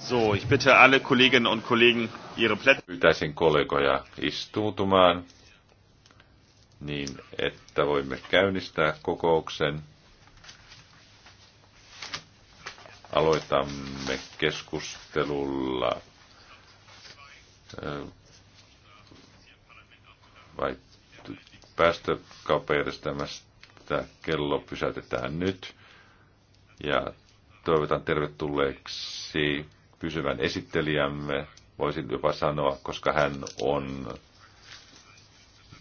So, ich bitte alle Kolleginnen und Kollegen ihre Plätze. Pyytäisin kollegoja istuutumaan niin, että voimme käynnistää kokouksen. Aloitamme keskustelulla äh, vai päästökauppajärjestelmästä kello pysäytetään nyt. Ja toivotan tervetulleeksi pysyvän esittelijämme, voisin jopa sanoa, koska hän on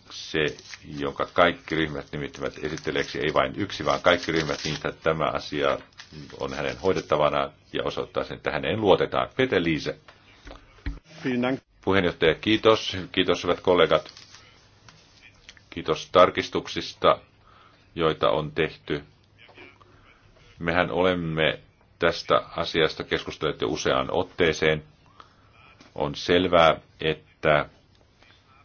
se, jonka kaikki ryhmät nimittävät esittelijäksi, ei vain yksi, vaan kaikki ryhmät, niin että tämä asia on hänen hoidettavana ja osoittaa sen, että häneen luotetaan. Pete Liise. Puheenjohtaja, kiitos. Kiitos hyvät kollegat. Kiitos tarkistuksista, joita on tehty. Mehän olemme tästä asiasta keskustelut jo useaan otteeseen. On selvää, että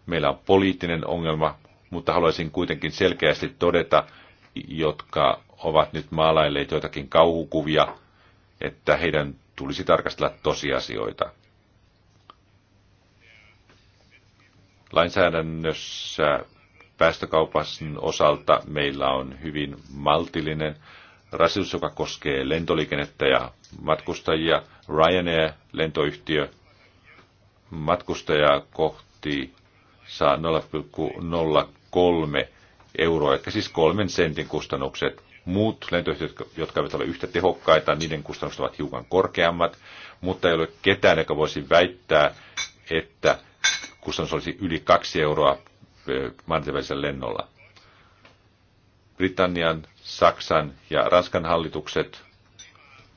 meillä on poliittinen ongelma, mutta haluaisin kuitenkin selkeästi todeta, jotka ovat nyt maalailleet joitakin kauhukuvia, että heidän tulisi tarkastella tosiasioita. Lainsäädännössä päästökaupan osalta meillä on hyvin maltillinen rasitus, joka koskee lentoliikennettä ja matkustajia. Ryanair, lentoyhtiö, matkustajaa kohti saa 0,03 euroa, eli siis kolmen sentin kustannukset. Muut lentoyhtiöt, jotka eivät ole yhtä tehokkaita, niiden kustannukset ovat hiukan korkeammat, mutta ei ole ketään, joka voisi väittää, että kustannus olisi yli kaksi euroa eh, maantieteellisellä lennolla. Britannian Saksan ja Ranskan hallitukset,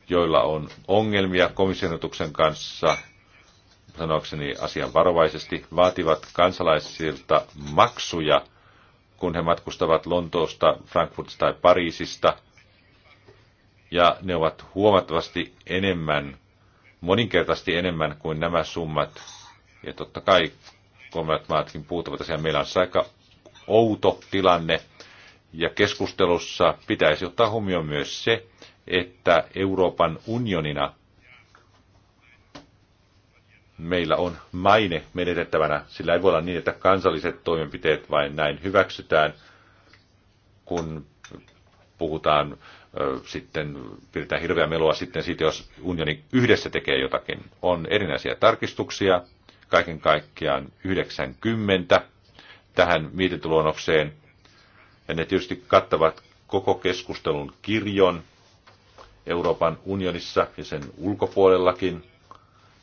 joilla on ongelmia komissionotuksen kanssa, sanoakseni asian varovaisesti, vaativat kansalaisilta maksuja, kun he matkustavat Lontoosta, Frankfurtista tai Pariisista, ja ne ovat huomattavasti enemmän, moninkertaisesti enemmän kuin nämä summat, ja totta kai kolmannet maatkin puuttuvat asiaan. Meillä on aika outo tilanne, ja keskustelussa pitäisi ottaa huomioon myös se, että Euroopan unionina meillä on maine menetettävänä. Sillä ei voi olla niin, että kansalliset toimenpiteet vain näin hyväksytään, kun puhutaan sitten pidetään hirveä melua sitten siitä, jos unioni yhdessä tekee jotakin. On erinäisiä tarkistuksia, kaiken kaikkiaan 90 tähän mietintöluonnokseen. Ja ne tietysti kattavat koko keskustelun kirjon Euroopan unionissa ja sen ulkopuolellakin.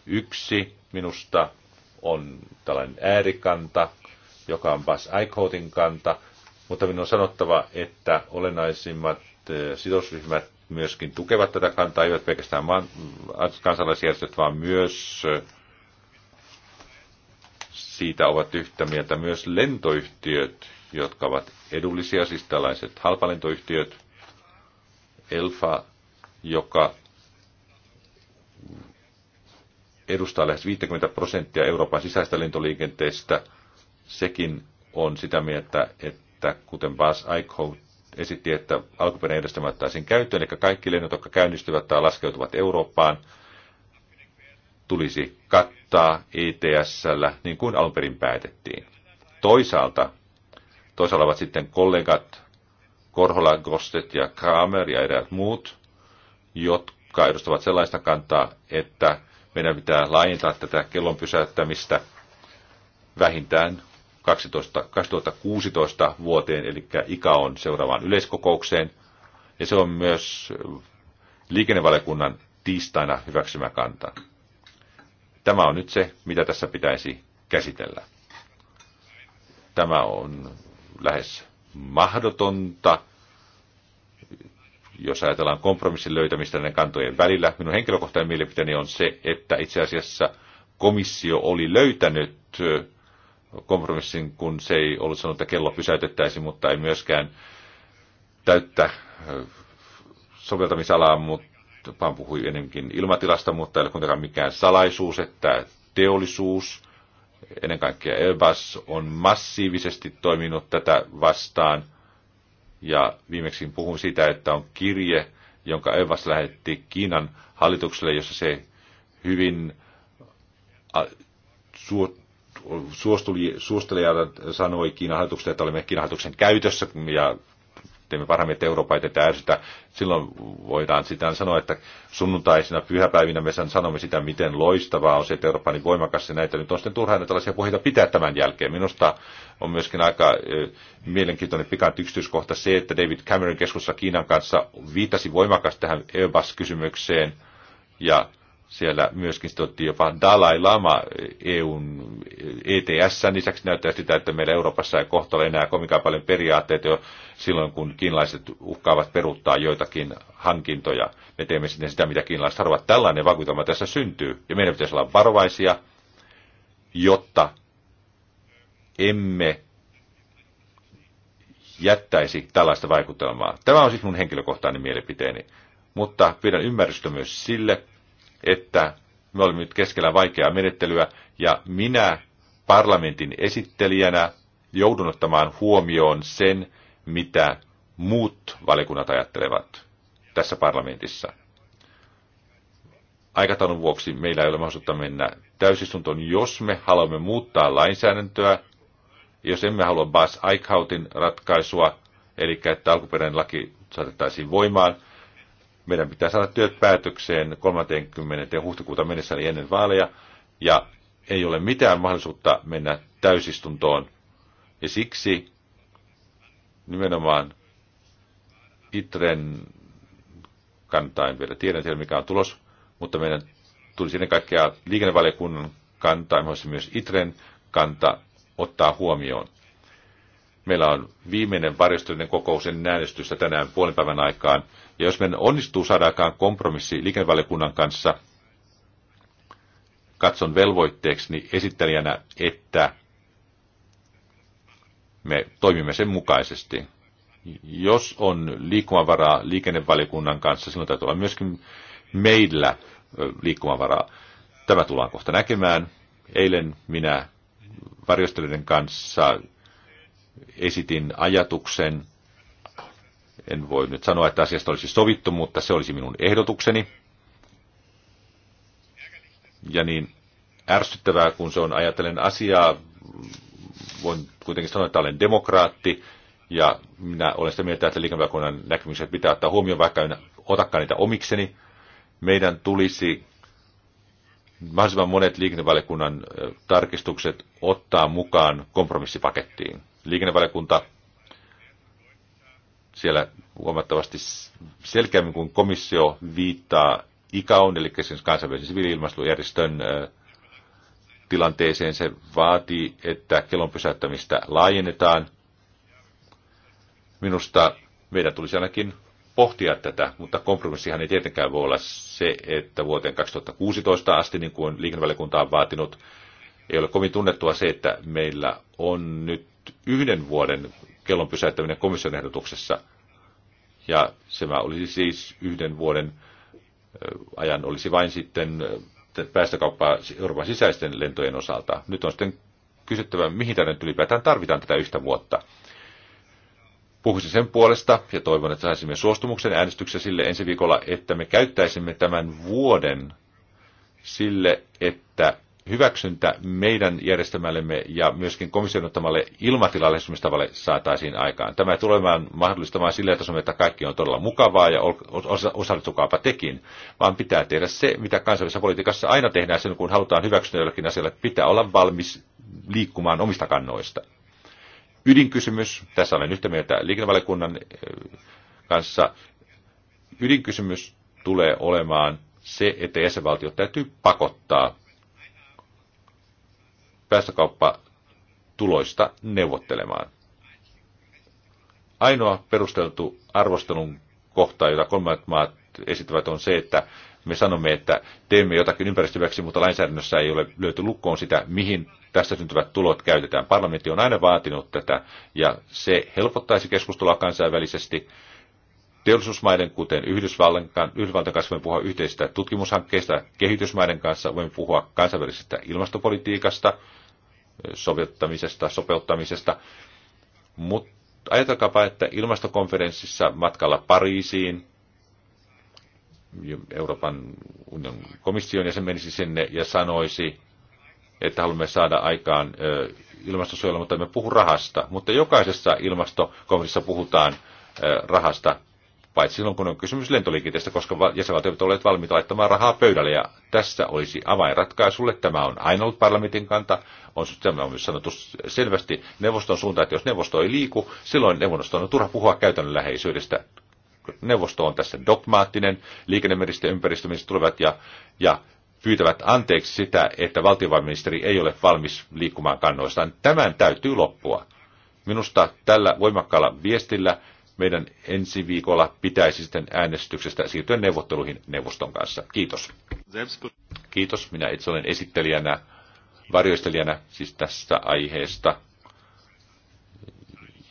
Yksi minusta on tällainen äärikanta, joka on Bas Eichhoutin kanta, mutta minun on sanottava, että olennaisimmat eh, sidosryhmät myöskin tukevat tätä kantaa, eivät pelkästään kansalaisjärjestöt, vaan myös eh, siitä ovat yhtä mieltä myös lentoyhtiöt, jotka ovat edullisia, siis tällaiset halpalentoyhtiöt. Elfa, joka edustaa lähes 50 prosenttia Euroopan sisäistä lentoliikenteestä, sekin on sitä mieltä, että kuten Bas Aikho esitti, että alkuperäinen järjestelmä ottaisiin käyttöön, eli kaikki lennot, jotka käynnistyvät tai laskeutuvat Eurooppaan – tulisi kattaa ITS:llä niin kuin alun perin päätettiin. Toisaalta, toisaalta ovat sitten kollegat Korhola, Gostet ja Kramer ja eräät muut, jotka edustavat sellaista kantaa, että meidän pitää laajentaa tätä kellon pysäyttämistä vähintään 12, 2016 vuoteen, eli on seuraavaan yleiskokoukseen. Ja se on myös liikennevaliokunnan tiistaina hyväksymä kanta. Tämä on nyt se, mitä tässä pitäisi käsitellä. Tämä on lähes mahdotonta, jos ajatellaan kompromissin löytämistä näiden kantojen välillä. Minun henkilökohtainen mielipiteeni on se, että itse asiassa komissio oli löytänyt kompromissin, kun se ei ollut sanonut, että kello pysäytettäisiin, mutta ei myöskään täyttä soveltamisalaa, mutta vaan puhui enemmänkin ilmatilasta, mutta ei ole kuitenkaan mikään salaisuus, että teollisuus, ennen kaikkea Airbus, on massiivisesti toiminut tätä vastaan. Ja viimeksi puhun siitä, että on kirje, jonka Airbus lähetti Kiinan hallitukselle, jossa se hyvin suostelijalta sanoi Kiinan hallitukselle, että olemme Kiinan hallituksen käytössä ja että parhaamme, että Eurooppa ei tätä ärsytä. Silloin voidaan sitä sanoa, että sunnuntaisina pyhäpäivinä me sanomme sitä, miten loistavaa on se, että Eurooppa on niin voimakas ja näitä. Nyt on sitten turhaa tällaisia puheita pitää tämän jälkeen. Minusta on myöskin aika mielenkiintoinen pikant yksityiskohta se, että David Cameron keskussa Kiinan kanssa viitasi voimakas tähän Airbus-kysymykseen ja siellä myöskin otettiin jopa Dalai Lama eh, EUn ETS. Eh, e lisäksi näyttää sitä, että meillä Euroopassa ei kohta ole enää kovinkaan paljon periaatteita jo silloin, kun kiinalaiset uhkaavat peruuttaa joitakin hankintoja. Me teemme sitten sitä, mitä kiinalaiset haluavat. Tällainen vakuutama tässä syntyy. Ja meidän pitäisi olla varovaisia, jotta emme jättäisi tällaista vaikutelmaa. Tämä on siis mun henkilökohtainen mielipiteeni, mutta pidän ymmärrystä myös sille, että me olemme nyt keskellä vaikeaa menettelyä ja minä parlamentin esittelijänä joudun ottamaan huomioon sen, mitä muut valiokunnat ajattelevat tässä parlamentissa. Aikataulun vuoksi meillä ei ole mahdollisuutta mennä täysistuntoon, jos me haluamme muuttaa lainsäädäntöä, jos emme halua Bas Eichhautin ratkaisua, eli että alkuperäinen laki saatettaisiin voimaan – meidän pitää saada työt päätökseen 30. huhtikuuta mennessä, eli ennen vaaleja, ja ei ole mitään mahdollisuutta mennä täysistuntoon. Ja siksi nimenomaan Itren en vielä tiedä siellä, mikä on tulos, mutta meidän tulisi ennen kaikkea liikennevaliokunnan kantaa, myös Itren kanta ottaa huomioon. Meillä on viimeinen varjostollinen kokous ennen äänestystä tänään puolen päivän aikaan. Ja jos meidän onnistuu saadaakaan kompromissi liikennevaliokunnan kanssa, katson velvoitteeksi niin esittelijänä, että me toimimme sen mukaisesti. Jos on liikkumavaraa liikennevaliokunnan kanssa, silloin täytyy olla myöskin meillä liikkumavaraa. Tämä tullaan kohta näkemään. Eilen minä varjostelijoiden kanssa esitin ajatuksen, en voi nyt sanoa, että asiasta olisi sovittu, mutta se olisi minun ehdotukseni. Ja niin ärsyttävää, kun se on, ajatellen asiaa, voin kuitenkin sanoa, että olen demokraatti, ja minä olen sitä mieltä, että liikennevaliokunnan näkemykset pitää ottaa huomioon, vaikka en otakaan niitä omikseni. Meidän tulisi mahdollisimman monet liikennevalikunnan tarkistukset ottaa mukaan kompromissipakettiin. Liikennevaliokunta siellä huomattavasti selkeämmin kuin komissio viittaa ICAON, eli siis kansainvälisen siviili tilanteeseen. Se vaatii, että kelon pysäyttämistä laajennetaan. Minusta meidän tulisi ainakin pohtia tätä, mutta kompromissihan ei tietenkään voi olla se, että vuoteen 2016 asti, niin kuin liikennevaliokunta on vaatinut, ei ole kovin tunnettua se, että meillä on nyt yhden vuoden kellon pysäyttäminen komission ehdotuksessa. Ja se olisi siis yhden vuoden ajan olisi vain sitten päästökauppaa Euroopan sisäisten lentojen osalta. Nyt on sitten kysyttävä, mihin tänne ylipäätään tarvitaan tätä yhtä vuotta. Puhuisin sen puolesta ja toivon, että saisimme suostumuksen äänestyksessä sille ensi viikolla, että me käyttäisimme tämän vuoden sille, että hyväksyntä meidän järjestämällemme ja myöskin komission ottamalle ilmatilallistumistavalle saataisiin aikaan. Tämä tulee mahdollistamaan sillä tasolla, että kaikki on todella mukavaa ja osallistukaapa tekin, vaan pitää tehdä se, mitä kansallisessa politiikassa aina tehdään sen kun halutaan hyväksyä jollekin asialle, pitää olla valmis liikkumaan omista kannoista. Ydinkysymys, tässä olen yhtä mieltä liikennevaliokunnan eh, kanssa, ydinkysymys tulee olemaan se, että jäsenvaltiot täytyy pakottaa päästökauppatuloista neuvottelemaan. Ainoa perusteltu arvostelun kohta, jota kolmannet maat esittävät, on se, että me sanomme, että teemme jotakin ympäristöväksi, mutta lainsäädännössä ei ole löyty lukkoon sitä, mihin tästä syntyvät tulot käytetään. Parlamentti on aina vaatinut tätä, ja se helpottaisi keskustelua kansainvälisesti. Teollisuusmaiden, kuten Yhdysvaltain kanssa, voimme puhua yhteisistä tutkimushankkeista, kehitysmaiden kanssa voimme puhua kansainvälisestä ilmastopolitiikasta, sovittamisesta, sopeuttamisesta. Mutta ajatelkaapa, että ilmastokonferenssissa matkalla Pariisiin, Euroopan unionin komission jäsen menisi sinne ja sanoisi, että haluamme saada aikaan ilmastosuojelua, mutta me puhu rahasta. Mutta jokaisessa ilmastokonferenssissa puhutaan rahasta paitsi silloin kun on kysymys lentoliikenteestä, koska jäsenvaltiot ovat olleet valmiita laittamaan rahaa pöydälle, ja tässä olisi avainratkaisulle. Tämä on aina ollut parlamentin kanta, on, tämä on myös sanottu selvästi neuvoston suuntaan, että jos neuvosto ei liiku, silloin neuvosto on turha puhua läheisyydestä. Neuvosto on tässä dogmaattinen, liikennemeristö ja ympäristöministeri tulevat ja, ja pyytävät anteeksi sitä, että valtiovarainministeri ei ole valmis liikkumaan kannoistaan. Tämän täytyy loppua. Minusta tällä voimakkaalla viestillä meidän ensi viikolla pitäisi sitten äänestyksestä siirtyä neuvotteluihin neuvoston kanssa. Kiitos. Kiitos. Minä itse olen esittelijänä, varjoistelijänä siis tästä aiheesta.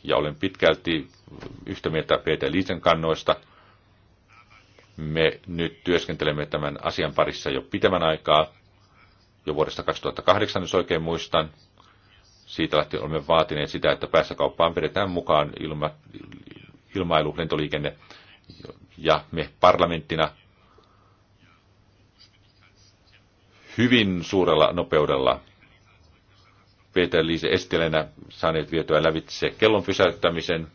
Ja olen pitkälti yhtä mieltä Peter Liisen kannoista. Me nyt työskentelemme tämän asian parissa jo pitemmän aikaa, jo vuodesta 2008, jos oikein muistan siitä lähtien olemme vaatineet sitä, että kauppaan vedetään mukaan ilma, ilmailu, lentoliikenne. Ja me parlamenttina hyvin suurella nopeudella Peter Liise Estelenä saaneet vietyä lävitse kellon pysäyttämisen.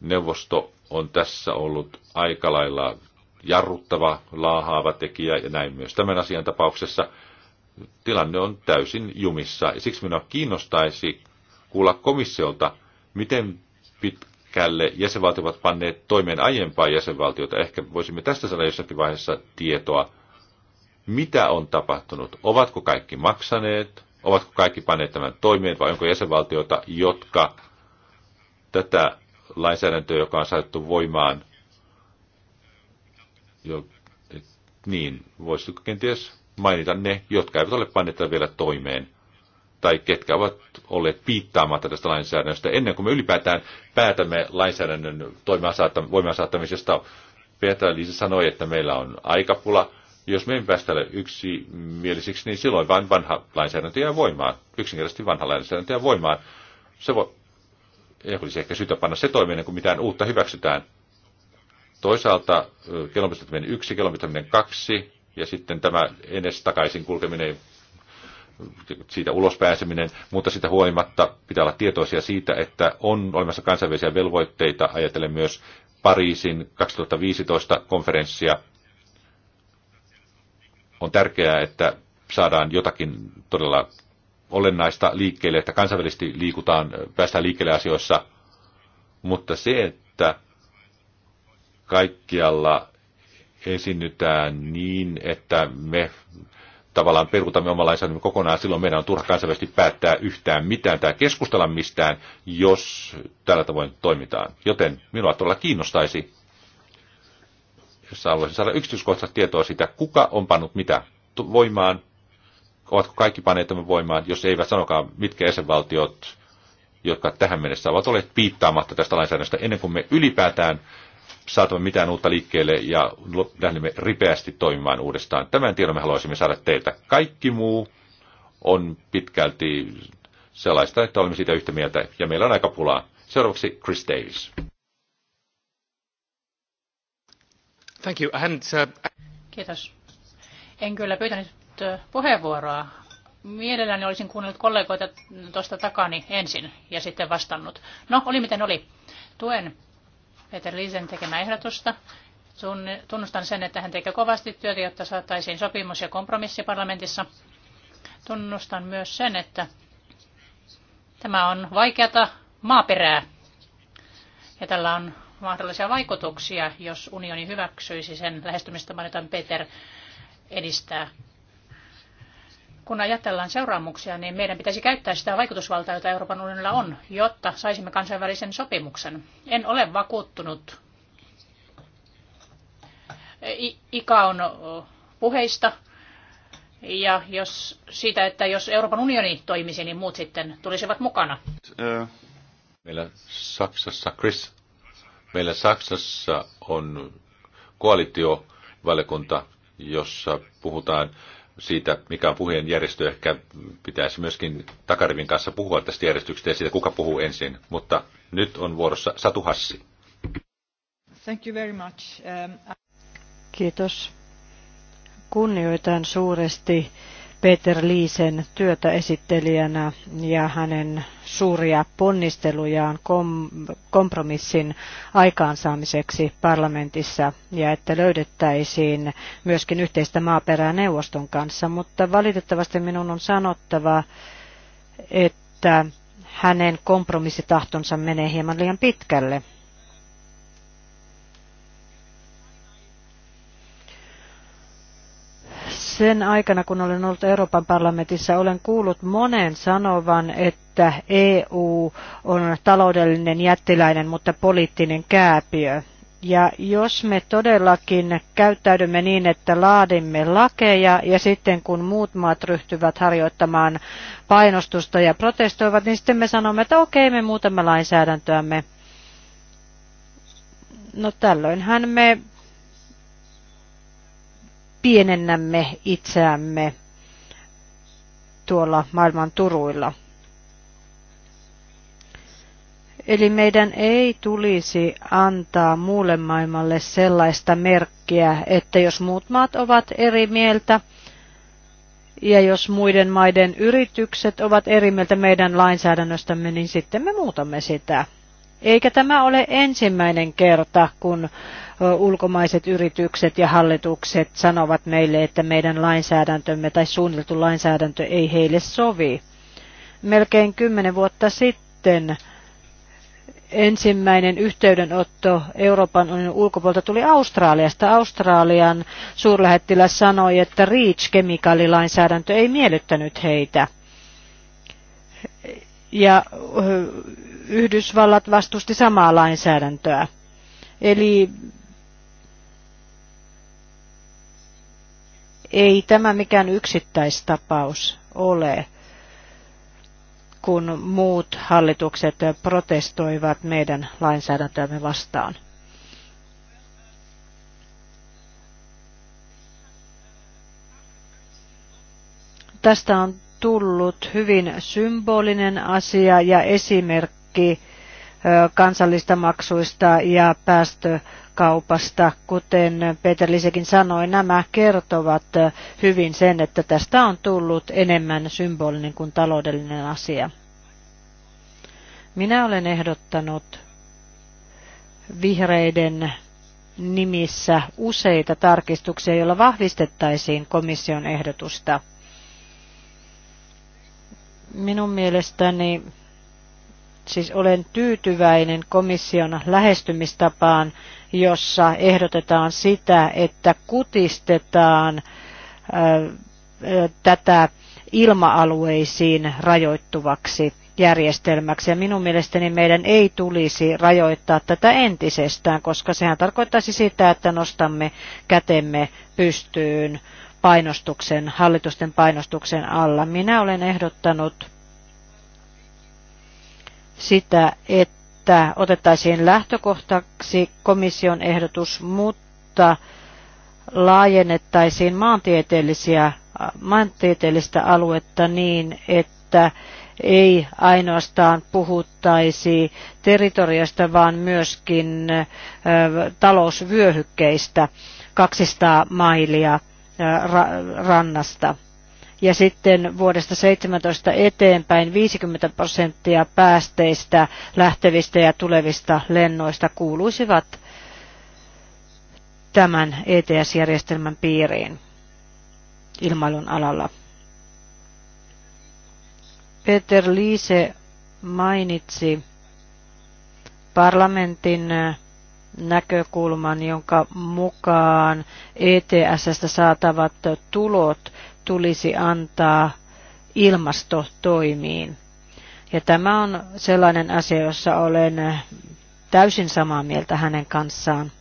Neuvosto on tässä ollut aika lailla jarruttava, laahaava tekijä ja näin myös tämän asian tapauksessa. Tilanne on täysin jumissa ja siksi minua kiinnostaisi kuulla komissiolta, miten pitkälle jäsenvaltiot ovat panneet toimeen aiempaa jäsenvaltiota. Ehkä voisimme tästä saada jossakin vaiheessa tietoa, mitä on tapahtunut. Ovatko kaikki maksaneet? Ovatko kaikki panneet tämän toimeen vai onko jäsenvaltioita, jotka tätä lainsäädäntöä, joka on saatettu voimaan, jo, et, niin, voisitko kenties mainita ne, jotka eivät ole panneet vielä toimeen? tai ketkä ovat olleet piittaamatta tästä lainsäädännöstä ennen kuin me ylipäätään päätämme lainsäädännön voimaan saattamisesta. Petra Liisa sanoi, että meillä on aikapula. Jos me emme päästä yksimielisiksi, niin silloin vain vanha lainsäädäntö jää voimaan. Yksinkertaisesti vanha lainsäädäntö jää voimaan. Se voi, ei olisi ehkä syytä panna se toimeen, kun mitään uutta hyväksytään. Toisaalta kilometriminen yksi, kilometriminen kaksi ja sitten tämä edes takaisin kulkeminen siitä ulos pääseminen, mutta sitä huolimatta pitää olla tietoisia siitä, että on olemassa kansainvälisiä velvoitteita, ajatellen myös Pariisin 2015 konferenssia. On tärkeää, että saadaan jotakin todella olennaista liikkeelle, että kansainvälisesti liikutaan, päästään liikkeelle asioissa, mutta se, että kaikkialla esinnytään niin, että me tavallaan peruutamme oman lainsäädännön kokonaan, silloin meidän on turha kansainvälisesti päättää yhtään mitään tai keskustella mistään, jos tällä tavoin toimitaan. Joten minua todella kiinnostaisi, jos haluaisin saada yksityiskohtaista tietoa siitä, kuka on pannut mitä voimaan, ovatko kaikki paneet tämän voimaan, jos eivät sanokaan, mitkä jäsenvaltiot, jotka tähän mennessä ovat olleet piittaamatta tästä lainsäädännöstä, ennen kuin me ylipäätään saatamme mitään uutta liikkeelle ja lähdemme ripeästi toimimaan uudestaan. Tämän tiedon me haluaisimme saada teiltä. Kaikki muu on pitkälti sellaista, että olemme siitä yhtä mieltä ja meillä on aika pulaa. Seuraavaksi Chris Davis. Thank you. And, uh... Kiitos. En kyllä pyytänyt äh, puheenvuoroa. Mielelläni olisin kuunnellut kollegoita tuosta takani ensin ja sitten vastannut. No, oli miten oli. Tuen Peter Liisen tekemää ehdotusta. Tunnustan sen, että hän tekee kovasti työtä, jotta saataisiin sopimus ja kompromissi parlamentissa. Tunnustan myös sen, että tämä on vaikeata maaperää ja tällä on mahdollisia vaikutuksia, jos unioni hyväksyisi sen lähestymistavan, mitä Peter edistää kun ajatellaan seuraamuksia, niin meidän pitäisi käyttää sitä vaikutusvaltaa, jota Euroopan unionilla on, jotta saisimme kansainvälisen sopimuksen. En ole vakuuttunut ICAon puheista ja jos, siitä, että jos Euroopan unioni toimisi, niin muut sitten tulisivat mukana. Meillä Saksassa, Chris, meillä Saksassa on koalitiovaliokunta, jossa puhutaan siitä, mikä on puhujen järjestö. Ehkä pitäisi myöskin Takarivin kanssa puhua tästä järjestyksestä ja siitä, kuka puhuu ensin. Mutta nyt on vuorossa Satu Hassi. Thank you very much. Um, I... Kiitos. Kunnioitan suuresti Peter Liisen työtä esittelijänä ja hänen suuria ponnistelujaan kom- kompromissin aikaansaamiseksi parlamentissa ja että löydettäisiin myöskin yhteistä maaperää neuvoston kanssa, mutta valitettavasti minun on sanottava, että hänen kompromissitahtonsa menee hieman liian pitkälle. Sen aikana, kun olen ollut Euroopan parlamentissa, olen kuullut monen sanovan, että EU on taloudellinen jättiläinen, mutta poliittinen kääpiö. Ja jos me todellakin käyttäydymme niin, että laadimme lakeja ja sitten kun muut maat ryhtyvät harjoittamaan painostusta ja protestoivat, niin sitten me sanomme, että okei, me muutamme lainsäädäntöämme. No tällöinhän me pienennämme itseämme tuolla maailman turuilla. Eli meidän ei tulisi antaa muulle maailmalle sellaista merkkiä, että jos muut maat ovat eri mieltä ja jos muiden maiden yritykset ovat eri mieltä meidän lainsäädännöstämme, niin sitten me muutamme sitä. Eikä tämä ole ensimmäinen kerta, kun ulkomaiset yritykset ja hallitukset sanovat meille, että meidän lainsäädäntömme tai suunniteltu lainsäädäntö ei heille sovi. Melkein kymmenen vuotta sitten ensimmäinen yhteydenotto Euroopan unionin ulkopuolelta tuli Australiasta. Australian suurlähettiläs sanoi, että REACH-kemikaalilainsäädäntö ei miellyttänyt heitä. Ja Yhdysvallat vastusti samaa lainsäädäntöä. Eli Ei tämä mikään yksittäistapaus ole, kun muut hallitukset protestoivat meidän lainsäädäntöämme vastaan. Tästä on tullut hyvin symbolinen asia ja esimerkki kansallista maksuista ja päästö kaupasta. Kuten Peter Lisekin sanoi, nämä kertovat hyvin sen, että tästä on tullut enemmän symbolinen kuin taloudellinen asia. Minä olen ehdottanut vihreiden nimissä useita tarkistuksia, joilla vahvistettaisiin komission ehdotusta. Minun mielestäni siis olen tyytyväinen komission lähestymistapaan jossa ehdotetaan sitä, että kutistetaan tätä ilma-alueisiin rajoittuvaksi järjestelmäksi. Ja minun mielestäni meidän ei tulisi rajoittaa tätä entisestään, koska sehän tarkoittaisi sitä, että nostamme kätemme pystyyn painostuksen, hallitusten painostuksen alla. Minä olen ehdottanut sitä, että että otettaisiin lähtökohtaksi komission ehdotus, mutta laajennettaisiin maantieteellisiä, maantieteellistä aluetta niin, että ei ainoastaan puhuttaisi territoriasta, vaan myöskin talousvyöhykkeistä 200 mailia rannasta ja sitten vuodesta 17 eteenpäin 50 prosenttia päästeistä lähtevistä ja tulevista lennoista kuuluisivat tämän ETS-järjestelmän piiriin ilmailun alalla. Peter Liise mainitsi parlamentin näkökulman, jonka mukaan ETSstä saatavat tulot tulisi antaa ilmastotoimiin. Ja tämä on sellainen asia, jossa olen täysin samaa mieltä hänen kanssaan.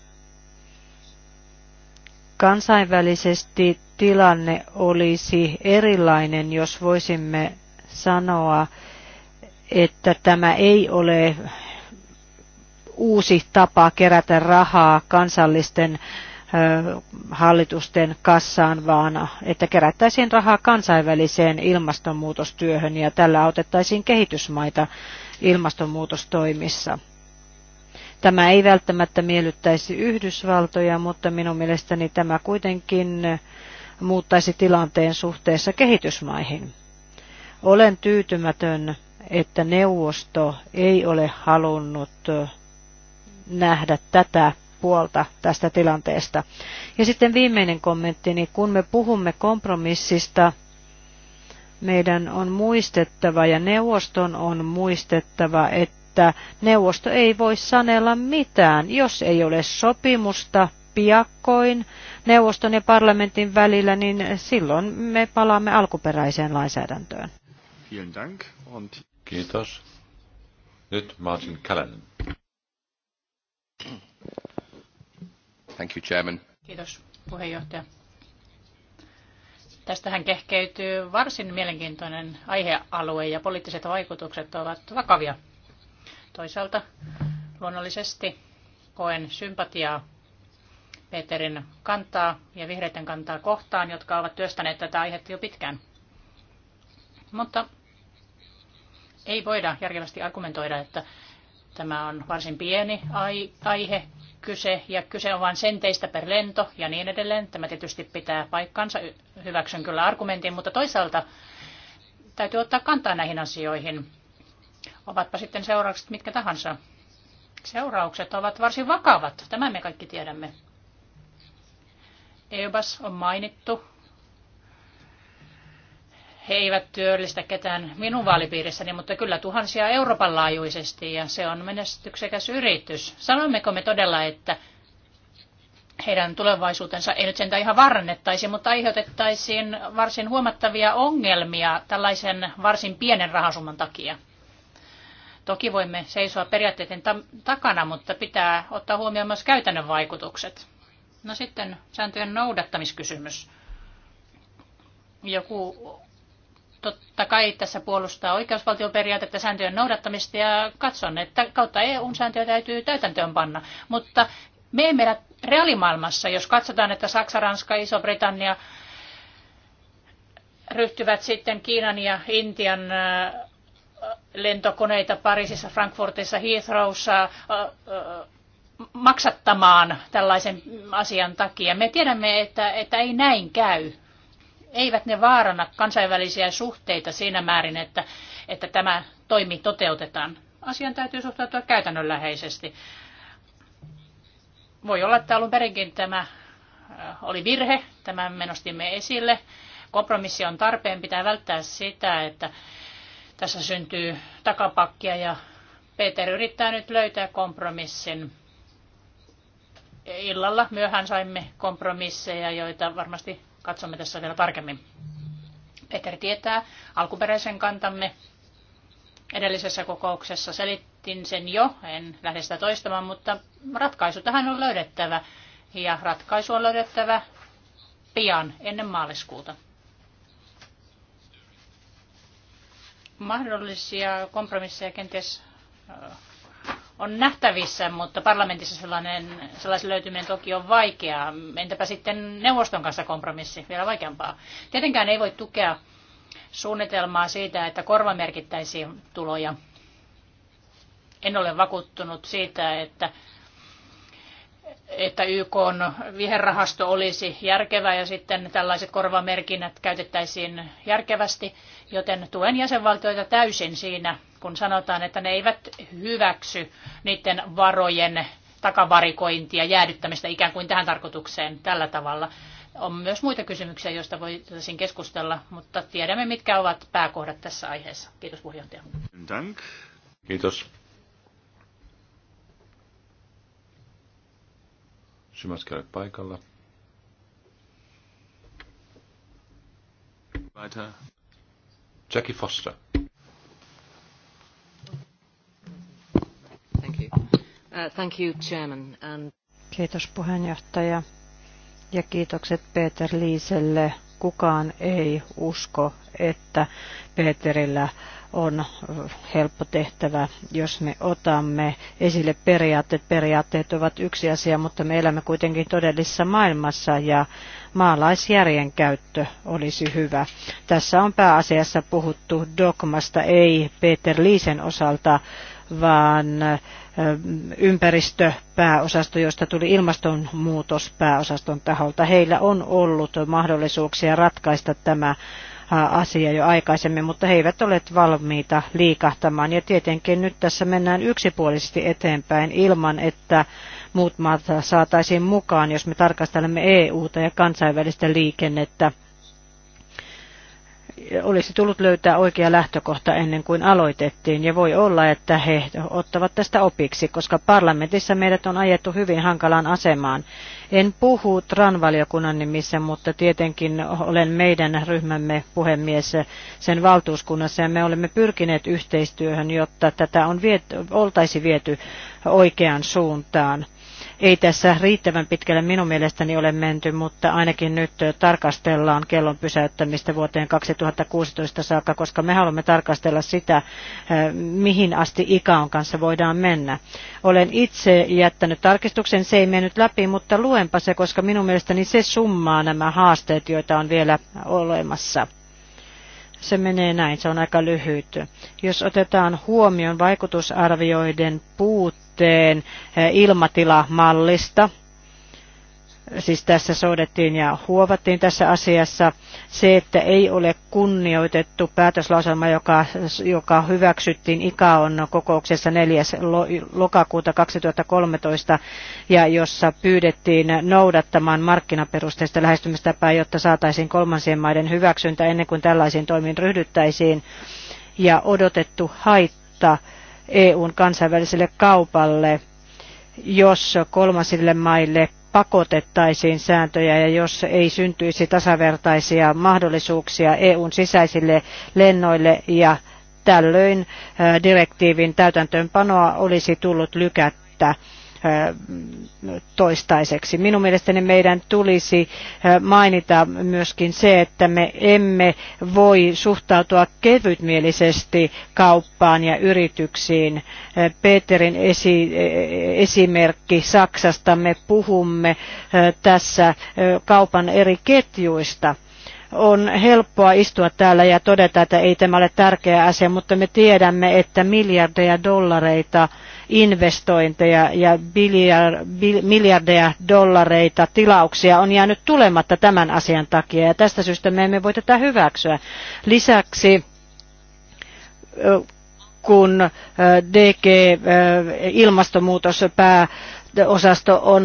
Kansainvälisesti tilanne olisi erilainen, jos voisimme sanoa, että tämä ei ole uusi tapa kerätä rahaa kansallisten äh, hallitusten kassaan, vaan että kerättäisiin rahaa kansainväliseen ilmastonmuutostyöhön ja tällä autettaisiin kehitysmaita ilmastonmuutostoimissa. Tämä ei välttämättä miellyttäisi Yhdysvaltoja, mutta minun mielestäni tämä kuitenkin muuttaisi tilanteen suhteessa kehitysmaihin. Olen tyytymätön, että neuvosto ei ole halunnut nähdä tätä puolta tästä tilanteesta. Ja sitten viimeinen kommentti, niin kun me puhumme kompromissista, meidän on muistettava ja neuvoston on muistettava, että neuvosto ei voi sanella mitään, jos ei ole sopimusta piakkoin neuvoston ja parlamentin välillä, niin silloin me palaamme alkuperäiseen lainsäädäntöön. Kiitos. Nyt Martin Callanan. Thank you, Chairman. Kiitos, puheenjohtaja. Tästähän kehkeytyy varsin mielenkiintoinen aihealue ja poliittiset vaikutukset ovat vakavia. Toisaalta luonnollisesti koen sympatiaa Peterin kantaa ja vihreiden kantaa kohtaan, jotka ovat työstäneet tätä aihetta jo pitkään. Mutta ei voida järkevästi argumentoida, että tämä on varsin pieni aihe kyse, ja kyse on vain senteistä per lento ja niin edelleen. Tämä tietysti pitää paikkansa, hyväksyn kyllä argumentin, mutta toisaalta täytyy ottaa kantaa näihin asioihin. Ovatpa sitten seuraukset mitkä tahansa. Seuraukset ovat varsin vakavat, tämä me kaikki tiedämme. EUBAS on mainittu he eivät työllistä ketään minun vaalipiirissäni, mutta kyllä tuhansia Euroopan laajuisesti ja se on menestyksekäs yritys. Sanommeko me todella, että heidän tulevaisuutensa ei nyt sentään ihan varannettaisi, mutta aiheutettaisiin varsin huomattavia ongelmia tällaisen varsin pienen rahasumman takia. Toki voimme seisoa periaatteiden ta- takana, mutta pitää ottaa huomioon myös käytännön vaikutukset. No sitten sääntöjen noudattamiskysymys. Joku totta kai tässä puolustaa oikeusvaltioperiaatetta sääntöjen noudattamista ja katson, että kautta EUn sääntöjä täytyy täytäntöön panna. Mutta me emme elä reaalimaailmassa, jos katsotaan, että Saksa, Ranska, Iso-Britannia ryhtyvät sitten Kiinan ja Intian äh, lentokoneita Pariisissa, Frankfurtissa, Heathrowssa äh, äh, maksattamaan tällaisen asian takia. Me tiedämme, että, että ei näin käy eivät ne vaaranna kansainvälisiä suhteita siinä määrin, että, että tämä toimi toteutetaan. Asian täytyy suhtautua käytännönläheisesti. Voi olla, että alun perinkin tämä äh, oli virhe, me nostimme esille. Kompromissi on tarpeen, pitää välttää sitä, että tässä syntyy takapakkia ja Peter yrittää nyt löytää kompromissin illalla myöhään saimme kompromisseja, joita varmasti katsomme tässä vielä tarkemmin. Peter tietää alkuperäisen kantamme. Edellisessä kokouksessa selittin sen jo, en lähde sitä toistamaan, mutta ratkaisu tähän on löydettävä. Ja ratkaisu on löydettävä pian ennen maaliskuuta. Mahdollisia kompromisseja kenties on nähtävissä, mutta parlamentissa sellainen, sellaisen löytyminen toki on vaikeaa. Entäpä sitten neuvoston kanssa kompromissi, vielä vaikeampaa. Tietenkään ei voi tukea suunnitelmaa siitä, että korvamerkittäisiin tuloja. En ole vakuuttunut siitä, että että YK on viherrahasto olisi järkevä ja sitten tällaiset korvamerkinnät käytettäisiin järkevästi, joten tuen jäsenvaltioita täysin siinä, kun sanotaan, että ne eivät hyväksy niiden varojen takavarikointia, jäädyttämistä ikään kuin tähän tarkoitukseen tällä tavalla. On myös muita kysymyksiä, joista voitaisiin keskustella, mutta tiedämme, mitkä ovat pääkohdat tässä aiheessa. Kiitos puheenjohtaja. Kiitos. Symäskä ole paikalla. Weiter. Jackie Foster. Thank you. Uh, thank you, Chairman. And... Kiitos puheenjohtaja ja kiitokset Peter Liiselle. Kukaan ei usko, että Peterillä on helppo tehtävä, jos me otamme esille periaatteet. Periaatteet ovat yksi asia, mutta me elämme kuitenkin todellisessa maailmassa ja maalaisjärjen käyttö olisi hyvä. Tässä on pääasiassa puhuttu dogmasta, ei Peter Liisen osalta, vaan ympäristöpääosasto, josta tuli ilmastonmuutospääosaston taholta. Heillä on ollut mahdollisuuksia ratkaista tämä asia jo aikaisemmin, mutta he eivät ole valmiita liikahtamaan. Ja tietenkin nyt tässä mennään yksipuolisesti eteenpäin ilman, että muut maat saataisiin mukaan, jos me tarkastelemme EUta ja kansainvälistä liikennettä olisi tullut löytää oikea lähtökohta ennen kuin aloitettiin, ja voi olla, että he ottavat tästä opiksi, koska parlamentissa meidät on ajettu hyvin hankalaan asemaan. En puhu TRAN-valiokunnan nimissä, mutta tietenkin olen meidän ryhmämme puhemies sen valtuuskunnassa, ja me olemme pyrkineet yhteistyöhön, jotta tätä on viet, oltaisi viety oikeaan suuntaan. Ei tässä riittävän pitkälle minun mielestäni ole menty, mutta ainakin nyt tarkastellaan kellon pysäyttämistä vuoteen 2016 saakka, koska me haluamme tarkastella sitä, eh, mihin asti ikaon kanssa voidaan mennä. Olen itse jättänyt tarkistuksen, se ei mennyt läpi, mutta luenpa se, koska minun mielestäni se summaa nämä haasteet, joita on vielä olemassa se menee näin, se on aika lyhyt. Jos otetaan huomioon vaikutusarvioiden puut, yhteen eh, ilmatilamallista. Siis tässä soudettiin ja huovattiin tässä asiassa se, että ei ole kunnioitettu päätöslauselma, joka, joka hyväksyttiin ICAON kokouksessa 4. lokakuuta 2013 ja jossa pyydettiin noudattamaan markkinaperusteista lähestymistapaa, jotta saataisiin kolmansien maiden hyväksyntä ennen kuin tällaisiin toimiin ryhdyttäisiin ja odotettu haitta EUn kansainväliselle kaupalle, jos kolmasille maille pakotettaisiin sääntöjä ja jos ei syntyisi tasavertaisia mahdollisuuksia EUn sisäisille lennoille ja tällöin direktiivin täytäntöönpanoa olisi tullut lykättä toistaiseksi. Minun mielestäni meidän tulisi mainita myöskin se, että me emme voi suhtautua kevytmielisesti kauppaan ja yrityksiin. Peterin esi- esimerkki Saksasta, me puhumme tässä kaupan eri ketjuista on helppoa istua täällä ja todeta, että ei tämä ole tärkeä asia, mutta me tiedämme, että miljardeja dollareita investointeja ja miljardeja dollareita tilauksia on jäänyt tulematta tämän asian takia ja tästä syystä me emme voi tätä hyväksyä. Lisäksi kun DG ilmastonmuutos pää osasto on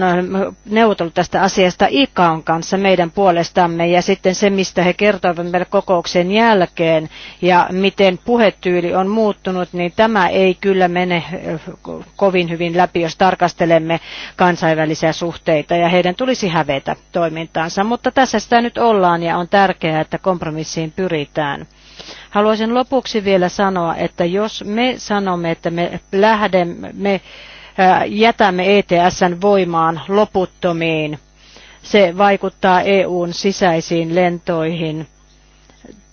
neuvotellut tästä asiasta ICAon kanssa meidän puolestamme ja sitten se, mistä he kertoivat meille kokouksen jälkeen ja miten puhetyyli on muuttunut, niin tämä ei kyllä mene kovin hyvin läpi, jos tarkastelemme kansainvälisiä suhteita ja heidän tulisi hävetä toimintaansa. Mutta tässä sitä nyt ollaan ja on tärkeää, että kompromissiin pyritään. Haluaisin lopuksi vielä sanoa, että jos me sanomme, että me lähdemme, me jätämme ETSn voimaan loputtomiin. Se vaikuttaa EUn sisäisiin lentoihin.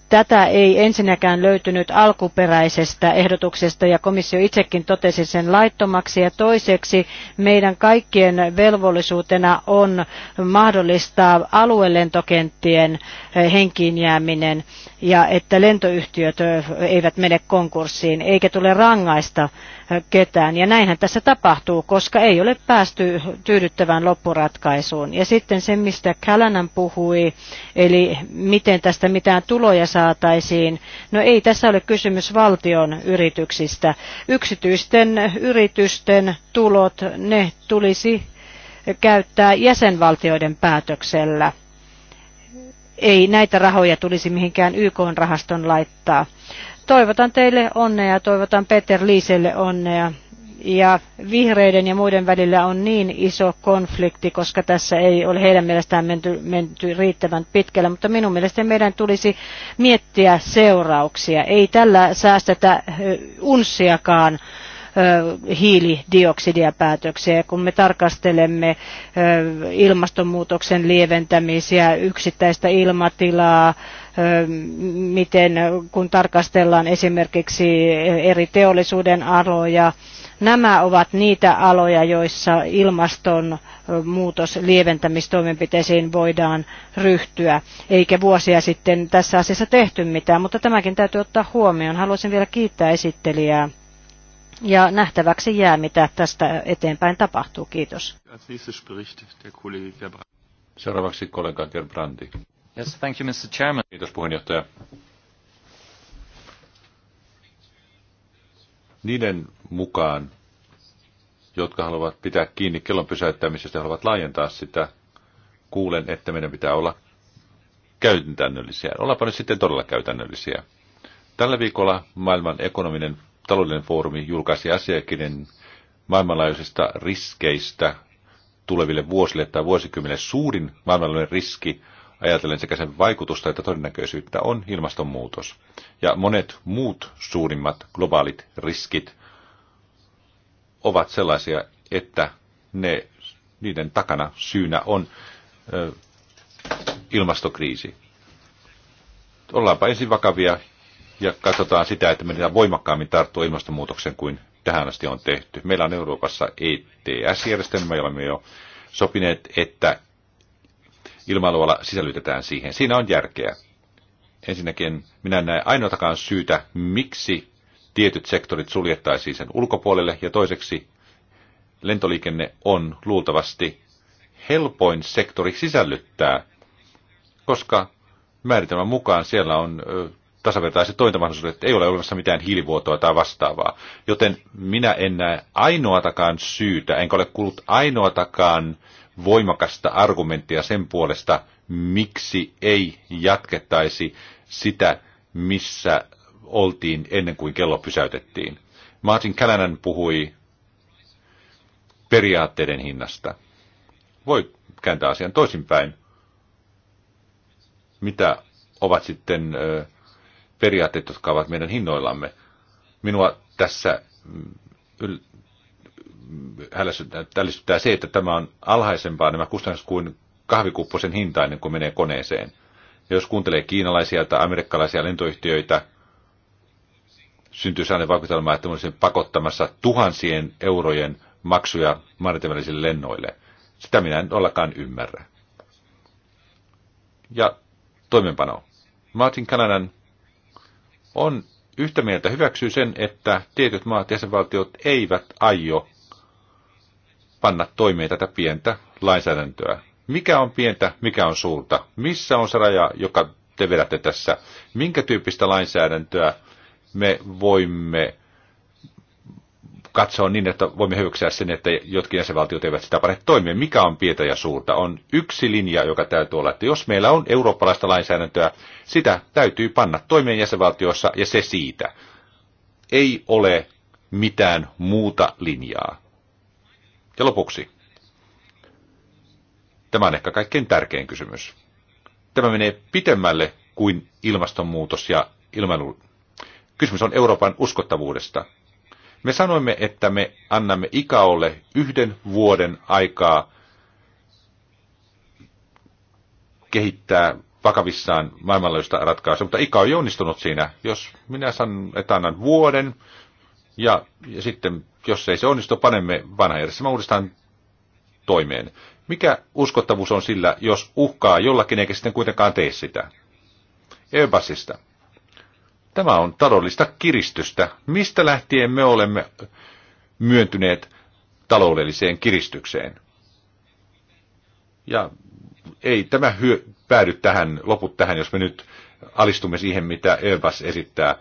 Tätä ei ensinnäkään löytynyt alkuperäisestä ehdotuksesta ja komissio itsekin totesi sen laittomaksi ja toiseksi meidän kaikkien velvollisuutena on mahdollistaa aluelentokenttien henkiin jääminen ja että lentoyhtiöt eivät mene konkurssiin eikä tule rangaista ketään. Ja näinhän tässä tapahtuu, koska ei ole päästy tyydyttävään loppuratkaisuun. Ja sitten se, mistä Kälänän puhui, eli miten tästä mitään tuloja saataisiin. No ei tässä ole kysymys valtion yrityksistä. Yksityisten yritysten tulot, ne tulisi käyttää jäsenvaltioiden päätöksellä ei näitä rahoja tulisi mihinkään YK-rahaston laittaa. Toivotan teille onnea ja toivotan Peter Liiselle onnea. Ja vihreiden ja muiden välillä on niin iso konflikti, koska tässä ei ole heidän mielestään menty, menty riittävän pitkälle, mutta minun mielestäni meidän tulisi miettiä seurauksia. Ei tällä säästetä unssiakaan hiilidioksidia päätöksiä. Kun me tarkastelemme ilmastonmuutoksen lieventämisiä, yksittäistä ilmatilaa, miten kun tarkastellaan esimerkiksi eri teollisuuden aloja, nämä ovat niitä aloja, joissa ilmastonmuutos lieventämistoimenpiteisiin voidaan ryhtyä, eikä vuosia sitten tässä asiassa tehty mitään, mutta tämäkin täytyy ottaa huomioon. Haluaisin vielä kiittää esittelijää. Ja nähtäväksi jää, mitä tästä eteenpäin tapahtuu. Kiitos. Seuraavaksi kollega Gerbrandi. Yes, thank you, Mr. Chairman. Kiitos puheenjohtaja. Niiden mukaan, jotka haluavat pitää kiinni kellon pysäyttämisestä ja haluavat laajentaa sitä, kuulen, että meidän pitää olla käytännöllisiä. Ollaanpa nyt sitten todella käytännöllisiä. Tällä viikolla maailman ekonominen taloudellinen foorumi julkaisi asiakirjan maailmanlaajuisista riskeistä tuleville vuosille tai vuosikymmenille. Suurin maailmanlaajuinen riski ajatellen sekä sen vaikutusta että todennäköisyyttä, on ilmastonmuutos. Ja monet muut suurimmat globaalit riskit ovat sellaisia, että ne, niiden takana syynä on ö, ilmastokriisi. Ollaanpa ensin vakavia ja katsotaan sitä, että meidän voimakkaammin tarttua ilmastonmuutokseen kuin tähän asti on tehty. Meillä on Euroopassa ETS-järjestelmä, jolla me jo sopineet, että ilmailuala sisällytetään siihen. Siinä on järkeä. Ensinnäkin minä en näe ainoatakaan syytä, miksi tietyt sektorit suljettaisiin sen ulkopuolelle, ja toiseksi lentoliikenne on luultavasti helpoin sektori sisällyttää, koska määritelmän mukaan siellä on tasavertaiset toimintamahdollisuudet, ei ole olemassa mitään hiilivuotoa tai vastaavaa. Joten minä en näe ainoatakaan syytä, enkä ole kuullut ainoatakaan voimakasta argumenttia sen puolesta, miksi ei jatkettaisi sitä, missä oltiin ennen kuin kello pysäytettiin. Martin Kälänän puhui periaatteiden hinnasta. Voi kääntää asian toisinpäin. Mitä ovat sitten periaatteet, jotka ovat meidän hinnoillamme? Minua tässä mm, hälsyttää se, että tämä on alhaisempaa nämä kustannukset kuin kahvikupposen hintainen, kun menee koneeseen. Ja jos kuuntelee kiinalaisia tai amerikkalaisia lentoyhtiöitä, syntyy sellainen vaikutelma, että olisin pakottamassa tuhansien eurojen maksuja maantieteellisille lennoille. Sitä minä en ollakaan ymmärrä. Ja toimenpano. Martin Kananan on yhtä mieltä hyväksyy sen, että tietyt maat jäsenvaltiot eivät aio panna toimeen tätä pientä lainsäädäntöä. Mikä on pientä, mikä on suurta? Missä on se raja, joka te vedätte tässä? Minkä tyyppistä lainsäädäntöä me voimme katsoa niin, että voimme hyväksyä sen, että jotkin jäsenvaltiot eivät sitä pane toimia. Mikä on pientä ja suurta? On yksi linja, joka täytyy olla, että jos meillä on eurooppalaista lainsäädäntöä, sitä täytyy panna toimeen jäsenvaltiossa ja se siitä. Ei ole mitään muuta linjaa. Ja lopuksi. Tämä on ehkä kaikkein tärkein kysymys. Tämä menee pitemmälle kuin ilmastonmuutos ja ilmailu. Kysymys on Euroopan uskottavuudesta. Me sanoimme, että me annamme ikaolle yhden vuoden aikaa kehittää vakavissaan maailmanlaajuista ratkaisua, mutta ikä on jo onnistunut siinä. Jos minä sanon, että annan vuoden, ja, ja sitten, jos ei se onnistu, panemme vanha järjestelmä uudestaan toimeen. Mikä uskottavuus on sillä, jos uhkaa jollakin eikä sitten kuitenkaan tee sitä? Ebasista. Tämä on taloudellista kiristystä. Mistä lähtien me olemme myöntyneet taloudelliseen kiristykseen? Ja ei tämä hyö, päädy tähän, loput tähän, jos me nyt alistumme siihen, mitä Ebas esittää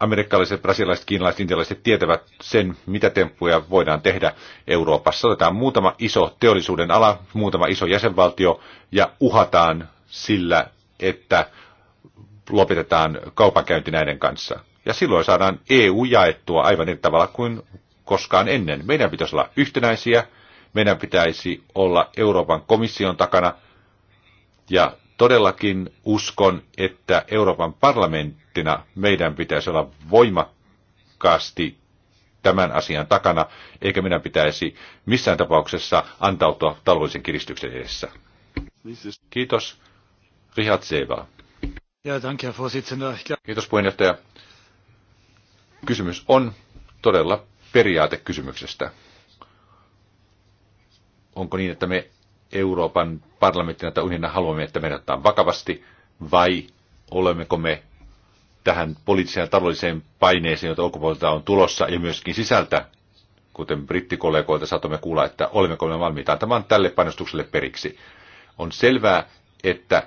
amerikkalaiset, brasilaiset, kiinalaiset, intialaiset tietävät sen, mitä temppuja voidaan tehdä Euroopassa. Otetaan muutama iso teollisuuden ala, muutama iso jäsenvaltio ja uhataan sillä, että lopetetaan kaupankäynti näiden kanssa. Ja silloin saadaan EU jaettua aivan eri tavalla kuin koskaan ennen. Meidän pitäisi olla yhtenäisiä, meidän pitäisi olla Euroopan komission takana ja todellakin uskon, että Euroopan parlamenttina meidän pitäisi olla voimakkaasti tämän asian takana, eikä meidän pitäisi missään tapauksessa antautua taloudellisen kiristyksen edessä. Kiitos. Richard Seva. Ja, danke, Herr Kiitos puheenjohtaja. Kysymys on todella periaatekysymyksestä. Onko niin, että me Euroopan parlamenttina tai unionina haluamme, että meidät otetaan vakavasti, vai olemmeko me tähän poliittiseen ja taloudelliseen paineeseen, jota ulkopuolelta on tulossa, ja myöskin sisältä, kuten brittikollegoilta saatamme kuulla, että olemmeko me valmiita antamaan tälle painostukselle periksi. On selvää, että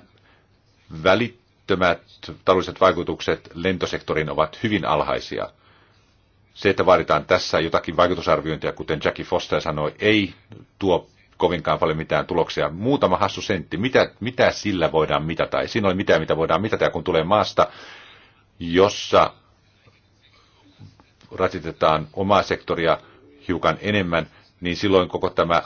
välittömät taloudelliset vaikutukset lentosektoriin ovat hyvin alhaisia. Se, että vaaditaan tässä jotakin vaikutusarviointia, kuten Jackie Foster sanoi, ei tuo kovinkaan paljon mitään tuloksia. Muutama hassu sentti, mitä, mitä sillä voidaan mitata? Ei siinä ole mitään, mitä voidaan mitata, kun tulee maasta, jossa ratitetaan omaa sektoria hiukan enemmän, niin silloin koko tämä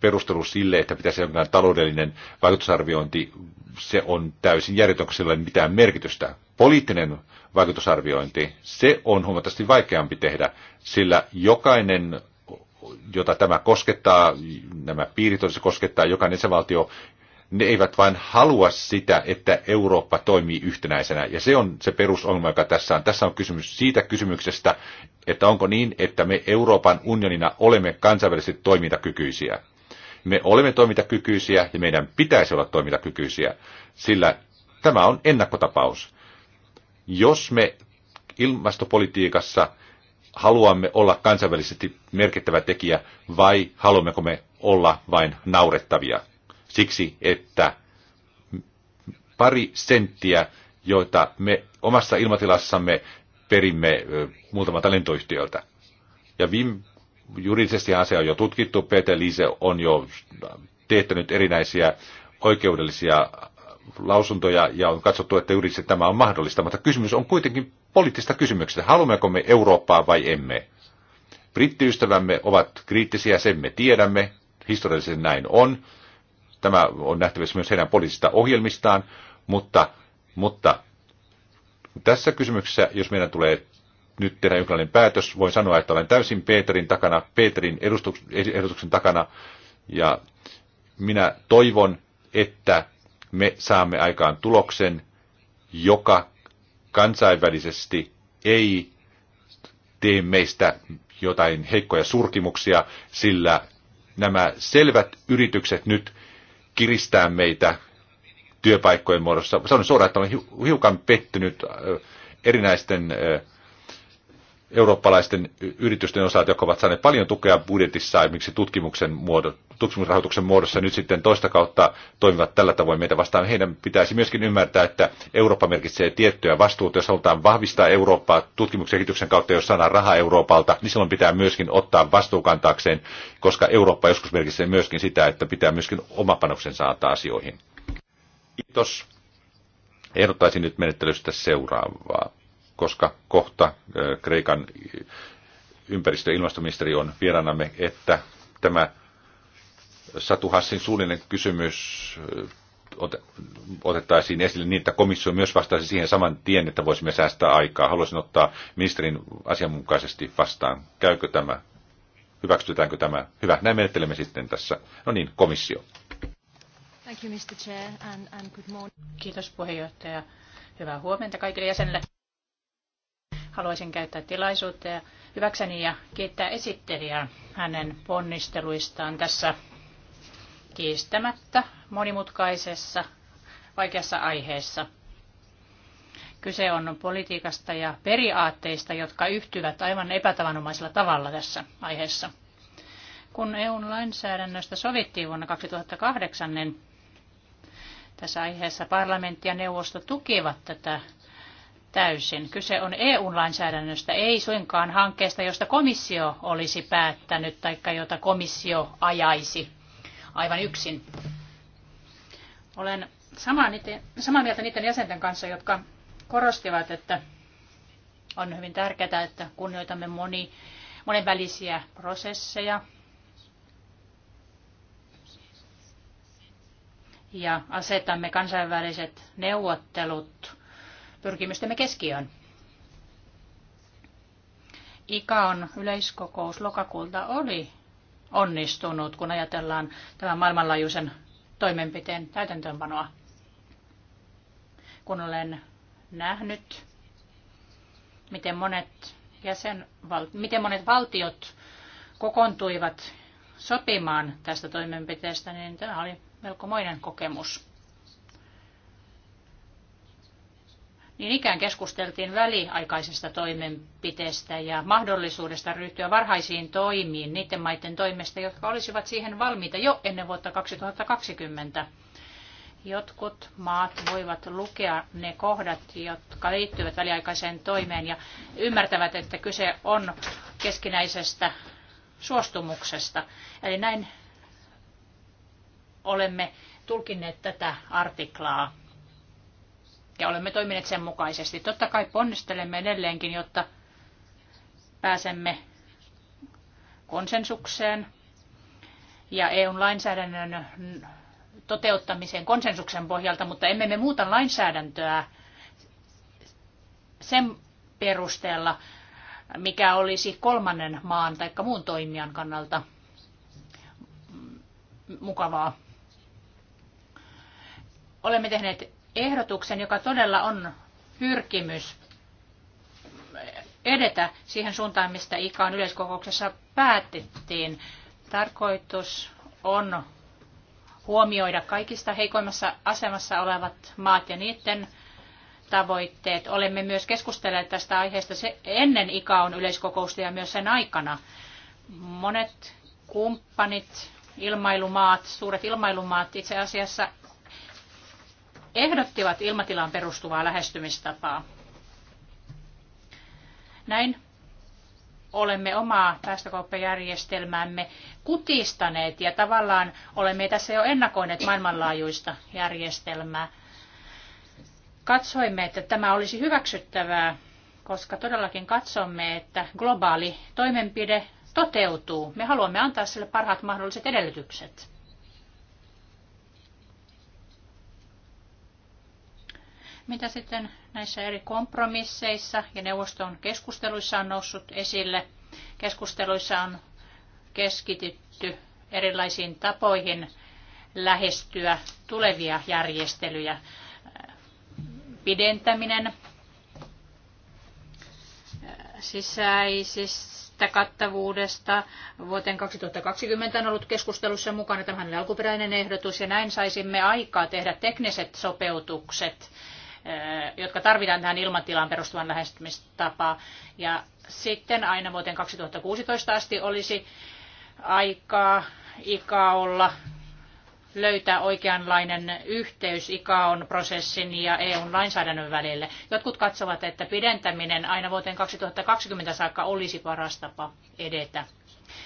perustelu sille, että pitäisi jonkinlainen taloudellinen vaikutusarviointi, se on täysin järjetön, sillä ei mitään merkitystä. Poliittinen vaikutusarviointi, se on huomattavasti vaikeampi tehdä, sillä jokainen jota tämä koskettaa, nämä piirit, se koskettaa jokainen jäsenvaltio, ne eivät vain halua sitä, että Eurooppa toimii yhtenäisenä. Ja se on se perusongelma, joka tässä on. Tässä on kysymys siitä kysymyksestä, että onko niin, että me Euroopan unionina olemme kansainvälisesti toimintakykyisiä. Me olemme toimintakykyisiä ja meidän pitäisi olla toimintakykyisiä, sillä tämä on ennakkotapaus. Jos me ilmastopolitiikassa haluamme olla kansainvälisesti merkittävä tekijä vai haluammeko me olla vain naurettavia. Siksi, että pari senttiä, joita me omassa ilmatilassamme perimme muutamalta lentoyhtiöltä. Ja viime, juridisesti asia on jo tutkittu, Peter Liise on jo teettänyt erinäisiä oikeudellisia lausuntoja ja on katsottu, että yrityksessä tämä on mahdollista, mutta kysymys on kuitenkin poliittista kysymyksestä. Haluammeko me Eurooppaa vai emme? Brittiystävämme ovat kriittisiä, sen me tiedämme, historiallisesti näin on. Tämä on nähtävissä myös heidän poliittisista ohjelmistaan, mutta, mutta tässä kysymyksessä, jos meidän tulee nyt tehdä jonkinlainen päätös, voin sanoa, että olen täysin Peterin takana, Peterin edustuksen takana, ja minä toivon, että me saamme aikaan tuloksen, joka kansainvälisesti ei tee meistä jotain heikkoja surkimuksia, sillä nämä selvät yritykset nyt kiristää meitä työpaikkojen muodossa. Se suoraan, että olen hiukan pettynyt äh, erinäisten äh, eurooppalaisten yritysten osalta, jotka ovat saaneet paljon tukea budjetissa esimerkiksi tutkimuksen muodo, tutkimusrahoituksen muodossa, nyt sitten toista kautta toimivat tällä tavoin meitä vastaan. Heidän pitäisi myöskin ymmärtää, että Eurooppa merkitsee tiettyä vastuuta. Jos halutaan vahvistaa Eurooppaa tutkimuksen ja kehityksen kautta, jos saadaan rahaa Euroopalta, niin silloin pitää myöskin ottaa vastuu kantaakseen, koska Eurooppa joskus merkitsee myöskin sitä, että pitää myöskin oma panoksen saattaa asioihin. Kiitos. Ehdottaisin nyt menettelystä seuraavaa koska kohta Kreikan ympäristö- ja ilmastoministeri on vieraanamme, että tämä Satu Hassin suullinen kysymys otettaisiin esille niin, että komissio myös vastaisi siihen saman tien, että voisimme säästää aikaa. Haluaisin ottaa ministerin asianmukaisesti vastaan. Käykö tämä? Hyväksytäänkö tämä? Hyvä, näin menettelemme sitten tässä. No niin, komissio. Thank you, Mr. Chair, and, and good morning. Kiitos puheenjohtaja. Hyvää huomenta kaikille jäsenille. Haluaisin käyttää tilaisuutta ja hyväkseni ja kiittää esittelijää hänen ponnisteluistaan tässä kiistämättä monimutkaisessa vaikeassa aiheessa. Kyse on politiikasta ja periaatteista, jotka yhtyvät aivan epätavanomaisella tavalla tässä aiheessa. Kun EUn lainsäädännöstä sovittiin vuonna 2008, niin tässä aiheessa parlamentti ja neuvosto tukivat tätä täysin. Kyse on EU-lainsäädännöstä, ei suinkaan hankkeesta, josta komissio olisi päättänyt tai jota komissio ajaisi aivan yksin. Olen samaa, niiden, samaa mieltä niiden jäsenten kanssa, jotka korostivat, että on hyvin tärkeää, että kunnioitamme moni, monenvälisiä prosesseja ja asetamme kansainväliset neuvottelut pyrkimystemme keskiöön. on yleiskokous lokakuulta oli onnistunut, kun ajatellaan tämän maailmanlaajuisen toimenpiteen täytäntöönpanoa. Kun olen nähnyt, miten monet, jäsenval- miten monet valtiot kokoontuivat sopimaan tästä toimenpiteestä, niin tämä oli melkomoinen kokemus. Niin ikään keskusteltiin väliaikaisesta toimenpiteestä ja mahdollisuudesta ryhtyä varhaisiin toimiin niiden maiden toimesta, jotka olisivat siihen valmiita jo ennen vuotta 2020. Jotkut maat voivat lukea ne kohdat, jotka liittyvät väliaikaiseen toimeen ja ymmärtävät, että kyse on keskinäisestä suostumuksesta. Eli näin olemme tulkinneet tätä artiklaa ja olemme toimineet sen mukaisesti. Totta kai ponnistelemme edelleenkin, jotta pääsemme konsensukseen ja EUn lainsäädännön toteuttamiseen konsensuksen pohjalta, mutta emme me muuta lainsäädäntöä sen perusteella, mikä olisi kolmannen maan tai muun toimijan kannalta mukavaa. Olemme tehneet ehdotuksen, joka todella on pyrkimys edetä siihen suuntaan, mistä ICAon yleiskokouksessa päätettiin. Tarkoitus on huomioida kaikista heikoimmassa asemassa olevat maat ja niiden tavoitteet. Olemme myös keskustelleet tästä aiheesta ennen ikään yleiskokousta ja myös sen aikana. Monet kumppanit, ilmailumaat, suuret ilmailumaat itse asiassa ehdottivat ilmatilaan perustuvaa lähestymistapaa. Näin olemme omaa päästökauppajärjestelmäämme kutistaneet ja tavallaan olemme tässä jo ennakoineet maailmanlaajuista järjestelmää. Katsoimme, että tämä olisi hyväksyttävää, koska todellakin katsomme, että globaali toimenpide toteutuu. Me haluamme antaa sille parhaat mahdolliset edellytykset. Mitä sitten näissä eri kompromisseissa ja neuvoston keskusteluissa on noussut esille? Keskusteluissa on keskitytty erilaisiin tapoihin lähestyä tulevia järjestelyjä. Pidentäminen sisäisistä kattavuudesta vuoteen 2020 on ollut keskustelussa mukana tämän alkuperäinen ehdotus ja näin saisimme aikaa tehdä tekniset sopeutukset Eh, jotka tarvitaan tähän ilmatilaan perustuvan lähestymistapaan. Ja sitten aina vuoteen 2016 asti olisi aikaa ikaolla löytää oikeanlainen yhteys ikaon prosessin ja EUn lainsäädännön välille. Jotkut katsovat, että pidentäminen aina vuoteen 2020 saakka olisi paras tapa edetä.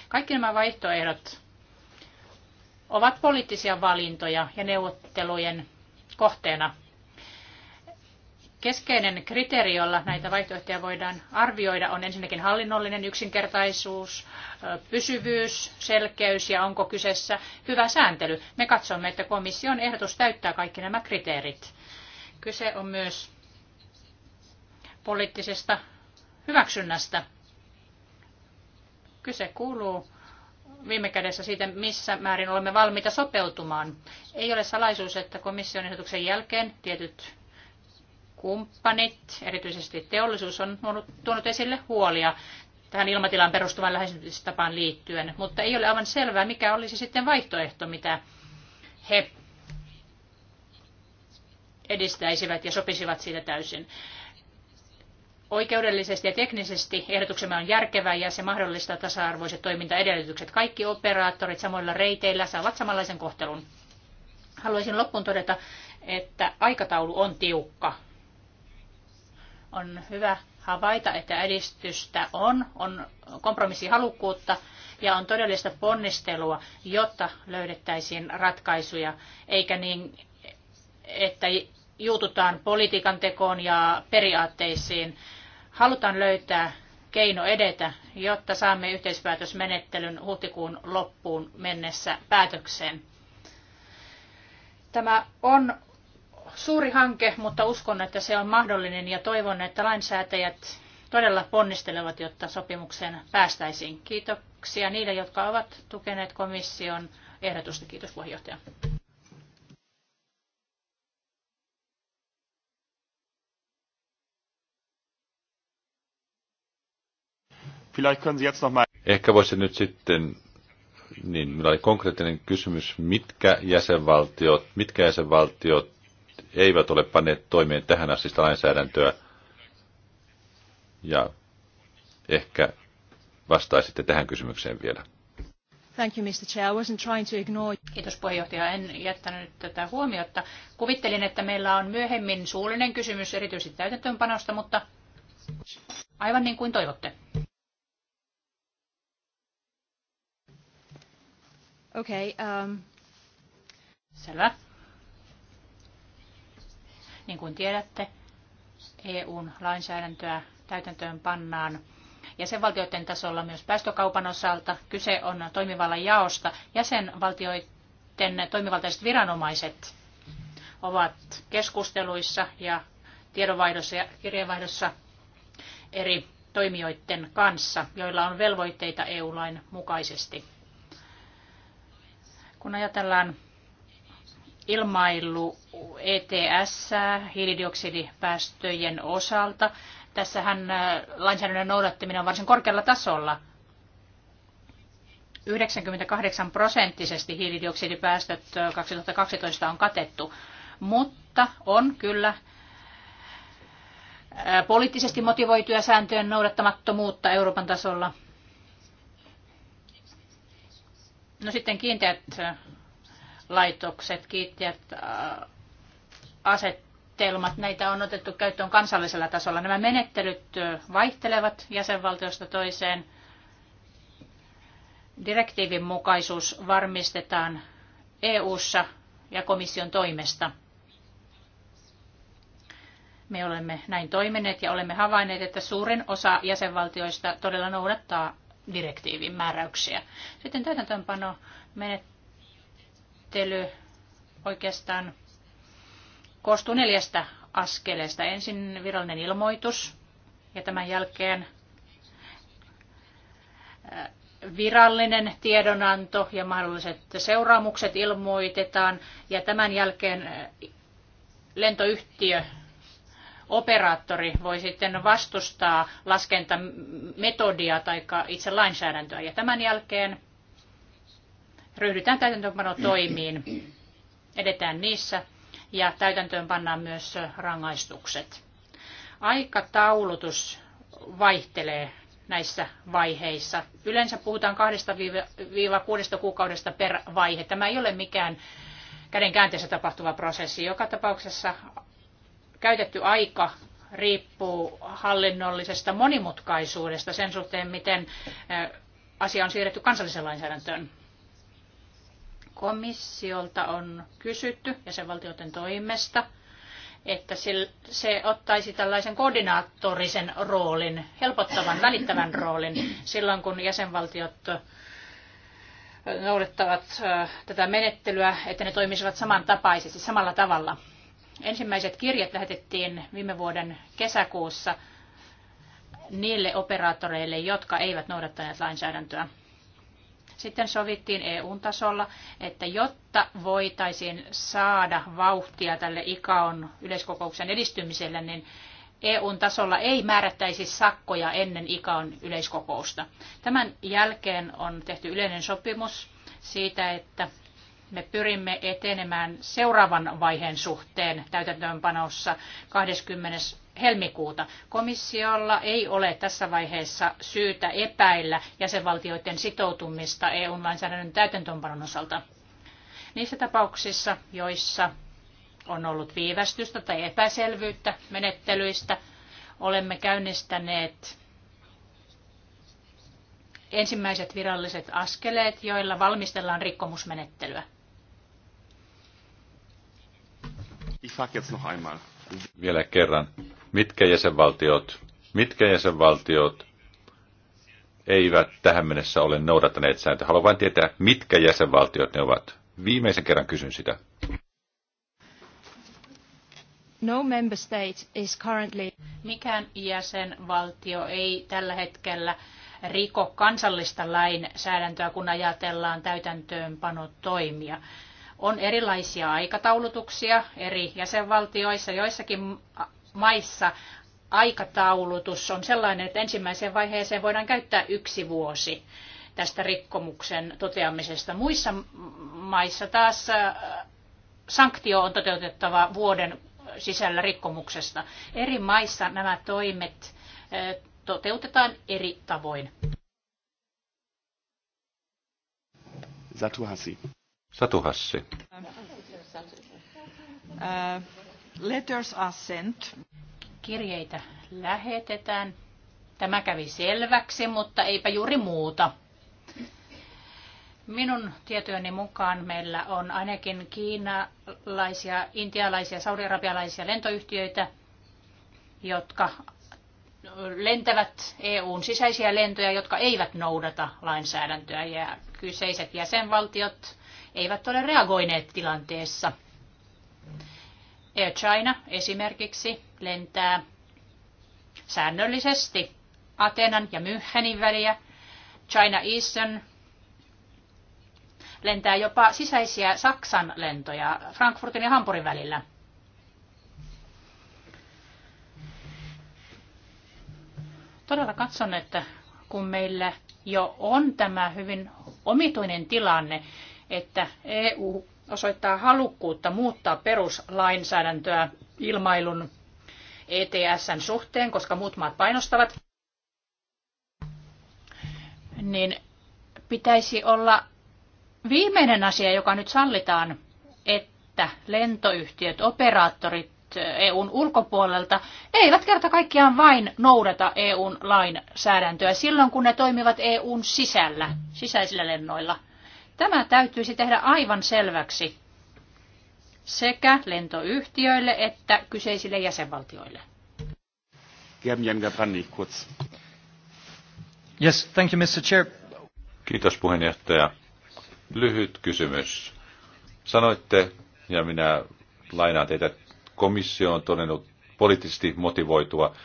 Kaikki nämä vaihtoehdot ovat poliittisia valintoja ja neuvottelujen kohteena Keskeinen kriteeri, jolla näitä vaihtoehtoja voidaan arvioida, on ensinnäkin hallinnollinen yksinkertaisuus, pysyvyys, selkeys ja onko kyseessä hyvä sääntely. Me katsomme, että komission ehdotus täyttää kaikki nämä kriteerit. Kyse on myös poliittisesta hyväksynnästä. Kyse kuuluu viime kädessä siitä, missä määrin olemme valmiita sopeutumaan. Ei ole salaisuus, että komission ehdotuksen jälkeen tietyt kumppanit, erityisesti teollisuus, on tuonut esille huolia tähän ilmatilaan perustuvan lähestymistapaan liittyen, mutta ei ole aivan selvää, mikä olisi sitten vaihtoehto, mitä he edistäisivät ja sopisivat siitä täysin. Oikeudellisesti ja teknisesti ehdotuksemme on järkevä ja se mahdollistaa tasa-arvoiset toimintaedellytykset. Kaikki operaattorit samoilla reiteillä saavat samanlaisen kohtelun. Haluaisin loppuun todeta, että aikataulu on tiukka. On hyvä havaita, että edistystä on, on kompromissihalukkuutta ja on todellista ponnistelua, jotta löydettäisiin ratkaisuja, eikä niin, että juututaan politiikan tekoon ja periaatteisiin. Halutaan löytää keino edetä, jotta saamme yhteispäätösmenettelyn huhtikuun loppuun mennessä päätökseen. Tämä on suuri hanke, mutta uskon, että se on mahdollinen ja toivon, että lainsäätäjät todella ponnistelevat, jotta sopimukseen päästäisiin. Kiitoksia niille, jotka ovat tukeneet komission ehdotusta. Kiitos puheenjohtaja. Ehkä voisin nyt sitten, niin minulla oli konkreettinen kysymys, mitkä jäsenvaltiot, mitkä jäsenvaltiot eivät ole panneet toimeen tähän assista lainsäädäntöä. Ja ehkä vastaisitte tähän kysymykseen vielä. Thank you, Mr. Chair. I wasn't trying to ignore... Kiitos puheenjohtaja. En jättänyt tätä huomiota. Kuvittelin, että meillä on myöhemmin suullinen kysymys erityisesti täytäntöönpanosta, mutta aivan niin kuin toivotte. Okei. Okay, um... Selvä. Niin kuin tiedätte, EUn lainsäädäntöä täytäntöön pannaan jäsenvaltioiden tasolla myös päästökaupan osalta. Kyse on toimivallan jaosta. Jäsenvaltioiden toimivaltaiset viranomaiset ovat keskusteluissa ja tiedonvaihdossa ja kirjeenvaihdossa eri toimijoiden kanssa, joilla on velvoitteita EU-lain mukaisesti. Kun ajatellaan ilmailu ETS, hiilidioksidipäästöjen osalta. Tässähän äh, lainsäädännön noudattaminen on varsin korkealla tasolla. 98 prosenttisesti hiilidioksidipäästöt 2012 äh, on katettu, mutta on kyllä äh, poliittisesti motivoituja sääntöjen noudattamattomuutta Euroopan tasolla. No sitten kiinteät laitokset, kiinteät äh, asettelmat, näitä on otettu käyttöön kansallisella tasolla. Nämä menettelyt äh, vaihtelevat jäsenvaltiosta toiseen. Direktiivin mukaisuus varmistetaan EU:ssa ja komission toimesta. Me olemme näin toimineet ja olemme havainneet, että suurin osa jäsenvaltioista todella noudattaa direktiivin määräyksiä. Sitten täytäntöönpano menettely käsittely oikeastaan koostuu neljästä askeleesta. Ensin virallinen ilmoitus ja tämän jälkeen äh, virallinen tiedonanto ja mahdolliset seuraamukset ilmoitetaan ja tämän jälkeen äh, lentoyhtiö operaattori voi sitten vastustaa laskentametodia tai itse lainsäädäntöä. Ja tämän jälkeen ryhdytään täytäntöönpano toimiin, edetään niissä ja täytäntöön pannaan myös rangaistukset. Aikataulutus vaihtelee näissä vaiheissa. Yleensä puhutaan 2-6 kuukaudesta per vaihe. Tämä ei ole mikään käden käänteessä tapahtuva prosessi. Joka tapauksessa käytetty aika riippuu hallinnollisesta monimutkaisuudesta sen suhteen, miten asia on siirretty kansalliseen lainsäädäntöön komissiolta on kysytty jäsenvaltioiden toimesta, että se ottaisi tällaisen koordinaattorisen roolin, helpottavan, välittävän roolin silloin, kun jäsenvaltiot noudattavat tätä menettelyä, että ne toimisivat samantapaisesti, samalla tavalla. Ensimmäiset kirjat lähetettiin viime vuoden kesäkuussa niille operaattoreille, jotka eivät noudattaneet lainsäädäntöä. Sitten sovittiin EU-tasolla, että jotta voitaisiin saada vauhtia tälle ICAON yleiskokouksen edistymiselle, niin EUn tasolla ei määrättäisi sakkoja ennen ICAON yleiskokousta. Tämän jälkeen on tehty yleinen sopimus siitä, että me pyrimme etenemään seuraavan vaiheen suhteen täytäntöönpanossa 20 helmikuuta. Komissiolla ei ole tässä vaiheessa syytä epäillä jäsenvaltioiden sitoutumista EU-lainsäädännön täytäntöönpanon osalta. Niissä tapauksissa, joissa on ollut viivästystä tai epäselvyyttä menettelyistä, olemme käynnistäneet ensimmäiset viralliset askeleet, joilla valmistellaan rikkomusmenettelyä. Ich jetzt noch einmal. Vielä kerran mitkä jäsenvaltiot, mitkä jäsenvaltiot eivät tähän mennessä ole noudattaneet sääntöjä. Haluan vain tietää, mitkä jäsenvaltiot ne ovat. Viimeisen kerran kysyn sitä. No member state is currently... Mikään jäsenvaltio ei tällä hetkellä riko kansallista lainsäädäntöä, kun ajatellaan täytäntöönpanotoimia. On erilaisia aikataulutuksia eri jäsenvaltioissa. Joissakin maissa aikataulutus on sellainen, että ensimmäiseen vaiheeseen voidaan käyttää yksi vuosi tästä rikkomuksen toteamisesta. Muissa maissa taas äh, sanktio on toteutettava vuoden sisällä rikkomuksesta. Eri maissa nämä toimet äh, toteutetaan eri tavoin. Satuhassi. Satuhassi. Äh, Letters are sent. Kirjeitä lähetetään. Tämä kävi selväksi, mutta eipä juuri muuta. Minun tietojeni mukaan meillä on ainakin kiinalaisia, intialaisia, Saudi Arabialaisia lentoyhtiöitä, jotka lentävät EUn sisäisiä lentoja, jotka eivät noudata lainsäädäntöä ja kyseiset jäsenvaltiot eivät ole reagoineet tilanteessa – Air China esimerkiksi lentää säännöllisesti Atenan ja Münchenin väliä. China Eastern lentää jopa sisäisiä Saksan lentoja Frankfurtin ja Hampurin välillä. Todella katson, että kun meillä jo on tämä hyvin omituinen tilanne, että EU osoittaa halukkuutta muuttaa peruslainsäädäntöä ilmailun ETSn suhteen, koska muut maat painostavat, niin pitäisi olla viimeinen asia, joka nyt sallitaan, että lentoyhtiöt, operaattorit EUn ulkopuolelta eivät kerta kaikkiaan vain noudata EUn lainsäädäntöä silloin, kun ne toimivat EUn sisällä, sisäisillä lennoilla – Tämä täytyisi tehdä aivan selväksi sekä lentoyhtiöille että kyseisille jäsenvaltioille. Yes, thank you, Mr. Chair. Kiitos puheenjohtaja. Lyhyt kysymys. Sanoitte, ja minä lainaan teitä, komissio on todennut poliittisesti motivoitua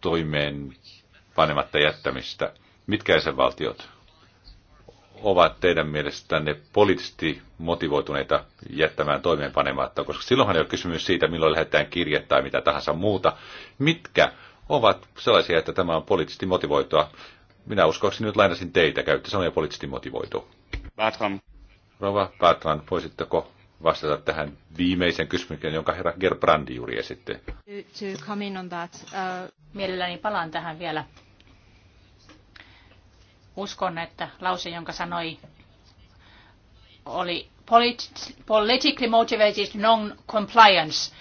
toimeen panematta jättämistä. Mitkä jäsenvaltiot? ovat teidän mielestänne poliittisesti motivoituneita jättämään toimeenpanematta, koska silloinhan ei ole kysymys siitä, milloin lähdetään kirje tai mitä tahansa muuta. Mitkä ovat sellaisia, että tämä on poliittisesti motivoitua? Minä uskoakseni nyt lainasin teitä, käytte sanoja poliittisesti motivoitu. Bertram. Rova Bertram, voisitteko vastata tähän viimeisen kysymykseen, jonka herra Gerbrandi juuri esitti? To, to uh, Mielelläni palaan tähän vielä Uskon, että lause, jonka sanoi, oli politically motivated non-compliance.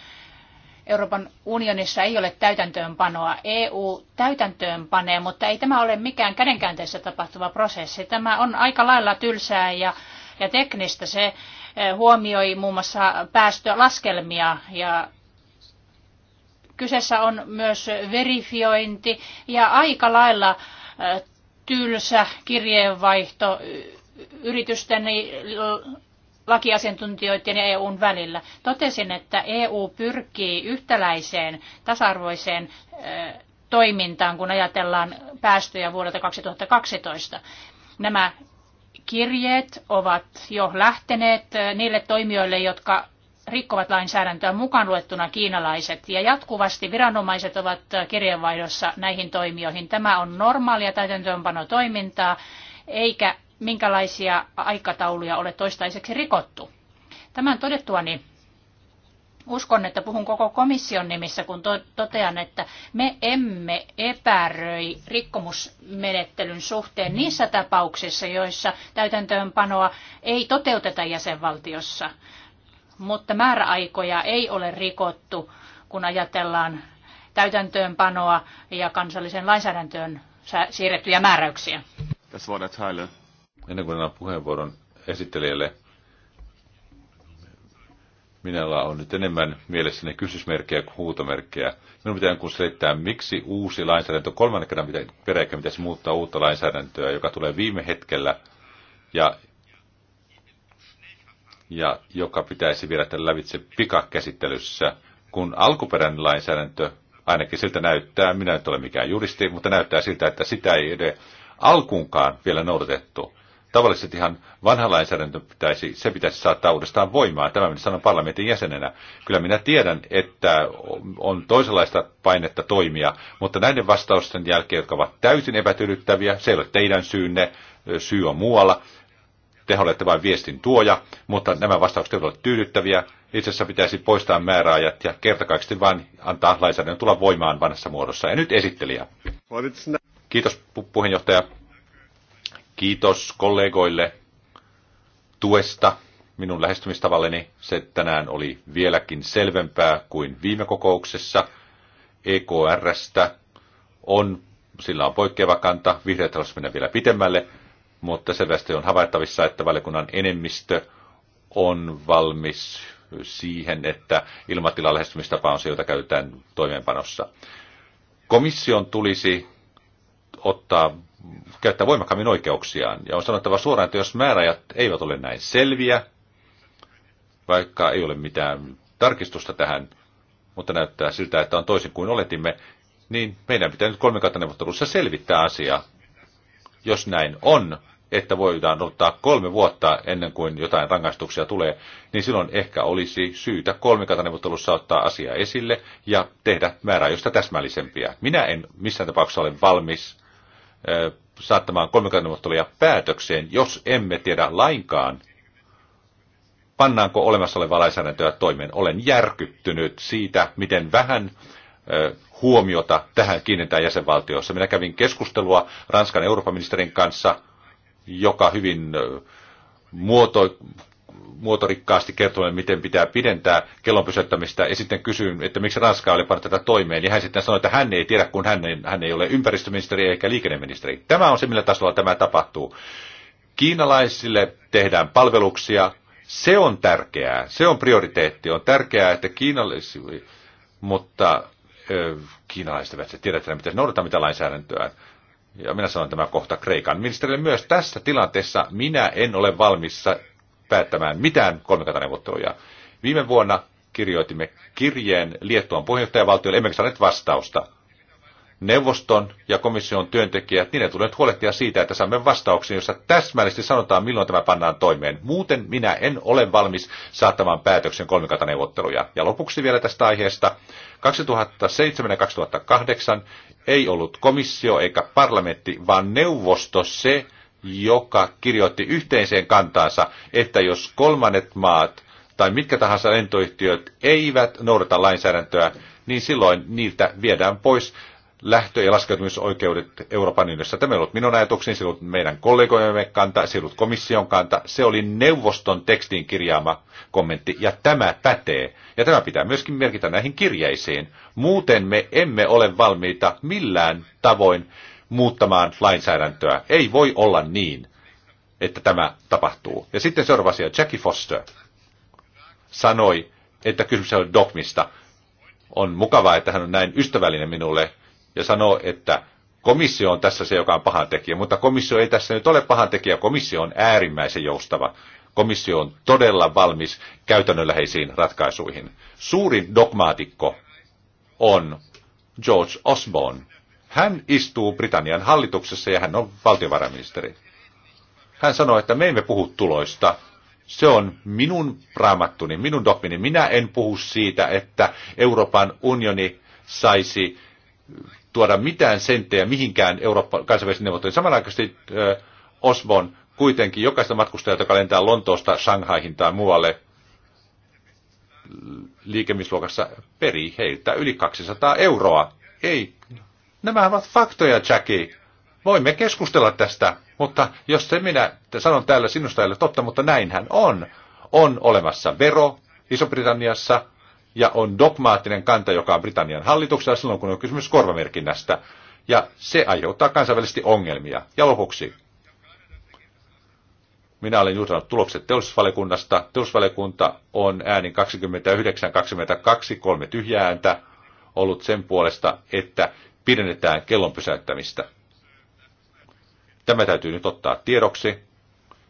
Euroopan unionissa ei ole täytäntöönpanoa. EU täytäntöönpanee, mutta ei tämä ole mikään kädenkäänteessä tapahtuva prosessi. Tämä on aika lailla tylsää ja, ja teknistä. Se eh, huomioi muun muassa päästölaskelmia ja kyseessä on myös verifiointi ja aika lailla eh, tylsä kirjeenvaihto yritysten lakiasiantuntijoiden ja EUn välillä. Totesin, että EU pyrkii yhtäläiseen tasa-arvoiseen toimintaan, kun ajatellaan päästöjä vuodelta 2012. Nämä kirjeet ovat jo lähteneet niille toimijoille, jotka rikkovat lainsäädäntöä mukaan luettuna kiinalaiset. Ja jatkuvasti viranomaiset ovat kirjeenvaihdossa näihin toimijoihin. Tämä on normaalia täytäntöönpanotoimintaa, eikä minkälaisia aikatauluja ole toistaiseksi rikottu. Tämän todettuani uskon, että puhun koko komission nimissä, kun to- totean, että me emme epäröi rikkomusmenettelyn suhteen niissä tapauksissa, joissa täytäntöönpanoa ei toteuteta jäsenvaltiossa mutta määräaikoja ei ole rikottu, kun ajatellaan täytäntöönpanoa ja kansallisen lainsäädäntöön siirrettyjä määräyksiä. Tässä voidaan Tyler. Ennen kuin annan puheenvuoron esittelijälle, minulla on nyt enemmän mielessäni kysymysmerkkejä kuin huutomerkkejä. Minun pitää kun selittää, miksi uusi lainsäädäntö kolmannen kerran peräkkäin pitäisi muuttaa uutta lainsäädäntöä, joka tulee viime hetkellä ja ja joka pitäisi viedä lävitse pikakäsittelyssä, kun alkuperäinen lainsäädäntö, ainakin siltä näyttää, minä nyt olen mikään juristi, mutta näyttää siltä, että sitä ei edes alkuunkaan vielä noudatettu. Tavallisesti ihan vanha lainsäädäntö pitäisi, se pitäisi saattaa uudestaan voimaan. Tämä minä sanon parlamentin jäsenenä. Kyllä minä tiedän, että on toisenlaista painetta toimia, mutta näiden vastausten jälkeen, jotka ovat täysin epätyydyttäviä, se ei ole teidän syynne, syy on muualla, te olette vain viestin tuoja, mutta nämä vastaukset eivät ole tyydyttäviä. Itse asiassa pitäisi poistaa määräajat ja kertakaikaisesti vain antaa lainsäädännön tulla voimaan vanhassa muodossa. Ja nyt esittelijä. Kiitos puheenjohtaja. Kiitos kollegoille tuesta minun lähestymistavalleni. Se tänään oli vieläkin selvempää kuin viime kokouksessa. EKRstä on, sillä on poikkeava kanta, vihreät haluaisivat mennä vielä pitemmälle, mutta selvästi on havaittavissa, että valiokunnan enemmistö on valmis siihen, että ilmatilan lähestymistapa on se, jota käytetään toimeenpanossa. Komission tulisi ottaa, käyttää voimakkaammin oikeuksiaan. Ja on sanottava suoraan, että jos määräajat eivät ole näin selviä, vaikka ei ole mitään tarkistusta tähän, mutta näyttää siltä, että on toisin kuin oletimme, niin meidän pitää nyt neuvottelussa selvittää asia. Jos näin on, että voidaan ottaa kolme vuotta ennen kuin jotain rangaistuksia tulee, niin silloin ehkä olisi syytä kolmikantaneuvottelussa ottaa asia esille ja tehdä määräajoista täsmällisempiä. Minä en missään tapauksessa ole valmis saattamaan kolmikantaneuvotteluja päätökseen, jos emme tiedä lainkaan, pannaanko olemassa olevaa lainsäädäntöä toimeen. Olen järkyttynyt siitä, miten vähän huomiota tähän kiinnitetään jäsenvaltioissa. Minä kävin keskustelua Ranskan ministerin kanssa – joka hyvin muoto, muotorikkaasti kertoi, miten pitää pidentää kellon pysäyttämistä, ja sitten kysyin, että miksi Ranska oli pannut tätä toimeen, ja niin hän sitten sanoi, että hän ei tiedä, kun hän ei, hän ei ole ympäristöministeri eikä liikenneministeri. Tämä on se, millä tasolla tämä tapahtuu. Kiinalaisille tehdään palveluksia, se on tärkeää, se on prioriteetti, on tärkeää, että kiinalaisille, mutta ö, kiinalaiset eivät tiedä, että pitäisi noudattaa mitä lainsäädäntöä ja minä sanon tämä kohta Kreikan ministerille myös tässä tilanteessa minä en ole valmis päättämään mitään kolmikantaneuvotteluja. Viime vuonna kirjoitimme kirjeen Liettuan puheenjohtajavaltiolle, emmekä saaneet vastausta neuvoston ja komission työntekijät, niin ne tulee nyt huolehtia siitä, että saamme vastauksia, jossa täsmällisesti sanotaan, milloin tämä pannaan toimeen. Muuten minä en ole valmis saattamaan päätöksen kolmikantaneuvotteluja. Ja lopuksi vielä tästä aiheesta. 2007 ja 2008 ei ollut komissio eikä parlamentti, vaan neuvosto se, joka kirjoitti yhteiseen kantaansa, että jos kolmannet maat tai mitkä tahansa lentoyhtiöt eivät noudata lainsäädäntöä, niin silloin niiltä viedään pois lähtö- ja laskeutumisoikeudet Euroopan unionissa. Tämä ei ollut minun ajatukseni, se ollut meidän kollegojemme kanta, se ollut komission kanta, se oli neuvoston tekstiin kirjaama kommentti, ja tämä pätee. Ja tämä pitää myöskin merkitä näihin kirjeisiin. Muuten me emme ole valmiita millään tavoin muuttamaan lainsäädäntöä. Ei voi olla niin, että tämä tapahtuu. Ja sitten seuraava asia, Jackie Foster sanoi, että kysymys on dogmista. On mukavaa, että hän on näin ystävällinen minulle, ja sanoo, että komissio on tässä se, joka on tekijä, mutta komissio ei tässä nyt ole tekijä, komissio on äärimmäisen joustava. Komissio on todella valmis käytännönläheisiin ratkaisuihin. Suurin dogmaatikko on George Osborne. Hän istuu Britannian hallituksessa ja hän on valtiovarainministeri. Hän sanoi, että me emme puhu tuloista. Se on minun raamattuni, minun dogmini. Minä en puhu siitä, että Euroopan unioni saisi tuoda mitään senttejä mihinkään Eurooppa, kansainvälisiin neuvotteluihin. Samanaikaisesti äh, Osbon kuitenkin jokaista matkustajaa, joka lentää Lontoosta Shanghaihin tai muualle liikemisluokassa perii heiltä yli 200 euroa. Ei, nämä ovat faktoja, Jackie. Voimme keskustella tästä, mutta jos se minä sanon täällä sinusta ei ole totta, mutta näinhän on. On olemassa vero Iso-Britanniassa, ja on dogmaattinen kanta, joka on Britannian hallituksella silloin, kun on kysymys korvamerkinnästä. Ja se aiheuttaa kansainvälisesti ongelmia. Ja lopuksi, minä olen juutanut tulokset teollisuusvaliokunnasta. Teollisuusvaliokunta on äänin 29-22, kolme tyhjää ääntä, ollut sen puolesta, että pidennetään kellon pysäyttämistä. Tämä täytyy nyt ottaa tiedoksi.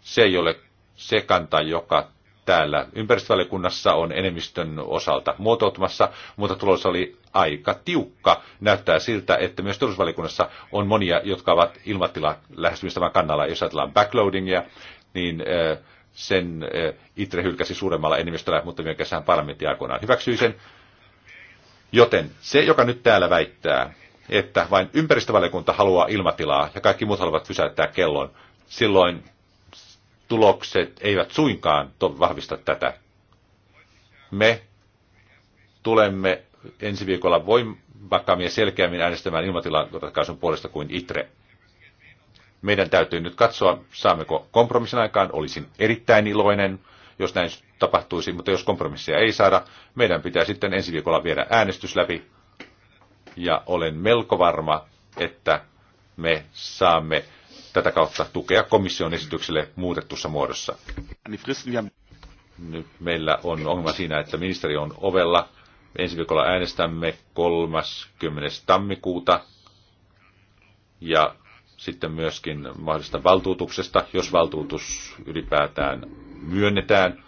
Se ei ole se kanta, joka täällä ympäristövaliokunnassa on enemmistön osalta muotoutumassa, mutta tulos oli aika tiukka. Näyttää siltä, että myös turvallisuusvaliokunnassa on monia, jotka ovat ilmatila lähestymistävän kannalla. Jos ajatellaan backloadingia, niin sen ITRE hylkäsi suuremmalla enemmistöllä, mutta myöskään parlamentti aikoinaan hyväksyi sen. Joten se, joka nyt täällä väittää, että vain ympäristövaliokunta haluaa ilmatilaa ja kaikki muut haluavat pysäyttää kellon, silloin tulokset eivät suinkaan vahvista tätä. Me tulemme ensi viikolla voimakkaammin ja selkeämmin äänestämään ilmatilan ratkaisun puolesta kuin ITRE. Meidän täytyy nyt katsoa, saammeko kompromissin aikaan. Olisin erittäin iloinen, jos näin tapahtuisi, mutta jos kompromissia ei saada, meidän pitää sitten ensi viikolla viedä äänestys läpi. Ja olen melko varma, että me saamme tätä kautta tukea komission esitykselle muutettussa muodossa. Nyt meillä on ongelma siinä, että ministeri on ovella. Ensi viikolla äänestämme 30. tammikuuta ja sitten myöskin mahdollisesta valtuutuksesta, jos valtuutus ylipäätään myönnetään.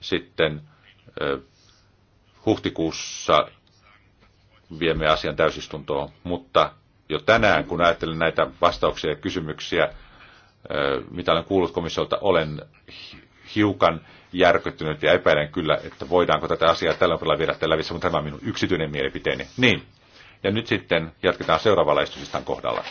Sitten huhtikuussa viemme asian täysistuntoon, mutta jo tänään, kun ajattelen näitä vastauksia ja kysymyksiä, mitä olen kuullut komissiolta, olen hiukan järkyttynyt ja epäilen kyllä, että voidaanko tätä asiaa tällä tavalla viedä tällä lävissä, mutta tämä on minun yksityinen mielipiteeni. Niin, ja nyt sitten jatketaan seuraavalla istusistan kohdalla.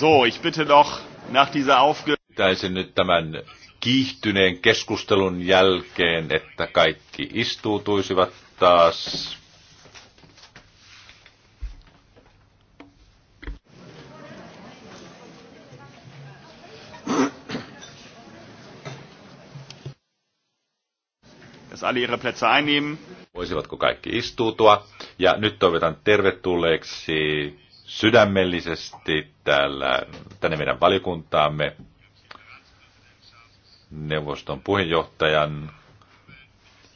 So, ich bitte doch nach dieser aufge... Pitäisin nyt tämän kiihtyneen keskustelun jälkeen, että kaikki istuutuisivat taas. alle ihre Plätze einnehmen. Voisivatko kaikki istuutua? Ja nyt toivotan tervetulleeksi sydämellisesti täällä, tänne meidän valiokuntaamme neuvoston puheenjohtajan.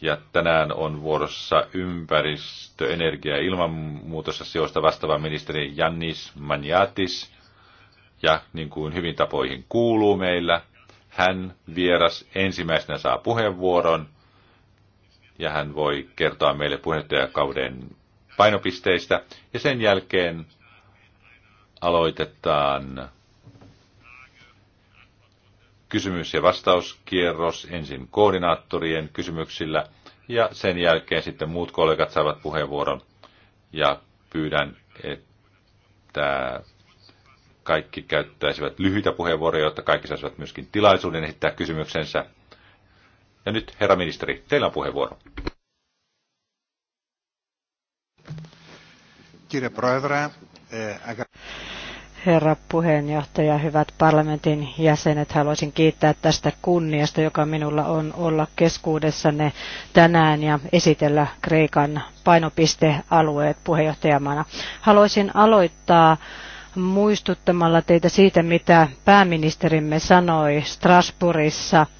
Ja tänään on vuorossa ympäristö, energia ja ilmanmuutosasioista vastaava ministeri Jannis Maniatis. Ja niin kuin hyvin tapoihin kuuluu meillä, hän vieras ensimmäisenä saa puheenvuoron ja hän voi kertoa meille puheenjohtajakauden painopisteistä. Ja sen jälkeen aloitetaan kysymys- ja vastauskierros ensin koordinaattorien kysymyksillä ja sen jälkeen sitten muut kollegat saavat puheenvuoron ja pyydän, että kaikki käyttäisivät lyhyitä puheenvuoroja, jotta kaikki saisivat myöskin tilaisuuden esittää kysymyksensä. Ja nyt, herra ministeri, teillä on puheenvuoro. Kiitos, Eh, Herra puheenjohtaja, hyvät parlamentin jäsenet, haluaisin kiittää tästä kunniasta, joka minulla on olla keskuudessanne tänään ja esitellä Kreikan painopistealueet puheenjohtajamana. Haluaisin aloittaa muistuttamalla teitä siitä, mitä pääministerimme sanoi Strasbourgissa –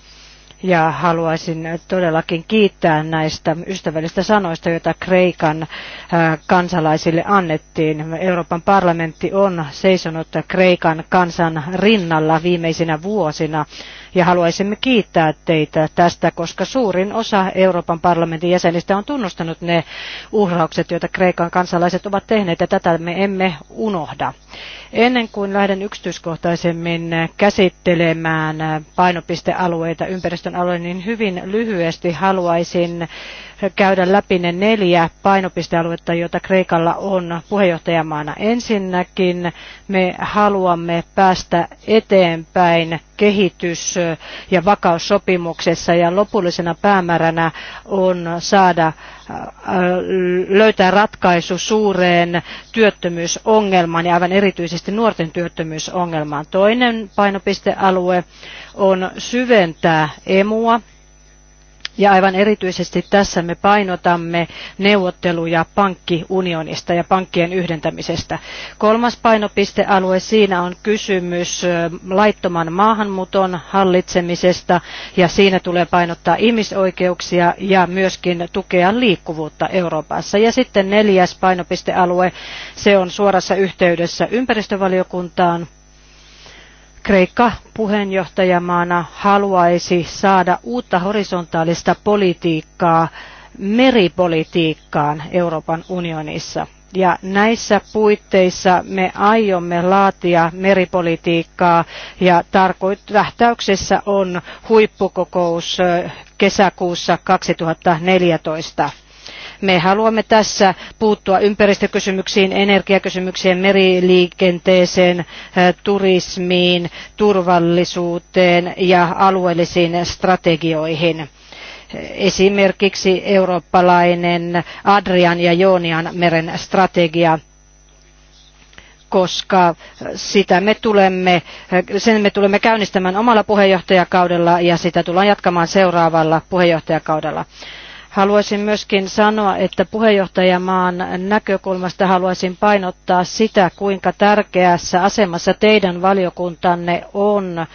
ja haluaisin todellakin kiittää näistä ystävällistä sanoista, joita Kreikan äh, kansalaisille annettiin. Euroopan parlamentti on seisonut Kreikan kansan rinnalla viimeisinä vuosina ja haluaisimme kiittää teitä tästä, koska suurin osa Euroopan parlamentin jäsenistä on tunnustanut ne uhraukset, joita Kreikan kansalaiset ovat tehneet ja tätä me emme unohda. Ennen kuin lähden yksityiskohtaisemmin käsittelemään painopistealueita ympäristön alueen, niin hyvin lyhyesti haluaisin käydä läpi ne neljä painopistealuetta, joita Kreikalla on puheenjohtajamaana. Ensinnäkin me haluamme päästä eteenpäin kehitys- ja vakaussopimuksessa ja lopullisena päämääränä on saada äh, löytää ratkaisu suureen työttömyysongelmaan ja aivan erityisesti nuorten työttömyysongelmaan. Toinen painopistealue on syventää emua ja aivan erityisesti tässä me painotamme neuvotteluja pankkiunionista ja pankkien yhdentämisestä. Kolmas painopistealue siinä on kysymys laittoman maahanmuuton hallitsemisesta ja siinä tulee painottaa ihmisoikeuksia ja myöskin tukea liikkuvuutta Euroopassa. Ja sitten neljäs painopistealue, se on suorassa yhteydessä ympäristövaliokuntaan Kreikka puheenjohtajamaana haluaisi saada uutta horisontaalista politiikkaa meripolitiikkaan Euroopan unionissa. Ja näissä puitteissa me aiomme laatia meripolitiikkaa ja tähtäyksessä on huippukokous kesäkuussa 2014. Me haluamme tässä puuttua ympäristökysymyksiin, energiakysymyksiin, meriliikenteeseen, äh, turismiin, turvallisuuteen ja alueellisiin strategioihin esimerkiksi eurooppalainen Adrian ja Joonian meren strategia, koska sitä me tulemme, sen me tulemme käynnistämään omalla puheenjohtajakaudella ja sitä tullaan jatkamaan seuraavalla puheenjohtajakaudella. Haluaisin myöskin sanoa, että puheenjohtajamaan näkökulmasta haluaisin painottaa sitä, kuinka tärkeässä asemassa teidän valiokuntanne on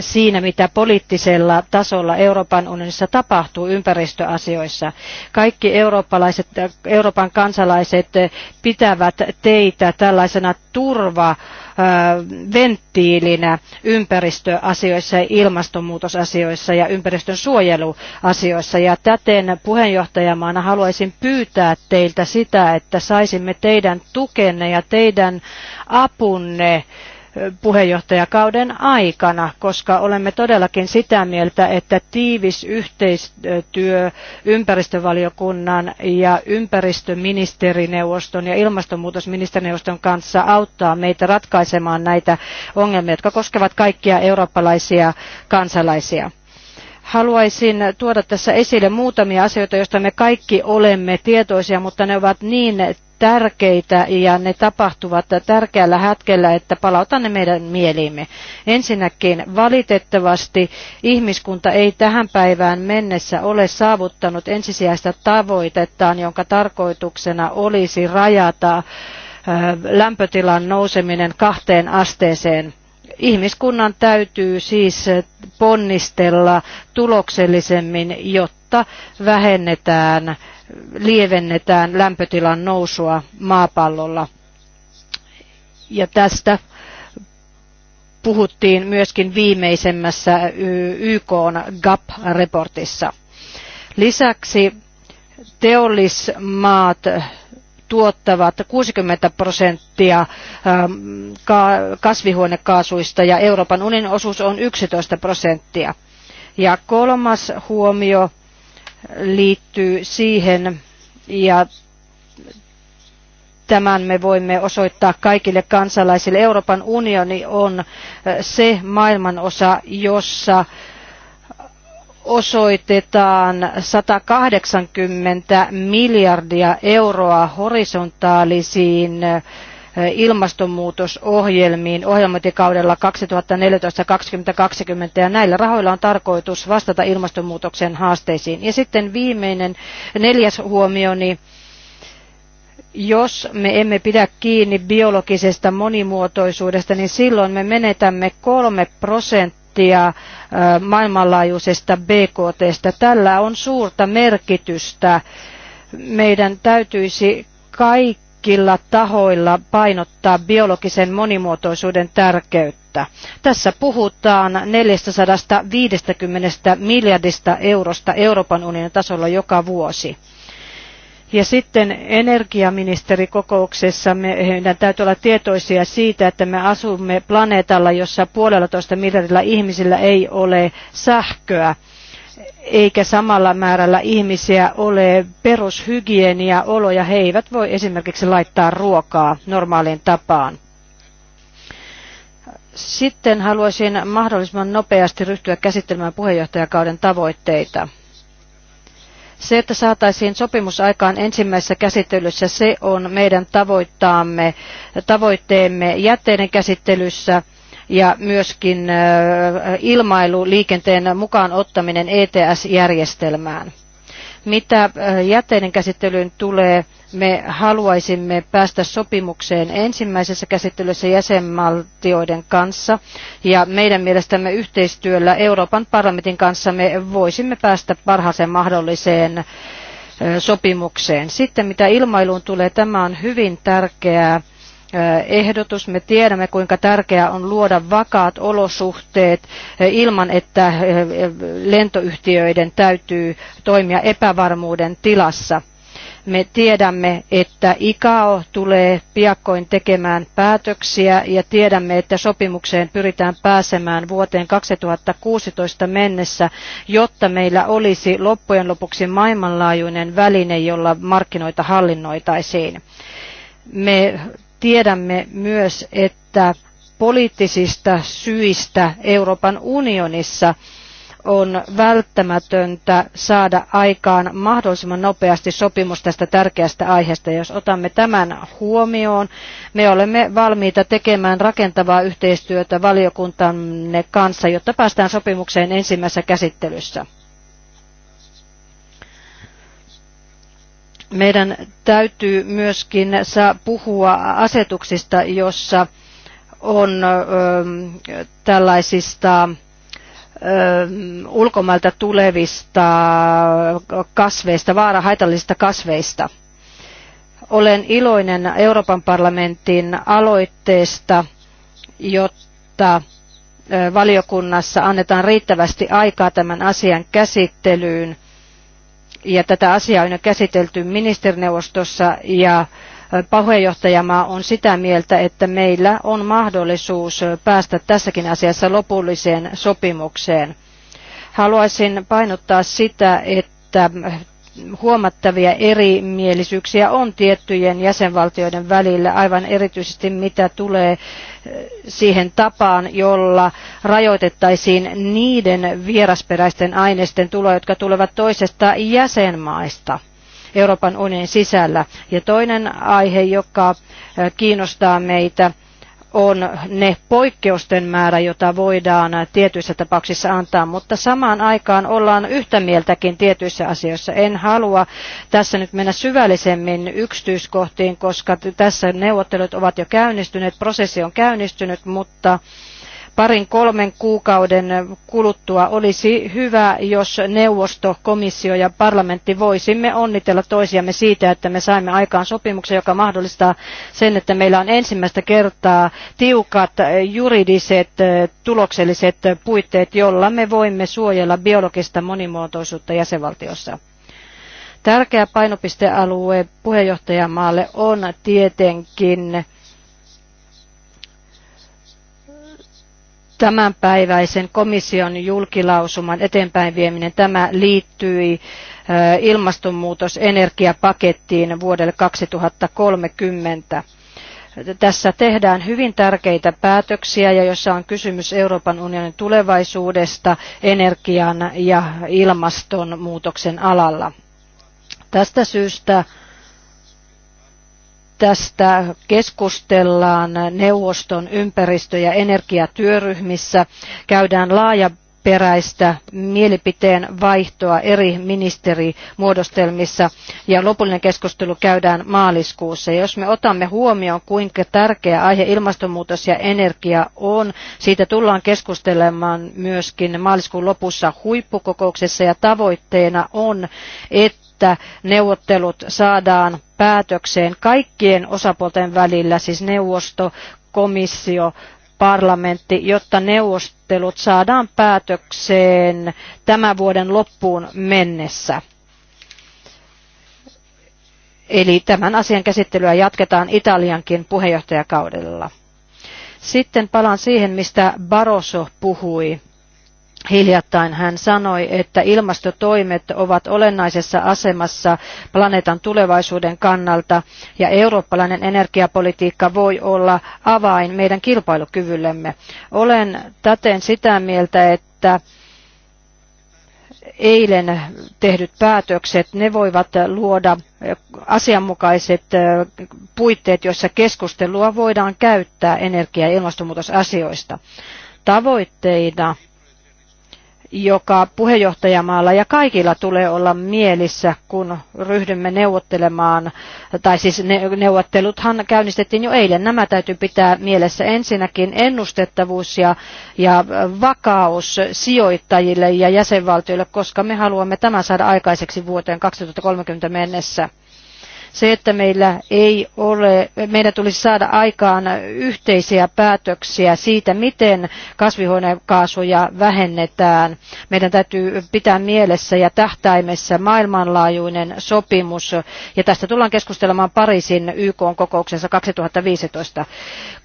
siinä, mitä poliittisella tasolla Euroopan unionissa tapahtuu ympäristöasioissa. Kaikki eurooppalaiset, Euroopan kansalaiset pitävät teitä tällaisena turva venttiilinä ympäristöasioissa ja ilmastonmuutosasioissa ja ympäristön suojeluasioissa. Ja täten puheenjohtajamaana haluaisin pyytää teiltä sitä, että saisimme teidän tukenne ja teidän apunne puheenjohtajakauden aikana, koska olemme todellakin sitä mieltä, että tiivis yhteistyö ympäristövaliokunnan ja ympäristöministerineuvoston ja ilmastonmuutosministerineuvoston kanssa auttaa meitä ratkaisemaan näitä ongelmia, jotka koskevat kaikkia eurooppalaisia kansalaisia haluaisin tuoda tässä esille muutamia asioita, joista me kaikki olemme tietoisia, mutta ne ovat niin tärkeitä ja ne tapahtuvat tärkeällä hetkellä, että palautan ne meidän mieliimme. Ensinnäkin valitettavasti ihmiskunta ei tähän päivään mennessä ole saavuttanut ensisijaista tavoitettaan, jonka tarkoituksena olisi rajata äh, lämpötilan nouseminen kahteen asteeseen ihmiskunnan täytyy siis ponnistella tuloksellisemmin, jotta kautta vähennetään, lievennetään lämpötilan nousua maapallolla. Ja tästä puhuttiin myöskin viimeisemmässä YK gap reportissa Lisäksi teollismaat tuottavat 60 prosenttia ähm, kasvihuonekaasuista ja Euroopan unionin osuus on 11 prosenttia. Ja kolmas huomio liittyy siihen ja tämän me voimme osoittaa kaikille kansalaisille. Euroopan unioni on äh, se maailmanosa, jossa osoitetaan 180 miljardia euroa horisontaalisiin äh, ilmastonmuutosohjelmiin ohjelmointikaudella 2014-2020 ja näillä rahoilla on tarkoitus vastata ilmastonmuutoksen haasteisiin. Ja sitten viimeinen neljäs huomioni. Niin jos me emme pidä kiinni biologisesta monimuotoisuudesta, niin silloin me menetämme kolme prosenttia maailmanlaajuisesta BKTstä. Tällä on suurta merkitystä. Meidän täytyisi kaikki kaikilla tahoilla painottaa biologisen monimuotoisuuden tärkeyttä. Tässä puhutaan 450 miljardista eurosta Euroopan unionin tasolla joka vuosi. Ja sitten energiaministerikokouksessa meidän täytyy olla tietoisia siitä, että me asumme planeetalla, jossa puolella toista miljardilla ihmisillä ei ole sähköä eikä samalla määrällä ihmisiä ole perushygieniaoloja. He eivät voi esimerkiksi laittaa ruokaa normaaliin tapaan. Sitten haluaisin mahdollisimman nopeasti ryhtyä käsittelemään puheenjohtajakauden tavoitteita. Se, että saataisiin sopimus aikaan ensimmäisessä käsittelyssä, se on meidän tavoitteemme jätteiden käsittelyssä – ja myöskin ilmailuliikenteen mukaan ottaminen ETS-järjestelmään. Mitä jätteiden käsittelyyn tulee, me haluaisimme päästä sopimukseen ensimmäisessä käsittelyssä jäsenvaltioiden kanssa ja meidän mielestämme yhteistyöllä Euroopan parlamentin kanssa me voisimme päästä parhaaseen mahdolliseen sopimukseen. Sitten mitä ilmailuun tulee, tämä on hyvin tärkeää ehdotus. Me tiedämme, kuinka tärkeää on luoda vakaat olosuhteet ilman, että lentoyhtiöiden täytyy toimia epävarmuuden tilassa. Me tiedämme, että ICAO tulee piakkoin tekemään päätöksiä ja tiedämme, että sopimukseen pyritään pääsemään vuoteen 2016 mennessä, jotta meillä olisi loppujen lopuksi maailmanlaajuinen väline, jolla markkinoita hallinnoitaisiin. Me Tiedämme myös, että poliittisista syistä Euroopan unionissa on välttämätöntä saada aikaan mahdollisimman nopeasti sopimus tästä tärkeästä aiheesta. Jos otamme tämän huomioon, me olemme valmiita tekemään rakentavaa yhteistyötä valiokuntanne kanssa, jotta päästään sopimukseen ensimmäisessä käsittelyssä. Meidän täytyy myöskin saa puhua asetuksista, jossa on tällaisista ulkomailta tulevista kasveista, vaarahaitallisista kasveista. Olen iloinen Euroopan parlamentin aloitteesta, jotta valiokunnassa annetaan riittävästi aikaa tämän asian käsittelyyn ja tätä asiaa on jo käsitelty ministerineuvostossa ja äh, puheenjohtajamaa on sitä mieltä, että meillä on mahdollisuus päästä tässäkin asiassa lopulliseen sopimukseen. Haluaisin painottaa sitä, että että huomattavia erimielisyyksiä on tiettyjen jäsenvaltioiden välillä, aivan erityisesti mitä tulee eh, siihen tapaan, jolla rajoitettaisiin niiden vierasperäisten aineisten tuloa, jotka tulevat toisesta jäsenmaista. Euroopan unionin sisällä. Ja toinen aihe, joka eh, kiinnostaa meitä, on ne poikkeusten määrä, jota voidaan tietyissä tapauksissa antaa, mutta samaan aikaan ollaan yhtä mieltäkin tietyissä asioissa. En halua tässä nyt mennä syvällisemmin yksityiskohtiin, koska tässä neuvottelut ovat jo käynnistyneet, prosessi on käynnistynyt, mutta parin kolmen kuukauden kuluttua olisi hyvä, jos neuvosto, komissio ja parlamentti voisimme onnitella toisiamme siitä, että me saimme aikaan sopimuksen, joka mahdollistaa sen, että meillä on ensimmäistä kertaa tiukat juridiset tulokselliset puitteet, jolla me voimme suojella biologista monimuotoisuutta jäsenvaltiossa. Tärkeä painopistealue puheenjohtajamaalle on tietenkin tämänpäiväisen komission julkilausuman eteenpäin vieminen, tämä liittyi ilmastonmuutos energiapakettiin vuodelle 2030. Tässä tehdään hyvin tärkeitä päätöksiä ja jossa on kysymys Euroopan unionin tulevaisuudesta energian ja ilmastonmuutoksen alalla. Tästä syystä Tästä keskustellaan neuvoston ympäristö- ja energiatyöryhmissä. Käydään laaja peräistä mielipiteen vaihtoa eri ministerimuodostelmissa ja lopullinen keskustelu käydään maaliskuussa. Ja jos me otamme huomioon, kuinka tärkeä aihe ilmastonmuutos ja energia on, siitä tullaan keskustelemaan myöskin maaliskuun lopussa huippukokouksessa ja tavoitteena on, että neuvottelut saadaan päätökseen kaikkien osapuolten välillä, siis neuvosto, komissio, parlamentti, jotta neuvostelut saadaan päätökseen tämän vuoden loppuun mennessä. Eli tämän asian käsittelyä jatketaan Italiankin puheenjohtajakaudella. Sitten palaan siihen, mistä Barroso puhui Hiljattain hän sanoi, että ilmastotoimet ovat olennaisessa asemassa planeetan tulevaisuuden kannalta ja eurooppalainen energiapolitiikka voi olla avain meidän kilpailukyvyllemme. Olen täten sitä mieltä, että eilen tehdyt päätökset, ne voivat luoda asianmukaiset puitteet, joissa keskustelua voidaan käyttää energia- ja ilmastonmuutosasioista. Tavoitteina joka puheenjohtajamaalla ja kaikilla tulee olla mielissä, kun ryhdymme neuvottelemaan, tai siis neuvotteluthan käynnistettiin jo eilen. Nämä täytyy pitää mielessä ensinnäkin ennustettavuus ja, ja vakaus sijoittajille ja jäsenvaltioille, koska me haluamme tämän saada aikaiseksi vuoteen 2030 mennessä. Se, että meillä ei ole, meidän tulisi saada aikaan yhteisiä päätöksiä siitä, miten kasvihuonekaasuja vähennetään. Meidän täytyy pitää mielessä ja tähtäimessä maailmanlaajuinen sopimus. Ja tästä tullaan keskustelemaan Pariisin YK-kokouksensa 2015.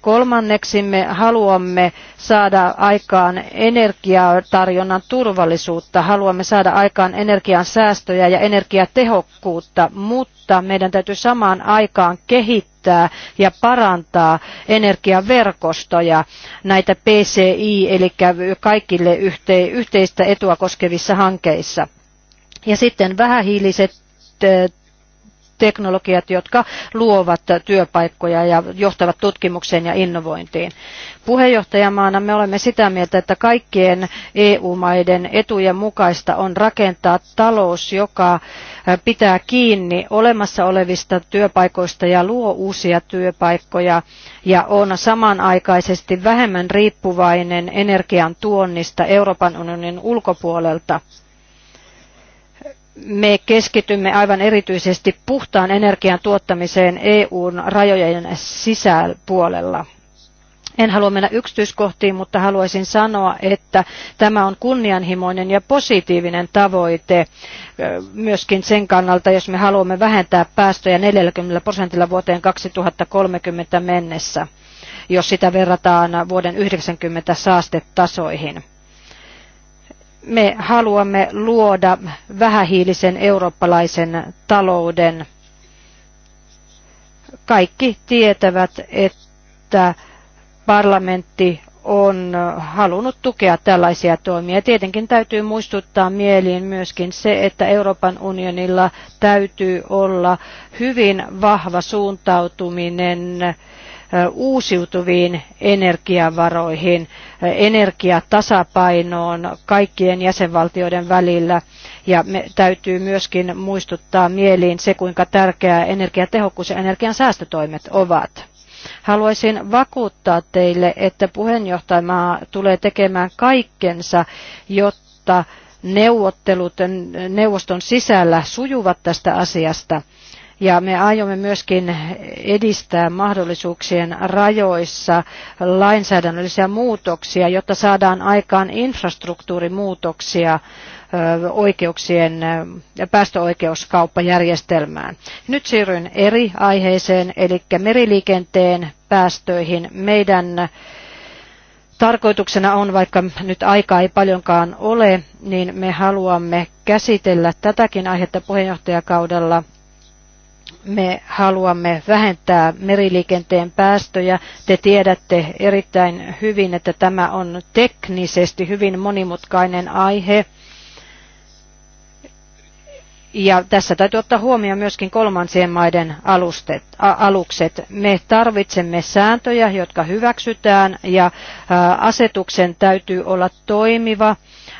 Kolmanneksi me haluamme saada aikaan energiatarjonnan turvallisuutta. Haluamme saada aikaan energian säästöjä ja energiatehokkuutta, mutta mutta meidän täytyy samaan aikaan kehittää ja parantaa energiaverkostoja näitä PCI, eli kaikille yhteistä etua koskevissa hankkeissa. Ja sitten vähähiiliset teknologiat, jotka luovat työpaikkoja ja johtavat tutkimukseen ja innovointiin. Puheenjohtajamaana me olemme sitä mieltä, että kaikkien EU-maiden etujen mukaista on rakentaa talous, joka pitää kiinni olemassa olevista työpaikoista ja luo uusia työpaikkoja ja on samanaikaisesti vähemmän riippuvainen energian tuonnista Euroopan unionin ulkopuolelta me keskitymme aivan erityisesti puhtaan energian tuottamiseen EUn rajojen sisäpuolella. En halua mennä yksityiskohtiin, mutta haluaisin sanoa, että tämä on kunnianhimoinen ja positiivinen tavoite myöskin sen kannalta, jos me haluamme vähentää päästöjä 40 prosentilla vuoteen 2030 mennessä, jos sitä verrataan vuoden 90 saastetasoihin me haluamme luoda vähähiilisen eurooppalaisen talouden. Kaikki tietävät, että parlamentti on halunnut tukea tällaisia toimia. Tietenkin täytyy muistuttaa mieliin myöskin se, että Euroopan unionilla täytyy olla hyvin vahva suuntautuminen äh, uusiutuviin energiavaroihin, energiatasapainoon kaikkien jäsenvaltioiden välillä. Ja me täytyy myöskin muistuttaa mieliin se, kuinka tärkeää energiatehokkuus ja energian säästötoimet ovat. Haluaisin vakuuttaa teille, että puheenjohtajamaa tulee tekemään kaikkensa, jotta neuvottelut neuvoston sisällä sujuvat tästä asiasta ja me aiomme myöskin edistää mahdollisuuksien rajoissa lainsäädännöllisiä muutoksia, jotta saadaan aikaan infrastruktuurimuutoksia oikeuksien ja päästöoikeuskauppajärjestelmään. Nyt siirryn eri aiheeseen, eli meriliikenteen päästöihin. Meidän tarkoituksena on, vaikka nyt aikaa ei paljonkaan ole, niin me haluamme käsitellä tätäkin aihetta puheenjohtajakaudella – me haluamme vähentää meriliikenteen päästöjä. Te tiedätte erittäin hyvin, että tämä on teknisesti hyvin monimutkainen aihe. Ja tässä täytyy ottaa huomioon myöskin kolmansien maiden alustet, a, alukset. Me tarvitsemme sääntöjä, jotka hyväksytään ja ä, asetuksen täytyy olla toimiva.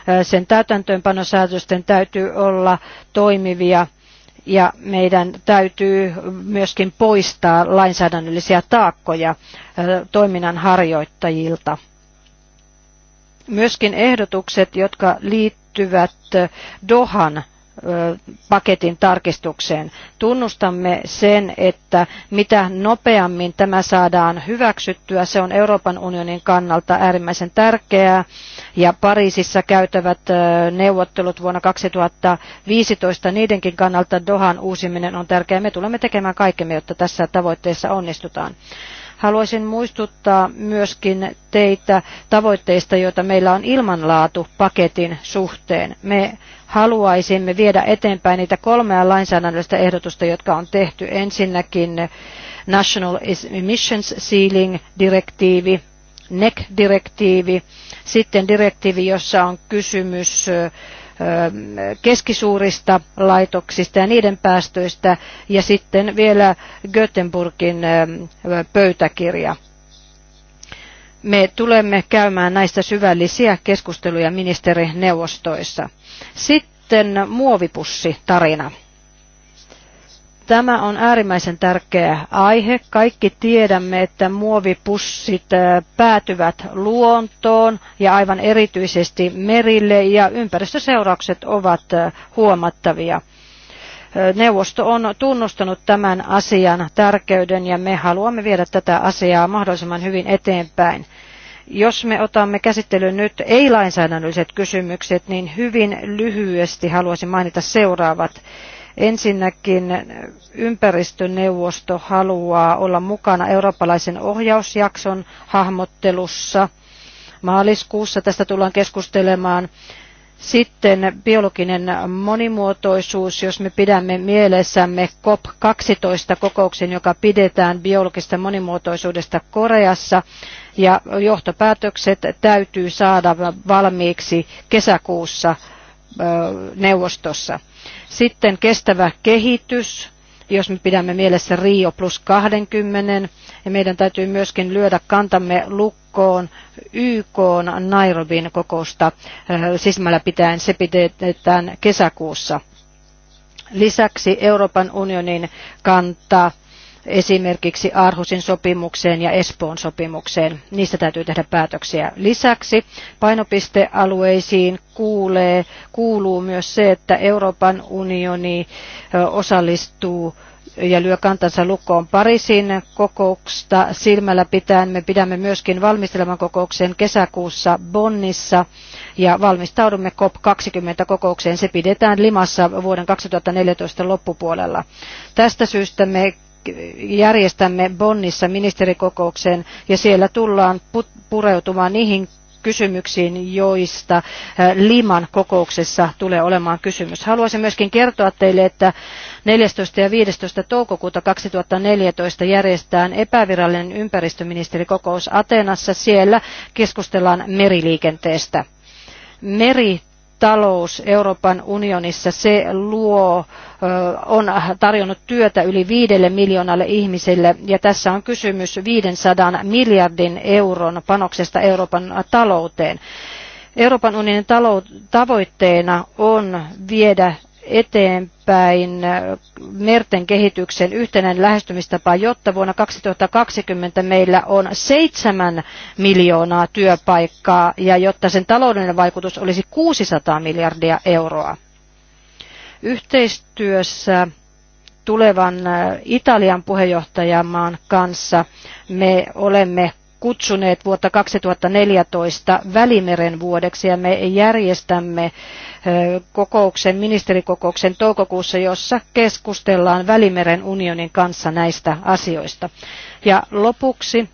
Ä, sen täytäntöönpanosäätösten täytyy olla toimivia ja meidän täytyy myöskin poistaa lainsäädännöllisiä taakkoja toiminnan harjoittajilta. Myöskin ehdotukset, jotka liittyvät Dohan paketin tarkistukseen. Tunnustamme sen, että mitä nopeammin tämä saadaan hyväksyttyä, se on Euroopan unionin kannalta äärimmäisen tärkeää ja Pariisissa käytävät neuvottelut vuonna 2015, niidenkin kannalta Dohan uusiminen on tärkeää. Me tulemme tekemään kaikkemme, jotta tässä tavoitteessa onnistutaan. Haluaisin muistuttaa myöskin teitä tavoitteista, joita meillä on ilmanlaatupaketin suhteen. Me haluaisimme viedä eteenpäin niitä kolmea lainsäädännöllistä ehdotusta, jotka on tehty. Ensinnäkin National Emissions Ceiling direktiivi NEC-direktiivi, sitten direktiivi, jossa on kysymys keskisuurista laitoksista ja niiden päästöistä ja sitten vielä Göteborgin pöytäkirja. Me tulemme käymään näistä syvällisiä keskusteluja ministerineuvostoissa. Sitten muovipussi tarina. Tämä on äärimmäisen tärkeä aihe. Kaikki tiedämme, että muovipussit päätyvät luontoon ja aivan erityisesti merille ja ympäristöseuraukset ovat huomattavia. Neuvosto on tunnustanut tämän asian tärkeyden ja me haluamme viedä tätä asiaa mahdollisimman hyvin eteenpäin jos me otamme käsittelyyn nyt ei-lainsäädännölliset kysymykset, niin hyvin lyhyesti haluaisin mainita seuraavat. Ensinnäkin ympäristöneuvosto haluaa olla mukana eurooppalaisen ohjausjakson hahmottelussa. Maaliskuussa tästä tullaan keskustelemaan. Sitten biologinen monimuotoisuus, jos me pidämme mielessämme COP12 kokouksen, joka pidetään biologista monimuotoisuudesta Koreassa, ja johtopäätökset täytyy saada valmiiksi kesäkuussa neuvostossa. Sitten kestävä kehitys, jos me pidämme mielessä Rio plus 20, ja meidän täytyy myöskin lyödä kantamme lukkoon YK Nairobin kokousta eh, sismällä pitäen, se pidetään kesäkuussa. Lisäksi Euroopan unionin kanta esimerkiksi Arhusin sopimukseen ja Espoon sopimukseen. Niistä täytyy tehdä päätöksiä. Lisäksi painopistealueisiin kuulee, kuuluu myös se, että Euroopan unioni osallistuu ja lyö kantansa lukkoon Pariisin kokousta silmällä pitäen. Me pidämme myöskin valmistelevan kokouksen kesäkuussa Bonnissa ja valmistaudumme COP20 kokoukseen. Se pidetään Limassa vuoden 2014 loppupuolella. Tästä syystä me järjestämme Bonnissa ministerikokouksen ja siellä tullaan pureutumaan niihin kysymyksiin, joista äh, Liman kokouksessa tulee olemaan kysymys. Haluaisin myöskin kertoa teille, että 14. ja 15. toukokuuta 2014 järjestetään epävirallinen ympäristöministerikokous Atenassa. Siellä keskustellaan meriliikenteestä. Meri talous Euroopan unionissa, se luo, on tarjonnut työtä yli viidelle miljoonalle ihmiselle ja tässä on kysymys 500 miljardin euron panoksesta Euroopan talouteen. Euroopan unionin tavoitteena on viedä eteenpäin merten kehityksen yhtenäinen lähestymistapa, jotta vuonna 2020 meillä on seitsemän miljoonaa työpaikkaa ja jotta sen taloudellinen vaikutus olisi 600 miljardia euroa. Yhteistyössä tulevan Italian puheenjohtajamaan kanssa me olemme kutsuneet vuotta 2014 Välimeren vuodeksi ja me järjestämme kokouksen, ministerikokouksen toukokuussa, jossa keskustellaan Välimeren unionin kanssa näistä asioista. Ja lopuksi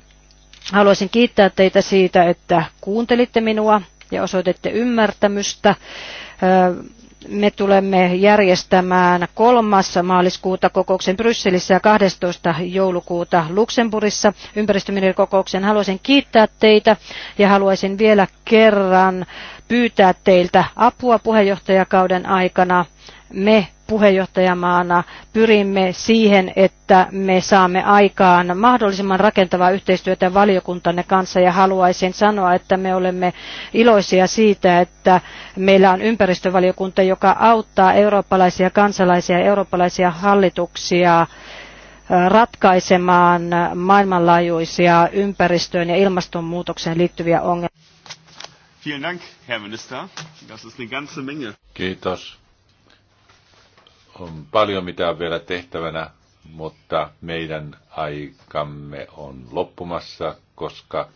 haluaisin kiittää teitä siitä, että kuuntelitte minua ja osoitette ymmärtämystä. Me tulemme järjestämään 3. maaliskuuta kokouksen Brysselissä ja 12. joulukuuta Luxemburgissa ympäristöministerikokouksen. Haluaisin kiittää teitä ja haluaisin vielä kerran pyytää teiltä apua puheenjohtajakauden aikana. Me puheenjohtajamaana pyrimme siihen, että me saamme aikaan mahdollisimman rakentavaa yhteistyötä valiokuntanne kanssa ja haluaisin sanoa, että me olemme iloisia siitä, että meillä on ympäristövaliokunta, joka auttaa eurooppalaisia kansalaisia ja eurooppalaisia hallituksia ratkaisemaan maailmanlaajuisia ympäristöön ja ilmastonmuutokseen liittyviä ongelmia. Vielen Dank, Herr Minister. Das ist eine ganze Menge. Kiitos. On paljon mitä vielä tehtävänä, mutta meidän aikamme on loppumassa, koska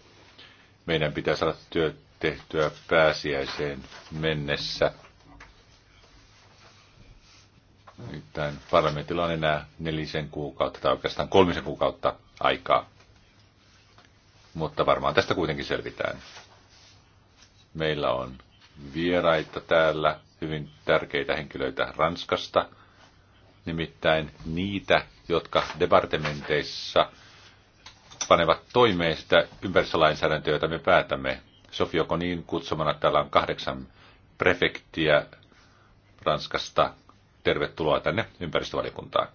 meidän pitää saada työt tehtyä pääsiäiseen mennessä. Nimittäin parlamentilla on enää nelisen kuukautta tai oikeastaan kolmisen kuukautta aikaa. Mutta varmaan tästä kuitenkin selvitään. Meillä on vieraita täällä, hyvin tärkeitä henkilöitä Ranskasta, nimittäin niitä, jotka departementeissa panevat toimeen sitä ympäristölainsäädäntöä, jota me päätämme. Sofia Konin kutsumana täällä on kahdeksan prefektiä Ranskasta. Tervetuloa tänne ympäristövaliokuntaan.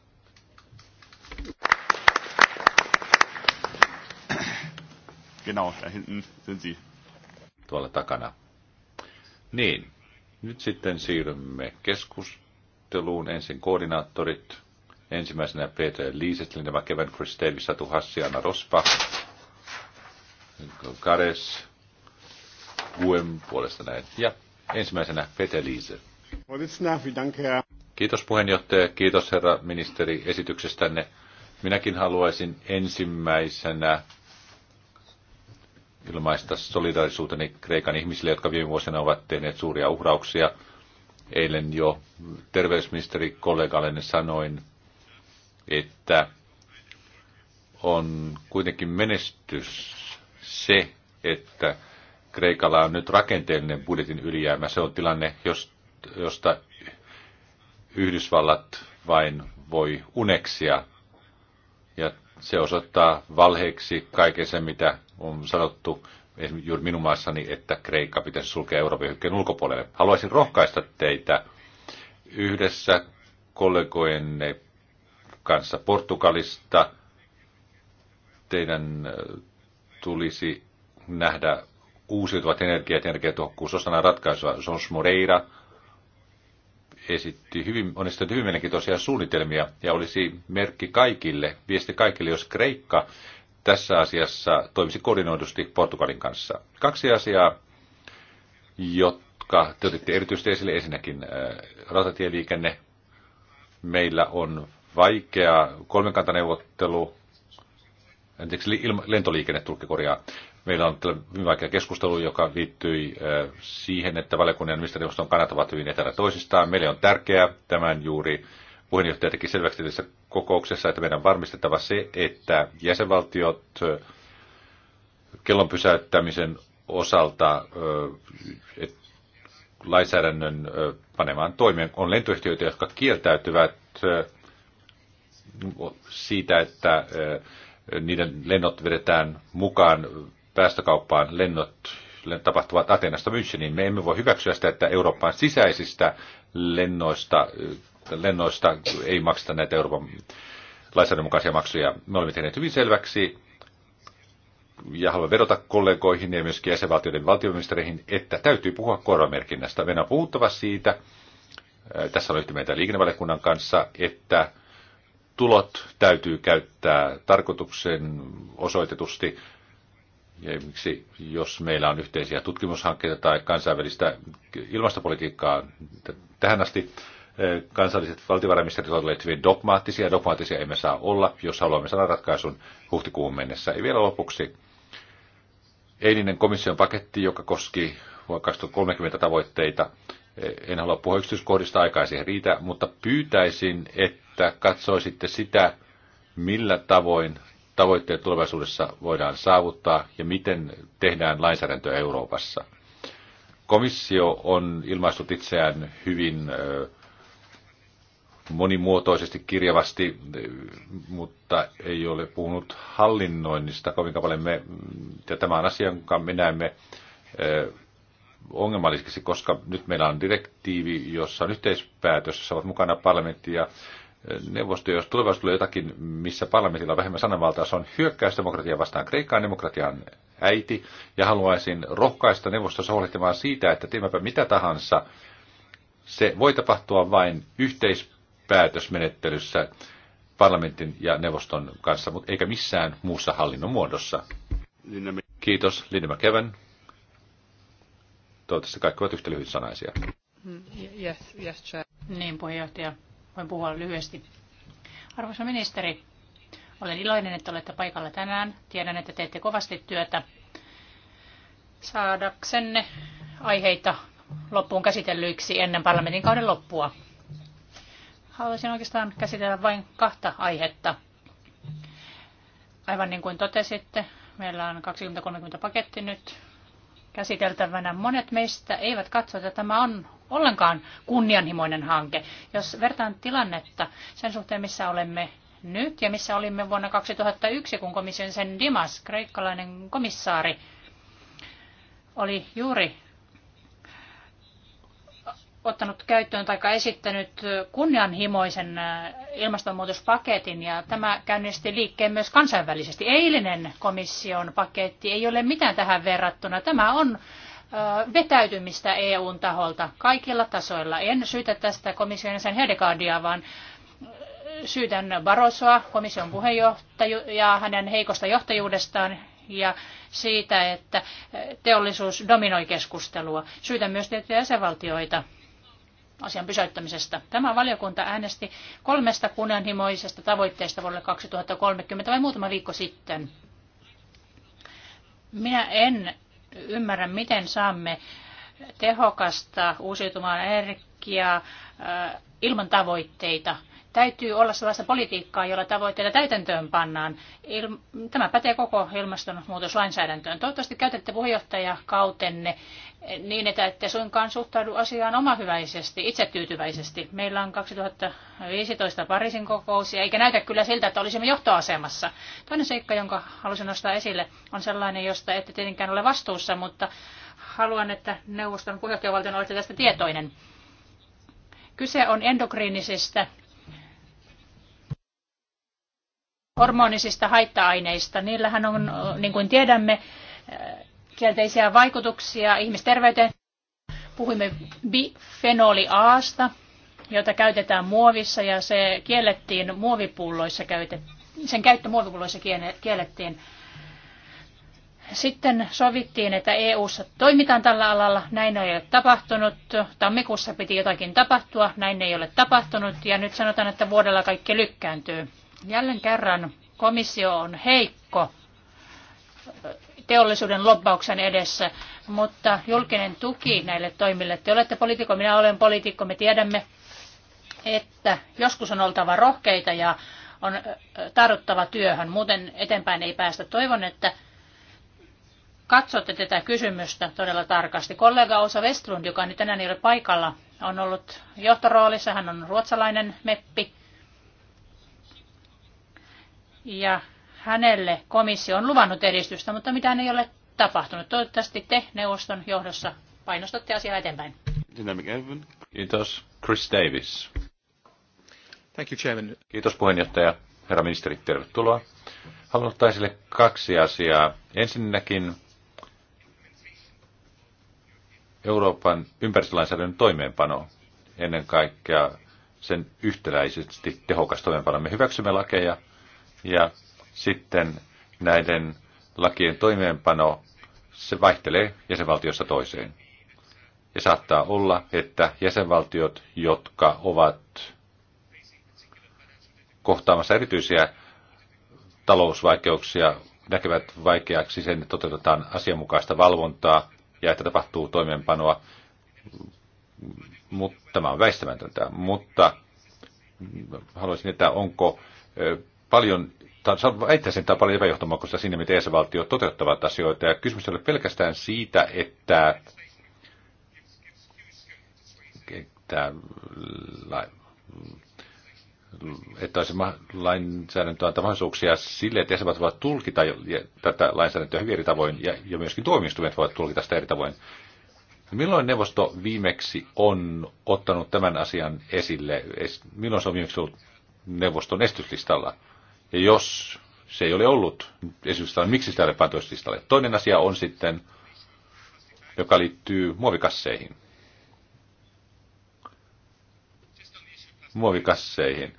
Genau, da hinten sind sie tuolla takana. Niin, nyt sitten siirrymme keskusteluun. Ensin koordinaattorit. Ensimmäisenä Peter Liisetlin, ja Kevin Chris Davis, Satu Hassi, Anna Rospa, Kares, Guem puolesta näin. Ja ensimmäisenä Peter Liise. Kiitos puheenjohtaja, kiitos herra ministeri esityksestänne. Minäkin haluaisin ensimmäisenä ilmaista solidaarisuuteni Kreikan ihmisille, jotka viime vuosina ovat tehneet suuria uhrauksia. Eilen jo terveysministeri kollegalleni sanoin, että on kuitenkin menestys se, että Kreikalla on nyt rakenteellinen budjetin ylijäämä. Se on tilanne, josta Yhdysvallat vain voi uneksia. Ja se osoittaa valheeksi kaiken sen, mitä on sanottu juuri minun maassani, että Kreikka pitäisi sulkea Euroopan hyökkeen ulkopuolelle. Haluaisin rohkaista teitä yhdessä kollegoenne kanssa Portugalista. Teidän tulisi nähdä uusiutuvat energiat, energiatehokkuus osana ratkaisua. Sons Moreira esitti hyvin, onnistunut hyvin mielenkiintoisia suunnitelmia ja olisi merkki kaikille, viesti kaikille, jos Kreikka tässä asiassa toimisi koordinoidusti Portugalin kanssa. Kaksi asiaa, jotka te otitte erityisesti esille. Ensinnäkin äh, rautatieliikenne. Meillä on vaikea kolmenkantaneuvottelu, anteeksi, lentoliikenne tulkki korjaa. Meillä on hyvin vaikea keskustelu, joka liittyi äh, siihen, että valiokunnan ja ministerineuvoston kannat ovat hyvin etänä toisistaan. Meille on tärkeää tämän juuri Puheenjohtaja teki selväksi tässä kokouksessa, että meidän on varmistettava se, että jäsenvaltiot kellon pysäyttämisen osalta lainsäädännön panemaan toimeen on lentoyhtiöitä, jotka kieltäytyvät siitä, että niiden lennot vedetään mukaan päästökauppaan lennot tapahtuvat Atenasta Müncheniin. Me emme voi hyväksyä sitä, että Euroopan sisäisistä lennoista lennoista ei makseta näitä Euroopan lainsäädännön mukaisia maksuja. Me olemme tehneet hyvin selväksi ja haluan vedota kollegoihin ja myöskin jäsenvaltioiden valtioministereihin, että täytyy puhua korvamerkinnästä. Meidän on puhuttava siitä, äh, tässä on yhtä liikennevaliokunnan kanssa, että tulot täytyy käyttää tarkoituksen osoitetusti. Ja miksi, jos meillä on yhteisiä tutkimushankkeita tai kansainvälistä ilmastopolitiikkaa tähän asti, kansalliset valtiovarainministerit ovat olleet hyvin dogmaattisia. Dogmaattisia emme saa olla, jos haluamme saada ratkaisun huhtikuun mennessä. Ja vielä lopuksi eilinen komission paketti, joka koski vuonna 2030 tavoitteita. En halua puhua yksityiskohdista, aikaa siihen riitä, mutta pyytäisin, että katsoisitte sitä, millä tavoin tavoitteet tulevaisuudessa voidaan saavuttaa ja miten tehdään lainsäädäntöä Euroopassa. Komissio on ilmaissut itseään hyvin ö, monimuotoisesti, kirjavasti, mutta ei ole puhunut hallinnoinnista kovin paljon. Me, ja tämä on asia, jonka me näemme ongelmalliseksi, koska nyt meillä on direktiivi, jossa on yhteispäätös, jossa ovat mukana parlamentti ja neuvosto. Jos tulevaisuudessa tulee jotakin, missä parlamentilla on vähemmän sananvaltaa, se on hyökkäys vastaan. Kreikkaan demokratian äiti ja haluaisin rohkaista neuvostossa huolehtimaan siitä, että teemmäpä mitä tahansa, se voi tapahtua vain yhteispäätössä päätösmenettelyssä parlamentin ja neuvoston kanssa, mutta eikä missään muussa hallinnon muodossa. Kiitos, Linda McKevän. Toivottavasti kaikki ovat yhtä lyhyt sanaisia. Mm, yes, yes, Niin, puheenjohtaja. Voin puhua lyhyesti. Arvoisa ministeri, olen iloinen, että olette paikalla tänään. Tiedän, että teette kovasti työtä saadaksenne aiheita loppuun käsitellyiksi ennen parlamentin kauden loppua. Haluaisin oikeastaan käsitellä vain kahta aihetta. Aivan niin kuin totesitte, meillä on 2030 paketti nyt käsiteltävänä. Monet meistä eivät katso, että tämä on ollenkaan kunnianhimoinen hanke. Jos vertaan tilannetta sen suhteen, missä olemme nyt ja missä olimme vuonna 2001, kun komission sen Dimas, kreikkalainen komissaari, oli juuri ottanut käyttöön tai esittänyt kunnianhimoisen äh, ilmastonmuutospaketin ja tämä käynnisti liikkeen myös kansainvälisesti. Eilinen komission paketti ei ole mitään tähän verrattuna. Tämä on äh, vetäytymistä EUn taholta kaikilla tasoilla. En syytä tästä komission sen Hedegaardia, vaan äh, syytän Barrosoa, komission puheenjohtajaa, hänen heikosta johtajuudestaan ja siitä, että teollisuus dominoi keskustelua. Syytän myös tiettyjä jäsenvaltioita asian pysäyttämisestä. Tämä valiokunta äänesti kolmesta kunnianhimoisesta tavoitteesta vuodelle 2030 vai muutama viikko sitten. Minä en ymmärrä, miten saamme tehokasta uusiutumaan energiaa äh, ilman tavoitteita. Täytyy olla sellaista politiikkaa, jolla tavoitteita täytäntöön pannaan. Tämä pätee koko ilmastonmuutoslainsäädäntöön. Toivottavasti käytätte puheenjohtajakautenne niin, että ette suinkaan suhtaudu asiaan omahyväisesti, itsetyytyväisesti. Meillä on 2015 Pariisin kokous, ja eikä näytä kyllä siltä, että olisimme johtoasemassa. Toinen seikka, jonka halusin nostaa esille, on sellainen, josta ette tietenkään ole vastuussa, mutta haluan, että neuvoston puheenjohtajavaltion olette tästä tietoinen. Kyse on endokriinisistä hormonisista haitta-aineista. Niillähän on, niin kuin tiedämme, kielteisiä vaikutuksia ihmisterveyteen. Puhuimme bifenoli Aasta, jota käytetään muovissa ja se kiellettiin muovipulloissa käytettiin sen käyttö muovipulloissa kiellettiin. Sitten sovittiin, että EU-ssa toimitaan tällä alalla. Näin ei ole tapahtunut. Tammikuussa piti jotakin tapahtua. Näin ei ole tapahtunut. Ja nyt sanotaan, että vuodella kaikki lykkääntyy. Jälleen kerran komissio on heikko teollisuuden lobbauksen edessä, mutta julkinen tuki näille toimille. Te olette poliitikko, minä olen poliitikko, me tiedämme, että joskus on oltava rohkeita ja on tartuttava työhön, muuten eteenpäin ei päästä. Toivon, että katsotte tätä kysymystä todella tarkasti. Kollega Osa Westlund, joka nyt tänään ei ole paikalla, on ollut johtoroolissa, hän on ruotsalainen meppi. Ja hänelle komissio on luvannut edistystä, mutta mitään ei ole tapahtunut. Toivottavasti te neuvoston johdossa painostatte asiaa eteenpäin. Kiitos. Chris Davis. Thank you, Chairman. Kiitos puheenjohtaja. Herra ministeri, tervetuloa. Haluan ottaa esille kaksi asiaa. Ensinnäkin Euroopan ympäristölainsäädännön toimeenpano, ennen kaikkea sen yhtäläisesti tehokas toimeenpano. Me hyväksymme lakeja ja sitten näiden lakien toimeenpano, se vaihtelee jäsenvaltiossa toiseen. Ja saattaa olla, että jäsenvaltiot, jotka ovat kohtaamassa erityisiä talousvaikeuksia, näkevät vaikeaksi sen, että toteutetaan asianmukaista valvontaa ja että tapahtuu toimeenpanoa. mutta tämä on väistämätöntä, mutta haluaisin, että onko paljon väittäisin, tämä on paljon epäjohtomakosta sinne, miten jäsenvaltiot toteuttavat asioita. Ja kysymys oli pelkästään siitä, että, että, että olisi lainsäädäntöä antaa mahdollisuuksia sille, että jäsenvaltiot voivat tulkita tätä lainsäädäntöä hyvin eri tavoin, ja, ja myöskin tuomioistuimet voivat tulkita sitä eri tavoin. Milloin neuvosto viimeksi on ottanut tämän asian esille? Milloin se on viimeksi ollut neuvoston estyslistalla? Ja jos se ei ole ollut esimerkiksi, niin miksi sitä ei ole pantu Toinen asia on sitten, joka liittyy muovikasseihin. Muovikasseihin.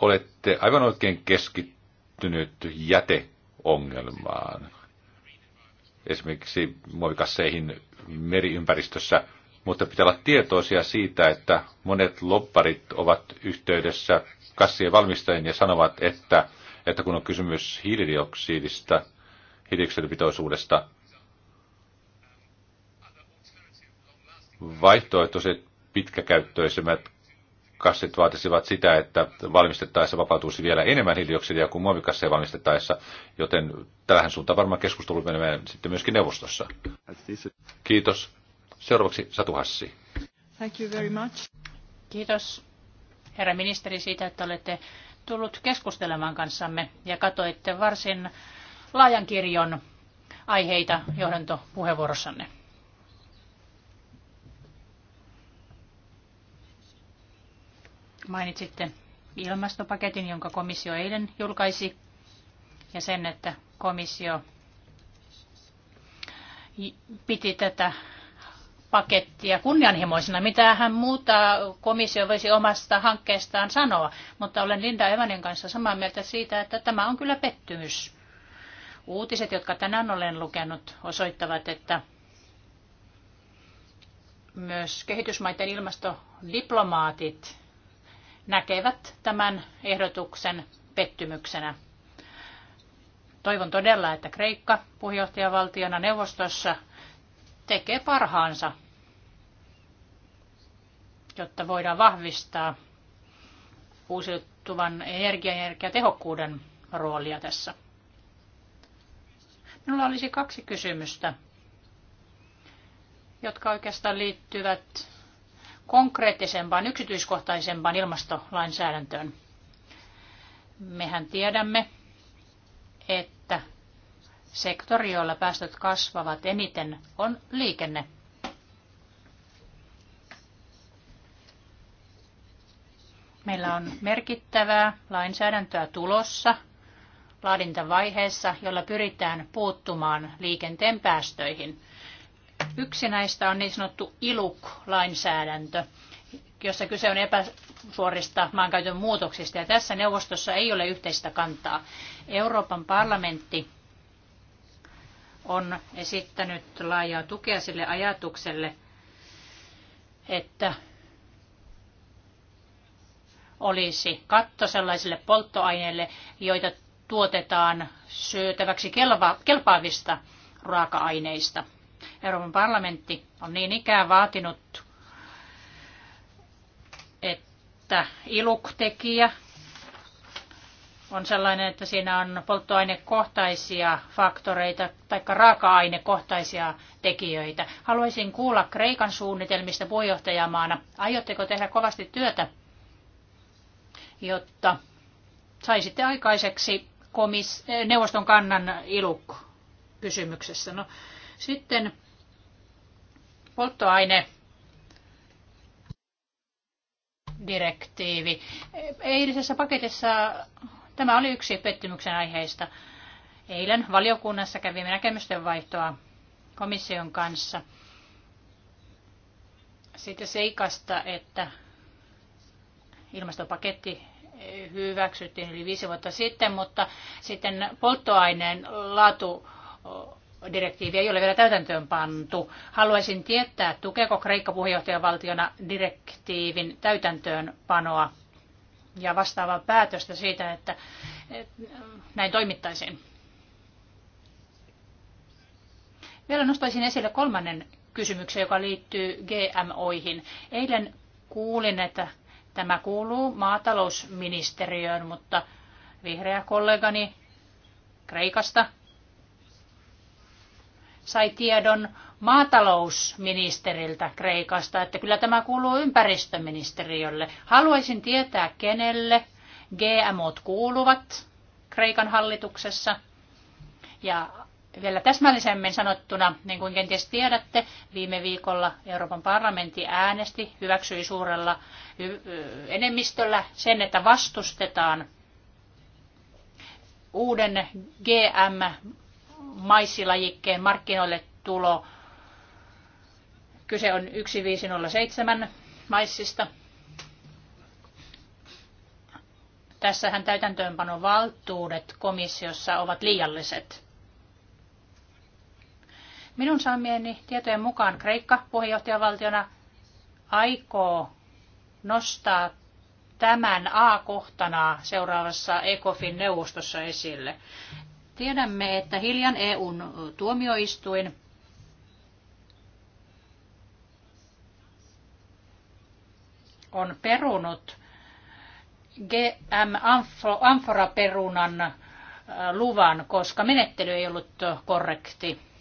Olette aivan oikein keskittynyt jäteongelmaan. Esimerkiksi muovikasseihin meriympäristössä – mutta pitää olla tietoisia siitä, että monet lopparit ovat yhteydessä kassien valmistajien ja sanovat, että, että kun on kysymys hiilidioksidista, hiilidioksidipitoisuudesta, vaihtoehtoiset pitkäkäyttöisemmät kassit vaatisivat sitä, että valmistettaessa vapautuisi vielä enemmän hiilidioksidia kuin muovikasseja valmistettaessa, joten tähän suuntaan varmaan keskustelu menemään sitten myöskin neuvostossa. Kiitos. Seuraavaksi Satu Hassi. Thank you very much. Kiitos herra ministeri siitä, että olette tullut keskustelemaan kanssamme ja katoitte varsin laajan kirjon aiheita johdantopuheenvuorossanne. Mainitsitte ilmastopaketin, jonka komissio eilen julkaisi, ja sen, että komissio piti tätä pakettia kunnianhimoisena. Mitä hän muuta komissio voisi omasta hankkeestaan sanoa, mutta olen Linda Evanen kanssa samaa mieltä siitä, että tämä on kyllä pettymys. Uutiset, jotka tänään olen lukenut, osoittavat, että myös kehitysmaiden ilmastodiplomaatit näkevät tämän ehdotuksen pettymyksenä. Toivon todella, että Kreikka puheenjohtajavaltiona neuvostossa tekee parhaansa jotta voidaan vahvistaa uusiutuvan energian ja energiatehokkuuden roolia tässä. Minulla olisi kaksi kysymystä, jotka oikeastaan liittyvät konkreettisempaan, yksityiskohtaisempaan ilmastolainsäädäntöön. Mehän tiedämme, että sektori, jolla päästöt kasvavat eniten, on liikenne. Meillä on merkittävää lainsäädäntöä tulossa laadintavaiheessa, jolla pyritään puuttumaan liikenteen päästöihin. Yksi näistä on niin sanottu ILUK-lainsäädäntö, jossa kyse on epäsuorista maankäytön muutoksista, ja tässä neuvostossa ei ole yhteistä kantaa. Euroopan parlamentti on esittänyt laajaa tukea sille ajatukselle, että olisi katto sellaisille polttoaineille, joita tuotetaan syötäväksi kelva, kelpaavista raaka-aineista. Euroopan parlamentti on niin ikään vaatinut, että iluktekijä on sellainen, että siinä on polttoainekohtaisia faktoreita tai raaka-ainekohtaisia tekijöitä. Haluaisin kuulla Kreikan suunnitelmista puheenjohtajamaana. Aiotteko tehdä kovasti työtä jotta saisitte aikaiseksi komis- eh, neuvoston kannan iluk kysymyksessä. No, sitten polttoaine direktiivi. Eilisessä paketissa tämä oli yksi pettymyksen aiheista. Eilen valiokunnassa kävimme näkemysten vaihtoa komission kanssa siitä seikasta, että ilmastopaketti hyväksyttiin yli viisi vuotta sitten, mutta sitten polttoaineen laatu direktiivi ei ole vielä täytäntöön pantu. Haluaisin tietää, tukeeko Kreikka puheenjohtajavaltiona direktiivin täytäntöönpanoa ja vastaavaa päätöstä siitä, että näin toimittaisiin. Vielä nostaisin esille kolmannen kysymyksen, joka liittyy GMOihin. Eilen kuulin, että Tämä kuuluu maatalousministeriöön, mutta vihreä kollegani Kreikasta sai tiedon maatalousministeriltä Kreikasta, että kyllä tämä kuuluu ympäristöministeriölle. Haluaisin tietää, kenelle GMOt kuuluvat Kreikan hallituksessa ja vielä täsmällisemmin sanottuna, niin kuin kenties tiedätte, viime viikolla Euroopan parlamentti äänesti, hyväksyi suurella enemmistöllä sen, että vastustetaan uuden GM-maissilajikkeen markkinoille tulo. Kyse on 1507 maissista. Tässähän täytäntöönpanovaltuudet valtuudet komissiossa ovat liialliset Minun saamieni tietojen mukaan Kreikka puheenjohtajavaltiona aikoo nostaa tämän A-kohtana seuraavassa ECOFIN neuvostossa esille. Tiedämme, että hiljan EUn tuomioistuin on perunut GM perunan luvan, koska menettely ei ollut korrekti.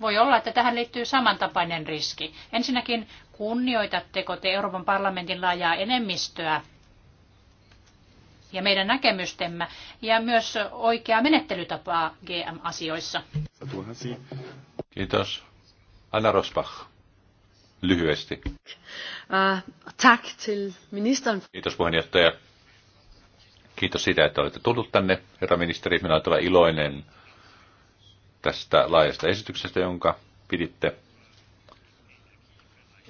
Voi olla, että tähän liittyy samantapainen riski. Ensinnäkin, kunnioitatteko te Euroopan parlamentin laajaa enemmistöä ja meidän näkemystemme ja myös oikeaa menettelytapaa GM-asioissa? Kiitos. Anna Rosbach, lyhyesti. Uh, tack till ministern. Kiitos puheenjohtaja. Kiitos siitä, että olette tullut tänne, herra ministeri. Minä olen iloinen tästä laajasta esityksestä, jonka piditte.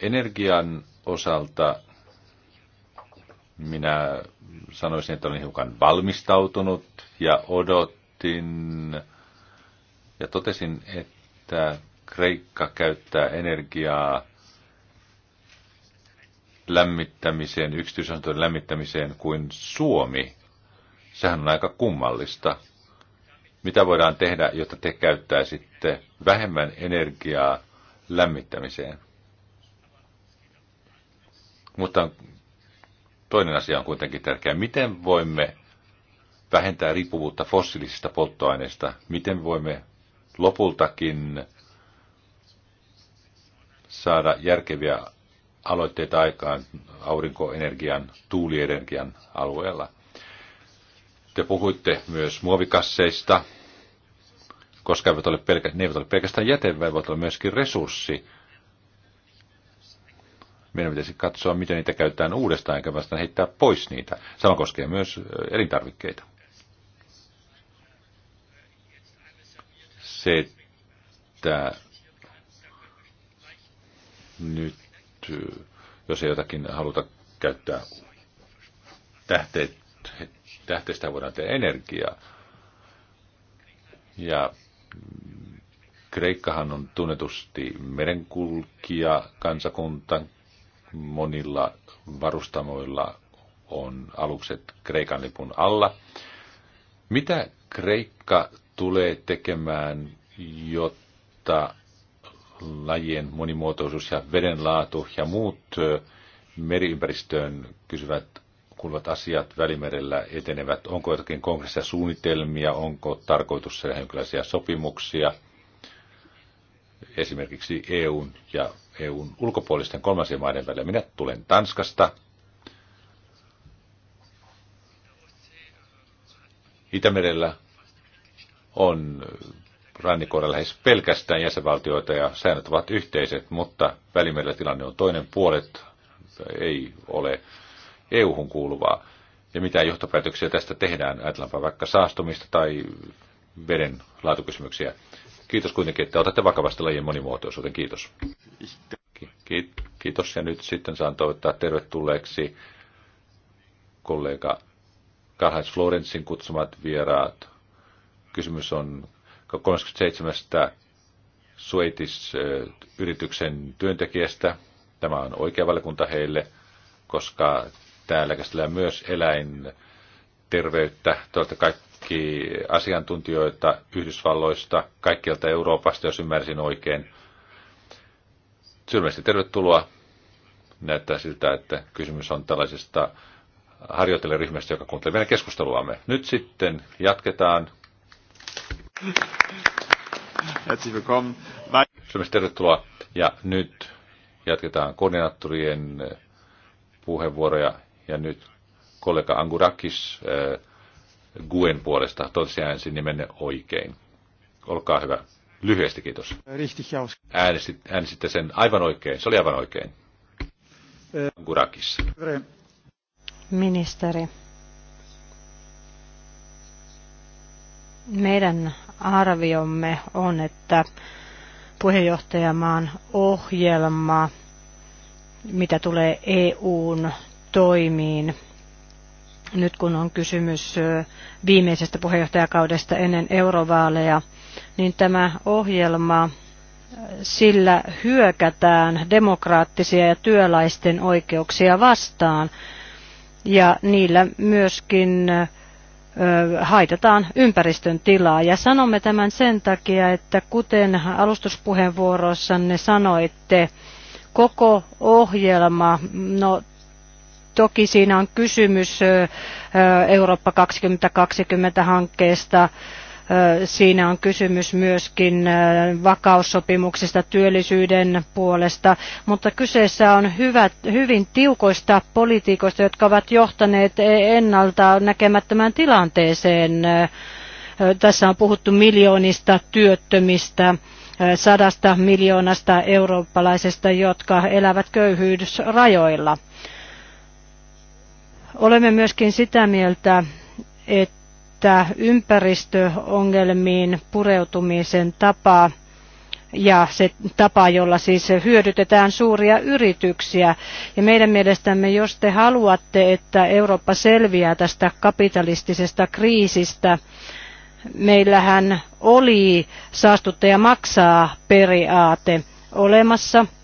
Energian osalta minä sanoisin, että olin hiukan valmistautunut ja odotin ja totesin, että Kreikka käyttää energiaa lämmittämiseen, yksityisasuntojen lämmittämiseen kuin Suomi. Sehän on aika kummallista. Mitä voidaan tehdä, jotta te käyttäisitte vähemmän energiaa lämmittämiseen? Mutta toinen asia on kuitenkin tärkeä. Miten voimme vähentää riippuvuutta fossiilisista polttoaineista? Miten voimme lopultakin saada järkeviä aloitteita aikaan aurinkoenergian, tuulienergian alueella? Te puhuitte myös muovikasseista, koska eivät ole pelkä, ne eivät ole pelkästään jäte, vaan voivat olla myöskin resurssi. Meidän pitäisi katsoa, miten niitä käytetään uudestaan, eikä vasta heittää pois niitä. Sama koskee myös elintarvikkeita. Se, että nyt, jos ei jotakin haluta käyttää tähteet Tähteistä voidaan tehdä energiaa. Ja Kreikkahan on tunnetusti merenkulkija kansakunta. Monilla varustamoilla on alukset Kreikan lipun alla. Mitä Kreikka tulee tekemään, jotta lajien monimuotoisuus ja vedenlaatu ja muut meriympäristöön kysyvät kuuluvat asiat Välimerellä etenevät? Onko jotakin konkreettisia suunnitelmia? Onko tarkoitus tehdä jonkinlaisia sopimuksia? Esimerkiksi EUn ja EUn ulkopuolisten kolmansien maiden välillä. Minä tulen Tanskasta. Itämerellä on rannikoilla lähes pelkästään jäsenvaltioita ja säännöt ovat yhteiset, mutta Välimerellä tilanne on toinen puolet ei ole EU-hun kuuluvaa. Ja mitä johtopäätöksiä tästä tehdään, ajatellaanpa vaikka saastumista tai veden laatukysymyksiä. Kiitos kuitenkin, että otatte vakavasti lajien monimuotoisuuden. Kiitos. Kiitos ja nyt sitten saan toivottaa tervetulleeksi kollega Karhais Florensin kutsumat vieraat. Kysymys on 37. Suetis-yrityksen eh, työntekijästä. Tämä on oikea valikunta heille, koska täällä käsitellään myös eläinterveyttä. Tuolta kaikki asiantuntijoita Yhdysvalloista, kaikkialta Euroopasta, jos ymmärsin oikein. Sylmästi tervetuloa. Näyttää siltä, että kysymys on tällaisesta harjoittelijaryhmästä, joka kuuntelee meidän keskusteluamme. Nyt sitten jatketaan. Herzlich willkommen. Sylmästi tervetuloa. Ja nyt jatketaan koordinaattorien puheenvuoroja ja nyt kollega Angurakis äh, Guen puolesta tosiaan ensin nimenne oikein. Olkaa hyvä. Lyhyesti kiitos. Äänestit, äänestitte sen aivan oikein. Se oli aivan oikein. Äh, Angurakis. Ministeri. Meidän arviomme on, että puheenjohtajamaan ohjelma, mitä tulee EUn toimiin nyt kun on kysymys viimeisestä puheenjohtajakaudesta ennen eurovaaleja, niin tämä ohjelma, sillä hyökätään demokraattisia ja työläisten oikeuksia vastaan ja niillä myöskin haitataan ympäristön tilaa. Ja sanomme tämän sen takia, että kuten alustuspuheenvuorossanne sanoitte, koko ohjelma, no Toki siinä on kysymys Eurooppa 2020-hankkeesta. Siinä on kysymys myöskin vakaussopimuksista työllisyyden puolesta, mutta kyseessä on hyvät, hyvin tiukoista politiikoista, jotka ovat johtaneet e, ennalta näkemättömään tilanteeseen. Tässä on puhuttu miljoonista työttömistä, sadasta miljoonasta eurooppalaisesta, jotka elävät köyhyysrajoilla. Olemme myöskin sitä mieltä, että ympäristöongelmiin pureutumisen tapa ja se tapa, jolla siis hyödytetään suuria yrityksiä. Ja meidän mielestämme, jos te haluatte, että Eurooppa selviää tästä kapitalistisesta kriisistä, meillähän oli saastuttaja maksaa periaate olemassa –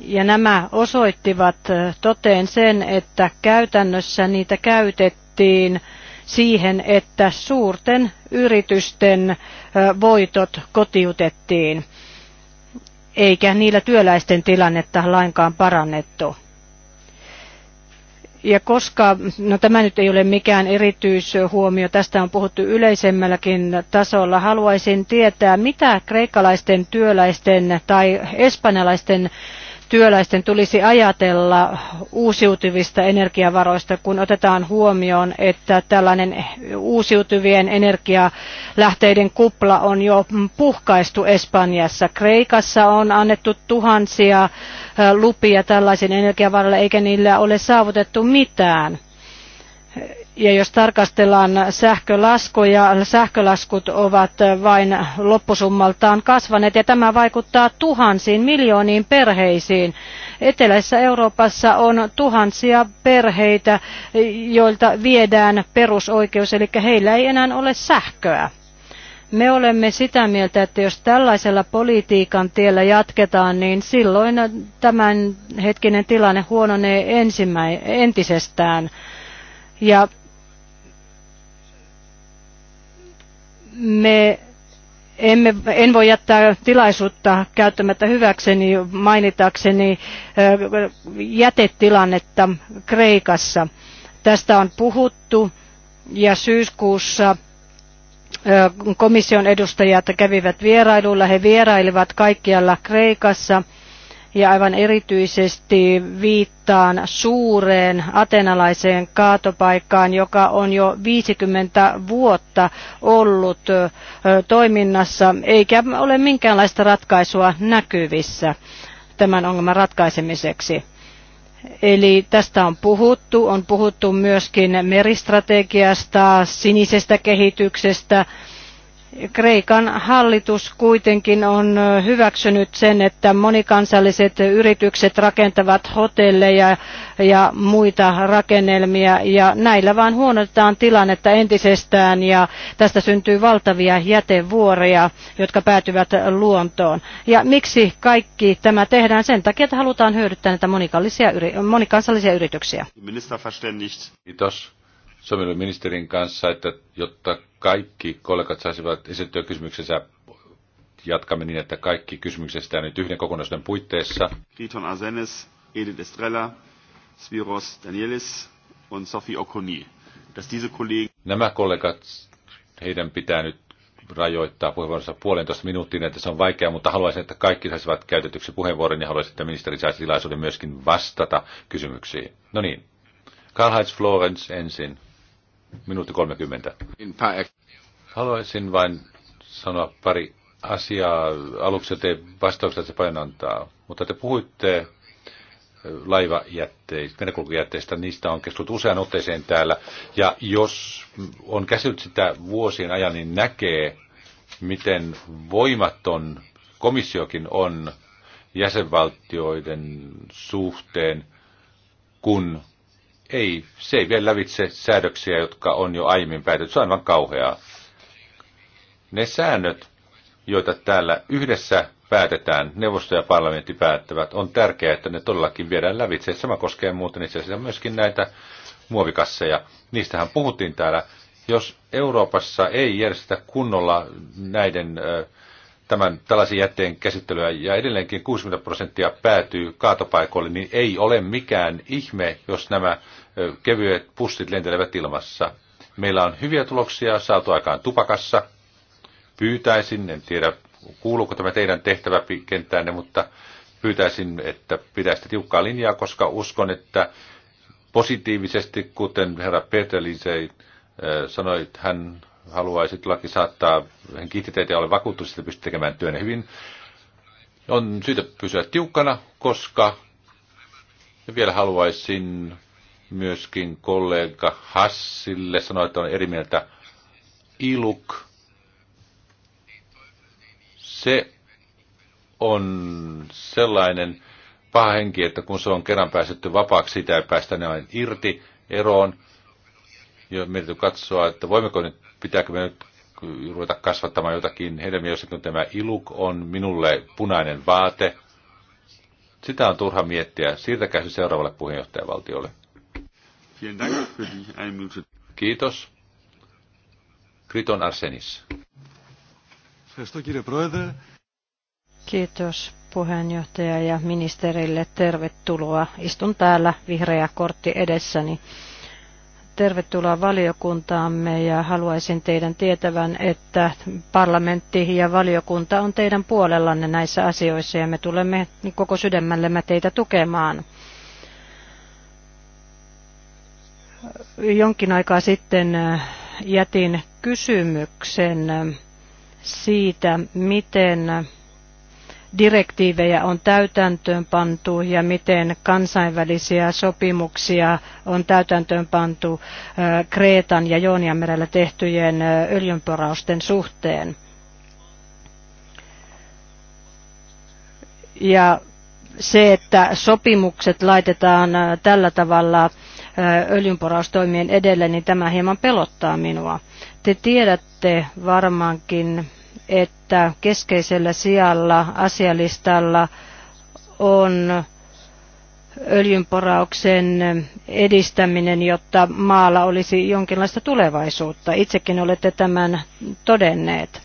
ja nämä osoittivat toteen sen, että käytännössä niitä käytettiin siihen, että suurten yritysten voitot kotiutettiin, eikä niillä työläisten tilannetta lainkaan parannettu. Ja koska, no tämä nyt ei ole mikään erityishuomio, tästä on puhuttu yleisemmälläkin tasolla, haluaisin tietää, mitä kreikkalaisten työläisten tai espanjalaisten työläisten tulisi ajatella uusiutuvista energiavaroista, kun otetaan huomioon, että tällainen uusiutuvien energialähteiden kupla on jo puhkaistu Espanjassa. Kreikassa on annettu tuhansia lupia tällaisen energiavaralle, eikä niillä ole saavutettu mitään ja jos tarkastellaan sähkölaskuja, sähkölaskut ovat vain loppusummaltaan kasvaneet ja tämä vaikuttaa tuhansiin miljooniin perheisiin. Eteläisessä Euroopassa on tuhansia perheitä, joilta viedään perusoikeus, eli heillä ei enää ole sähköä. Me olemme sitä mieltä, että jos tällaisella politiikan tiellä jatketaan, niin silloin tämän hetkinen tilanne huononee entisestään. Ja me emme, en voi jättää tilaisuutta käyttämättä hyväkseni mainitakseni jätetilannetta Kreikassa. Tästä on puhuttu ja syyskuussa komission edustajat kävivät vierailulla. He vierailivat kaikkialla Kreikassa – ja aivan erityisesti viittaan suureen atenalaiseen kaatopaikkaan, joka on jo 50 vuotta ollut toiminnassa, eikä ole minkäänlaista ratkaisua näkyvissä tämän ongelman ratkaisemiseksi. Eli tästä on puhuttu, on puhuttu myöskin meristrategiasta, sinisestä kehityksestä, Kreikan hallitus kuitenkin on hyväksynyt sen, että monikansalliset yritykset rakentavat hotelleja ja muita rakennelmia ja näillä vaan huonotetaan tilannetta entisestään ja tästä syntyy valtavia jätevuoria, jotka päätyvät luontoon. Ja miksi kaikki tämä tehdään? Sen takia, että halutaan hyödyttää näitä monikansallisia, monikansallisia yrityksiä. Kiitos. Suomen ministerin kanssa, että jotta kaikki kollegat saisivat esittyä kysymyksensä, jatkamme niin, että kaikki kysymyksestä nyt yhden kokonaisuuden puitteissa. Kriton Azenes, Edith Estrella, Sviros Danielis ja Sophie Okoni. Nämä kollegat, heidän pitää nyt rajoittaa puheenvuoronsa puolentoista minuuttiin, että se on vaikeaa, mutta haluaisin, että kaikki saisivat käytetyksi puheenvuoron ja haluaisin, että ministeri saisi tilaisuuden myöskin vastata kysymyksiin. No niin, Karl-Heinz Florence ensin. Minuutti 30. Haluaisin vain sanoa pari asiaa. Aluksi te vastaukset se paljon antaa, mutta te puhuitte eh, laivajätteistä, merenkulkujätteistä, niistä on keskusteltu usean otteeseen täällä. Ja jos on käsitellyt sitä vuosien ajan, niin näkee, miten voimaton komissiokin on jäsenvaltioiden suhteen, kun ei, se ei vielä lävitse säädöksiä, jotka on jo aiemmin päätetty. Se on aivan kauheaa. Ne säännöt, joita täällä yhdessä päätetään, neuvosto ja parlamentti päättävät, on tärkeää, että ne todellakin viedään lävitse. Sama koskee muuten itse asiassa myöskin näitä muovikasseja. Niistähän puhuttiin täällä. Jos Euroopassa ei järjestetä kunnolla näiden äh, tämän tällaisen jätteen käsittelyä ja edelleenkin 60 prosenttia päätyy kaatopaikoille, niin ei ole mikään ihme, jos nämä kevyet pussit lentelevät ilmassa. Meillä on hyviä tuloksia saatu aikaan tupakassa. Pyytäisin, en tiedä kuuluuko tämä teidän tehtäväkenttäänne, mutta pyytäisin, että pitäisitte tiukkaa linjaa, koska uskon, että positiivisesti, kuten herra Peter Lisei sanoi, hän haluaisi laki saattaa kiihtiteitä ja ole vakuuttunut, että pystyt tekemään työn hyvin. On syytä pysyä tiukkana, koska ja vielä haluaisin myöskin kollega Hassille sanoa, että on eri mieltä iluk. Se on sellainen paha henki, että kun se on kerran päästetty vapaaksi, sitä ei päästä näin irti eroon jo mietitty katsoa, että voimmeko nyt, pitääkö me nyt ruveta kasvattamaan jotakin hedelmiä, jos tämä iluk on minulle punainen vaate. Sitä on turha miettiä. Siirtäkää se seuraavalle puheenjohtajavaltiolle. Kiitos. Kriton Arsenis. Kiitos puheenjohtaja ja ministerille tervetuloa. Istun täällä vihreä kortti edessäni tervetuloa valiokuntaamme ja haluaisin teidän tietävän, että parlamentti ja valiokunta on teidän puolellanne näissä asioissa ja me tulemme koko sydämellemme teitä tukemaan. Jonkin aikaa sitten äh, jätin kysymyksen äh, siitä, miten direktiivejä on täytäntöönpantu ja miten kansainvälisiä sopimuksia on täytäntöönpantu Kreetan ja Joonianmerellä tehtyjen öljynporausten suhteen. Ja se, että sopimukset laitetaan tällä tavalla öljynporaustoimien edelle, niin tämä hieman pelottaa minua. Te tiedätte varmaankin että keskeisellä sijalla asialistalla on öljynporauksen edistäminen, jotta maalla olisi jonkinlaista tulevaisuutta. Itsekin olette tämän todenneet.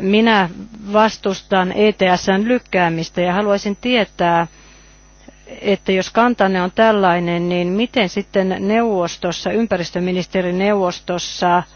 Minä vastustan ETSn lykkäämistä ja haluaisin tietää, että jos kantanne on tällainen, niin miten sitten neuvostossa, ympäristöministerineuvostossa neuvostossa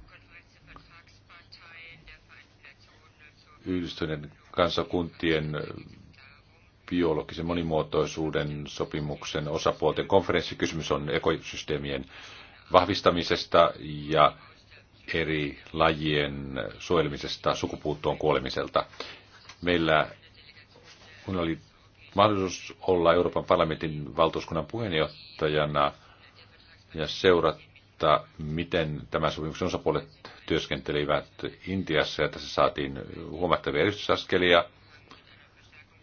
yhdistyneiden kansakuntien biologisen monimuotoisuuden sopimuksen osapuolten konferenssikysymys on ekosysteemien vahvistamisesta ja eri lajien suojelemisesta sukupuuttoon kuolemiselta. Meillä kun oli mahdollisuus olla Euroopan parlamentin valtuuskunnan puheenjohtajana ja seurata mutta miten tämä sopimuksen osapuolet työskentelivät Intiassa ja tässä saatiin huomattavia edistysaskelia,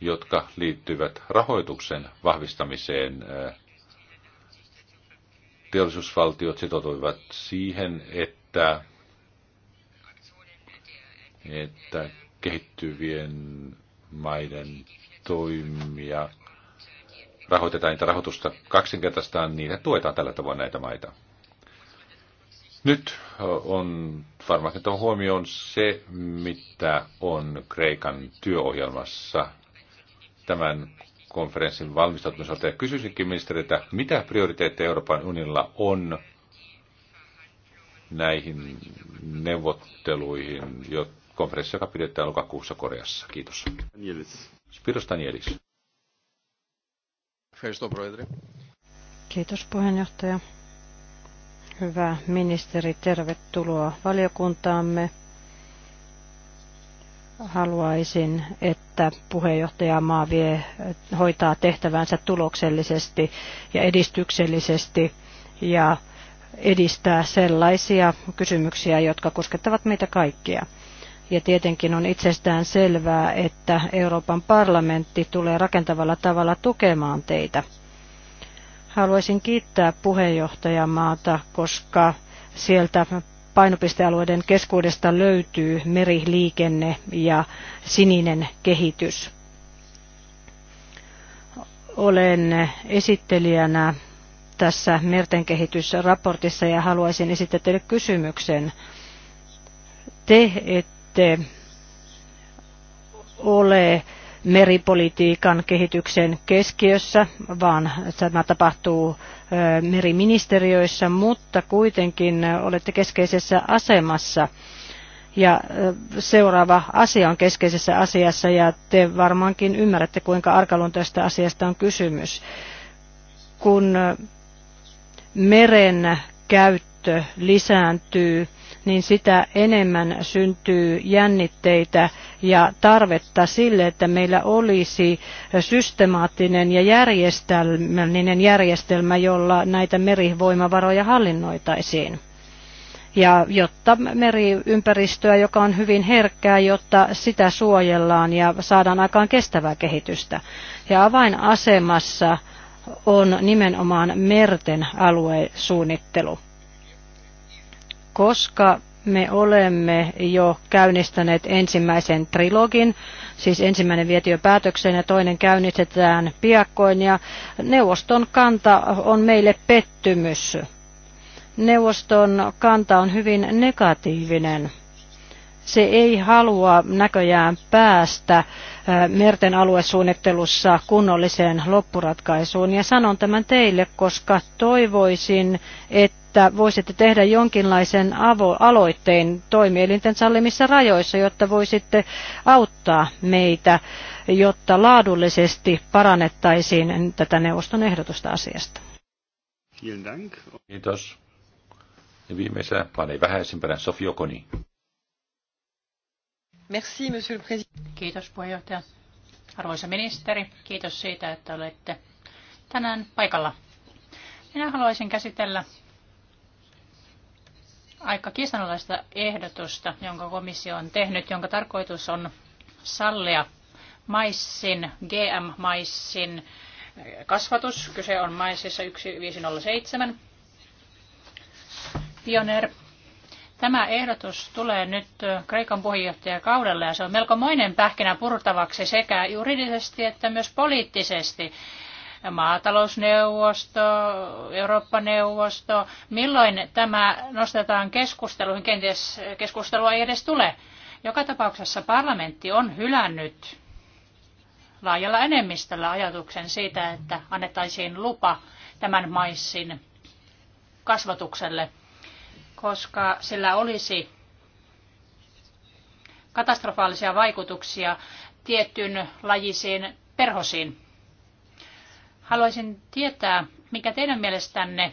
jotka liittyvät rahoituksen vahvistamiseen. Teollisuusvaltiot sitoutuivat siihen, että, että kehittyvien maiden toimia rahoitetaan niitä rahoitusta kaksinkertaistaan, niin tuetaan tällä tavoin näitä maita. Nyt on varmasti on huomioon se, mitä on Kreikan työohjelmassa tämän konferenssin valmistautumiselta. Ja kysyisinkin ministeriltä, mitä prioriteetteja Euroopan unionilla on näihin neuvotteluihin, konferenssi, joka pidetään lokakuussa Koreassa. Kiitos. Danielis. Spiros Danielis. Kiitos puheenjohtaja. Hyvä ministeri, tervetuloa valiokuntaamme. Haluaisin, että puheenjohtajamaa vie, hoitaa tehtävänsä tuloksellisesti ja edistyksellisesti ja edistää sellaisia kysymyksiä, jotka koskettavat meitä kaikkia. Ja tietenkin on itsestään selvää, että Euroopan parlamentti tulee rakentavalla tavalla tukemaan teitä – Haluaisin kiittää puheenjohtajamaata, koska sieltä painopistealueiden keskuudesta löytyy meriliikenne ja sininen kehitys. Olen esittelijänä tässä merten kehitysraportissa ja haluaisin esittää teille kysymyksen. Te ette ole meripolitiikan kehityksen keskiössä, vaan tämä tapahtuu meriministeriöissä, mutta kuitenkin olette keskeisessä asemassa. Ja seuraava asia on keskeisessä asiassa ja te varmaankin ymmärrätte, kuinka tästä asiasta on kysymys. Kun meren käyttö lisääntyy, niin sitä enemmän syntyy jännitteitä ja tarvetta sille, että meillä olisi systemaattinen ja järjestelmällinen järjestelmä, jolla näitä merivoimavaroja hallinnoitaisiin ja jotta meriympäristöä, joka on hyvin herkkää, jotta sitä suojellaan ja saadaan aikaan kestävää kehitystä. Ja avainasemassa on nimenomaan merten aluesuunnittelu koska me olemme jo käynnistäneet ensimmäisen trilogin, siis ensimmäinen vietiin jo päätökseen ja toinen käynnistetään piakkoin ja neuvoston kanta on meille pettymys. Neuvoston kanta on hyvin negatiivinen. Se ei halua näköjään päästä merten aluesuunnittelussa kunnolliseen loppuratkaisuun. Ja sanon tämän teille, koska toivoisin, että että voisitte tehdä jonkinlaisen avo- aloitteen toimielinten sallimissa rajoissa, jotta voisitte auttaa meitä, jotta laadullisesti parannettaisiin tätä neuvoston ehdotusta asiasta. Kiitos. Ja viimeisenä, panee ei vähäisimpänä, Sofi Merci, monsieur le président. Kiitos puheenjohtaja. Arvoisa ministeri, kiitos siitä, että olette tänään paikalla. Minä haluaisin käsitellä aika kiistanalaista ehdotusta, jonka komissio on tehnyt, jonka tarkoitus on sallia maissin, GM-maissin kasvatus. Kyse on maississa 1507. Pioneer. Tämä ehdotus tulee nyt Kreikan puheenjohtajakaudelle, ja se on melkomoinen pähkinä purtavaksi sekä juridisesti että myös poliittisesti maatalousneuvosto, Eurooppa-neuvosto. Milloin tämä nostetaan keskusteluun? Kenties keskustelua ei edes tule. Joka tapauksessa parlamentti on hylännyt laajalla enemmistöllä ajatuksen siitä, että annettaisiin lupa tämän maissin kasvatukselle, koska sillä olisi katastrofaalisia vaikutuksia tiettyyn lajisiin perhosiin. Haluaisin tietää, mikä teidän mielestänne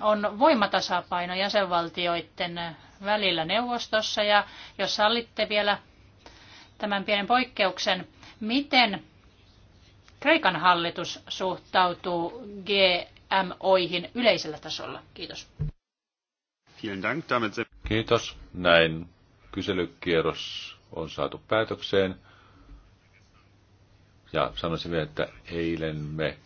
on voimatasapaino jäsenvaltioiden välillä neuvostossa ja jos sallitte vielä tämän pienen poikkeuksen, miten Kreikan hallitus suhtautuu GMOihin yleisellä tasolla? Kiitos. Kiitos. Näin kyselykierros on saatu päätökseen. Ja sanoisin vielä, että eilen me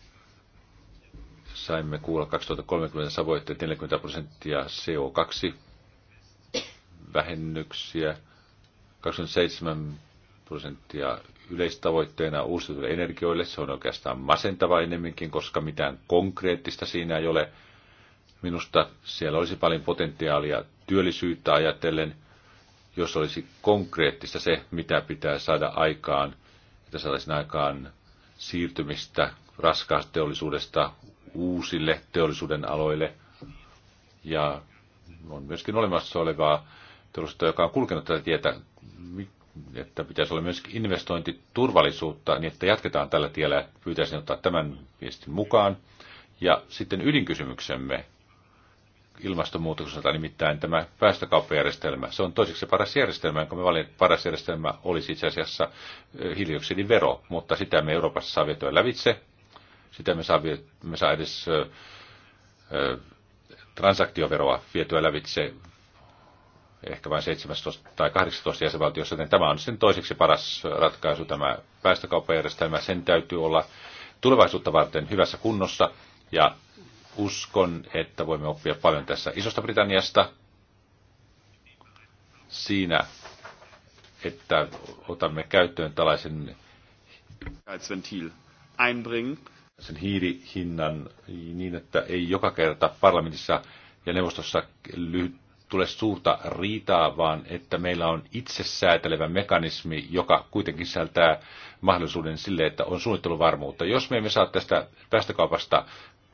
saimme kuulla 2030 savoitteen 40 prosenttia CO2-vähennyksiä, 27 prosenttia yleistavoitteena uusiutuville energioille. Se on oikeastaan masentava enemmänkin, koska mitään konkreettista siinä ei ole. Minusta siellä olisi paljon potentiaalia työllisyyttä ajatellen, jos olisi konkreettista se, mitä pitää saada aikaan, että saataisiin aikaan siirtymistä raskaasta teollisuudesta uusille teollisuuden aloille. Ja on myöskin olemassa olevaa teollisuutta, joka on kulkenut tätä tietä, että pitäisi olla myöskin investointiturvallisuutta, niin että jatketaan tällä tiellä. Pyytäisin ottaa tämän viestin mukaan. Ja sitten ydinkysymyksemme ilmastonmuutokselta, nimittäin tämä päästökauppajärjestelmä. Se on toiseksi paras järjestelmä, kun me valin, paras järjestelmä olisi itse asiassa eh, hiilidioksidin vero, mutta sitä me Euroopassa saa vietyä lävitse. Sitä me saa, me saa edes ö, transaktioveroa vietyä lävitse ehkä vain 17 tai 18 jäsenvaltiossa, joten tämä on sen toiseksi paras ratkaisu, tämä päästökauppajärjestelmä. Sen täytyy olla tulevaisuutta varten hyvässä kunnossa ja uskon, että voimme oppia paljon tässä Isosta Britanniasta siinä, että otamme käyttöön tällaisen Einbringen sen hiilihinnan niin, että ei joka kerta parlamentissa ja neuvostossa tule suurta riitaa, vaan että meillä on itsesäätelevä mekanismi, joka kuitenkin sisältää mahdollisuuden sille, että on suunnitteluvarmuutta. Jos me emme saa tästä päästökaupasta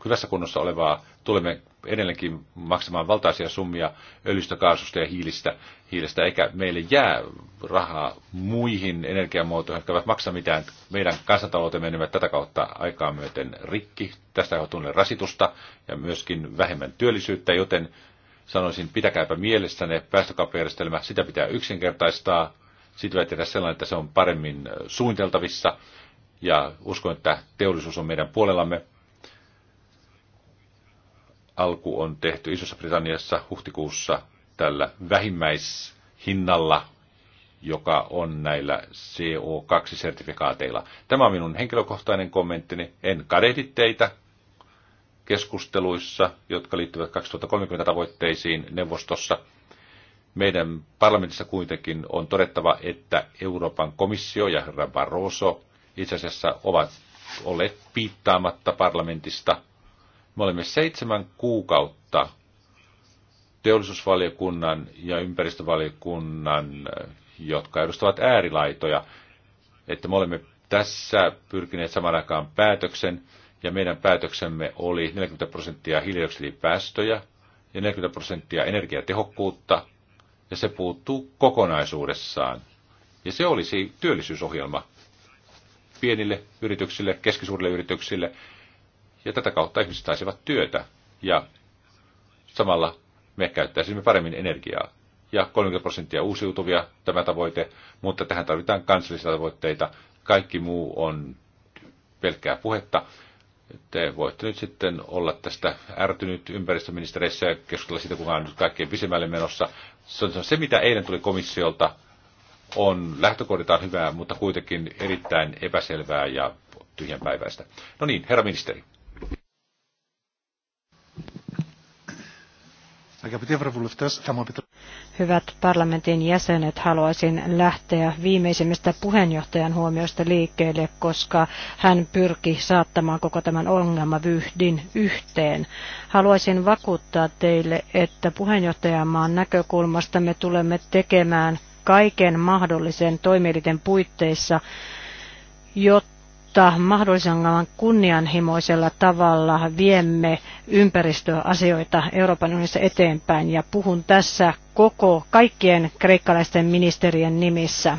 hyvässä kunnossa olevaa, tulemme edelleenkin maksamaan valtaisia summia öljystä, kaasusta ja hiilistä, hiilestä, eikä meille jää rahaa muihin energiamuotoihin, jotka eivät maksa mitään. Meidän kansantaloutemme menevät tätä kautta aikaa myöten rikki. Tästä on tunne rasitusta ja myöskin vähemmän työllisyyttä, joten sanoisin, pitäkääpä mielessänne päästökauppajärjestelmä, sitä pitää yksinkertaistaa, sitä pitää tehdä sellainen, että se on paremmin suunniteltavissa, ja uskon, että teollisuus on meidän puolellamme alku on tehty Isossa Britanniassa huhtikuussa tällä vähimmäishinnalla, joka on näillä CO2-sertifikaateilla. Tämä on minun henkilökohtainen kommenttini. En kadehdi teitä keskusteluissa, jotka liittyvät 2030 tavoitteisiin neuvostossa. Meidän parlamentissa kuitenkin on todettava, että Euroopan komissio ja herra Barroso itse asiassa ovat olleet piittaamatta parlamentista – me olemme seitsemän kuukautta teollisuusvaliokunnan ja ympäristövaliokunnan, eh, jotka edustavat äärilaitoja, että me olemme tässä pyrkineet saman aikaan päätöksen, ja meidän päätöksemme oli 40 prosenttia hiilidioksidipäästöjä ja 40 prosenttia energiatehokkuutta, ja se puuttuu kokonaisuudessaan. Ja se olisi työllisyysohjelma pienille yrityksille, keskisuurille yrityksille ja tätä kautta ihmiset saisivat työtä ja samalla me käyttäisimme paremmin energiaa. Ja 30 prosenttia uusiutuvia tämä tavoite, mutta tähän tarvitaan kansallisia tavoitteita. Kaikki muu on pelkkää puhetta. Te voitte nyt sitten olla tästä ärtynyt ympäristöministeriössä ja keskustella siitä, kun on nyt kaikkein pisimmälle menossa. Se, mitä eilen tuli komissiolta, on lähtökohdiltaan hyvää, mutta kuitenkin erittäin epäselvää ja tyhjänpäiväistä. No niin, herra ministeri. Hyvät parlamentin jäsenet, haluaisin lähteä viimeisimmistä puheenjohtajan huomioista liikkeelle, koska hän pyrki saattamaan koko tämän ongelmavyhdin yhteen. Haluaisin vakuuttaa teille, että puheenjohtajamaan näkökulmasta me tulemme tekemään kaiken mahdollisen toimielinten puitteissa, jotta mutta mahdollisimman kunnianhimoisella tavalla viemme ympäristöasioita Euroopan unionissa eteenpäin ja puhun tässä koko kaikkien kreikkalaisten ministerien nimissä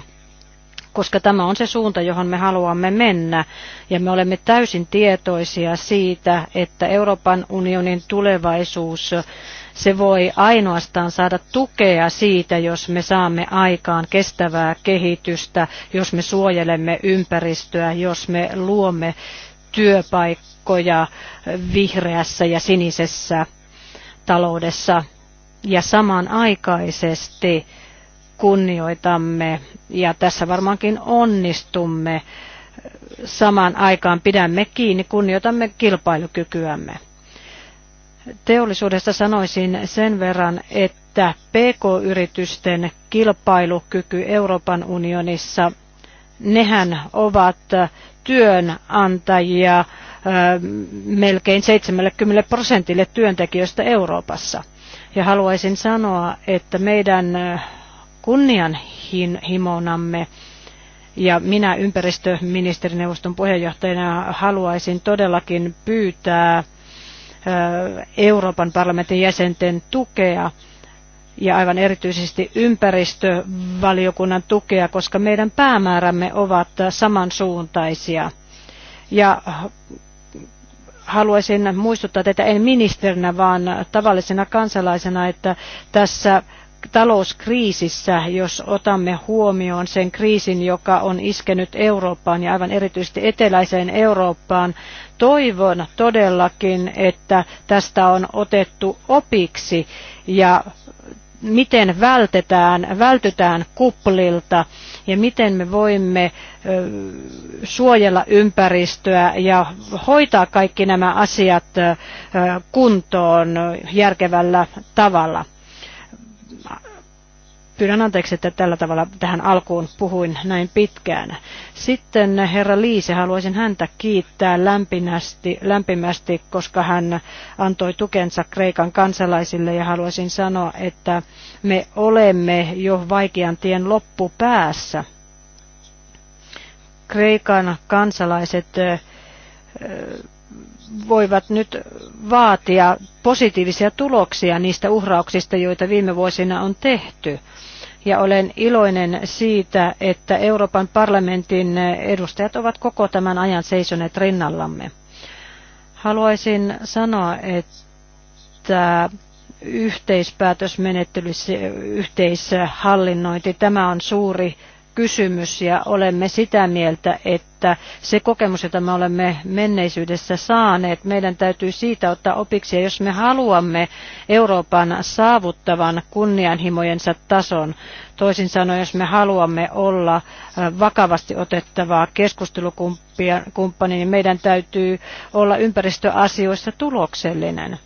koska tämä on se suunta, johon me haluamme mennä. Ja me olemme täysin tietoisia siitä, että Euroopan unionin tulevaisuus se voi ainoastaan saada tukea siitä, jos me saamme aikaan kestävää kehitystä, jos me suojelemme ympäristöä, jos me luomme työpaikkoja vihreässä ja sinisessä taloudessa ja samanaikaisesti kunnioitamme ja tässä varmaankin onnistumme samaan aikaan pidämme kiinni, kunnioitamme kilpailukykyämme teollisuudesta sanoisin sen verran, että PK-yritysten kilpailukyky Euroopan unionissa, nehän ovat työnantajia melkein 70 prosentille työntekijöistä Euroopassa. Ja haluaisin sanoa, että meidän kunnianhimonamme ja minä ympäristöministerineuvoston puheenjohtajana haluaisin todellakin pyytää Euroopan parlamentin jäsenten tukea ja aivan erityisesti ympäristövaliokunnan tukea, koska meidän päämäärämme ovat samansuuntaisia. Ja haluaisin muistuttaa teitä en ministerinä, vaan tavallisena kansalaisena, että tässä talouskriisissä, jos otamme huomioon sen kriisin, joka on iskenyt Eurooppaan ja aivan erityisesti eteläiseen Eurooppaan, Toivon todellakin, että tästä on otettu opiksi ja miten vältetään, vältytään kuplilta ja miten me voimme suojella ympäristöä ja hoitaa kaikki nämä asiat kuntoon järkevällä tavalla Pyydän anteeksi, että tällä tavalla tähän alkuun puhuin näin pitkään. Sitten herra Liise, haluaisin häntä kiittää lämpimästi, lämpimästi, koska hän antoi tukensa Kreikan kansalaisille ja haluaisin sanoa, että me olemme jo vaikean tien loppupäässä. Kreikan kansalaiset voivat nyt vaatia positiivisia tuloksia niistä uhrauksista, joita viime vuosina on tehty ja olen iloinen siitä, että Euroopan parlamentin edustajat ovat koko tämän ajan seisoneet rinnallamme. Haluaisin sanoa, että yhteispäätösmenettelyssä yhteishallinnointi, tämä on suuri kysymys ja olemme sitä mieltä, että se kokemus, jota me olemme menneisyydessä saaneet, meidän täytyy siitä ottaa opiksi. Ja jos me haluamme Euroopan saavuttavan kunnianhimojensa tason, toisin sanoen, jos me haluamme olla äh, vakavasti otettavaa keskustelukumppania, niin meidän täytyy olla ympäristöasioissa tuloksellinen.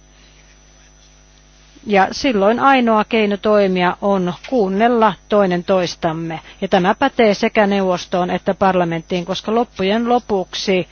Ja silloin ainoa keino toimia on kuunnella toinen toistamme. Ja tämä pätee sekä neuvostoon että parlamenttiin, koska loppujen lopuksi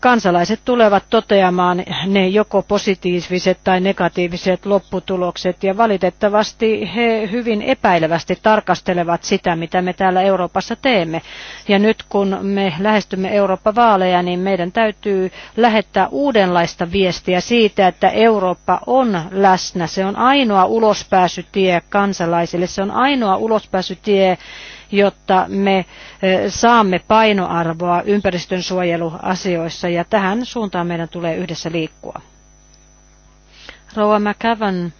kansalaiset tulevat toteamaan ne joko positiiviset tai negatiiviset lopputulokset ja valitettavasti he hyvin epäilevästi tarkastelevat sitä, mitä me täällä Euroopassa teemme. Ja nyt kun me lähestymme Eurooppa-vaaleja, niin meidän täytyy lähettää uudenlaista viestiä siitä, että Eurooppa on läsnä. Se on ainoa ulospääsytie kansalaisille, se on ainoa ulospääsytie jotta me eh, saamme painoarvoa ympäristönsuojeluasioissa ja tähän suuntaan meidän tulee yhdessä liikkua. Rouva McCavan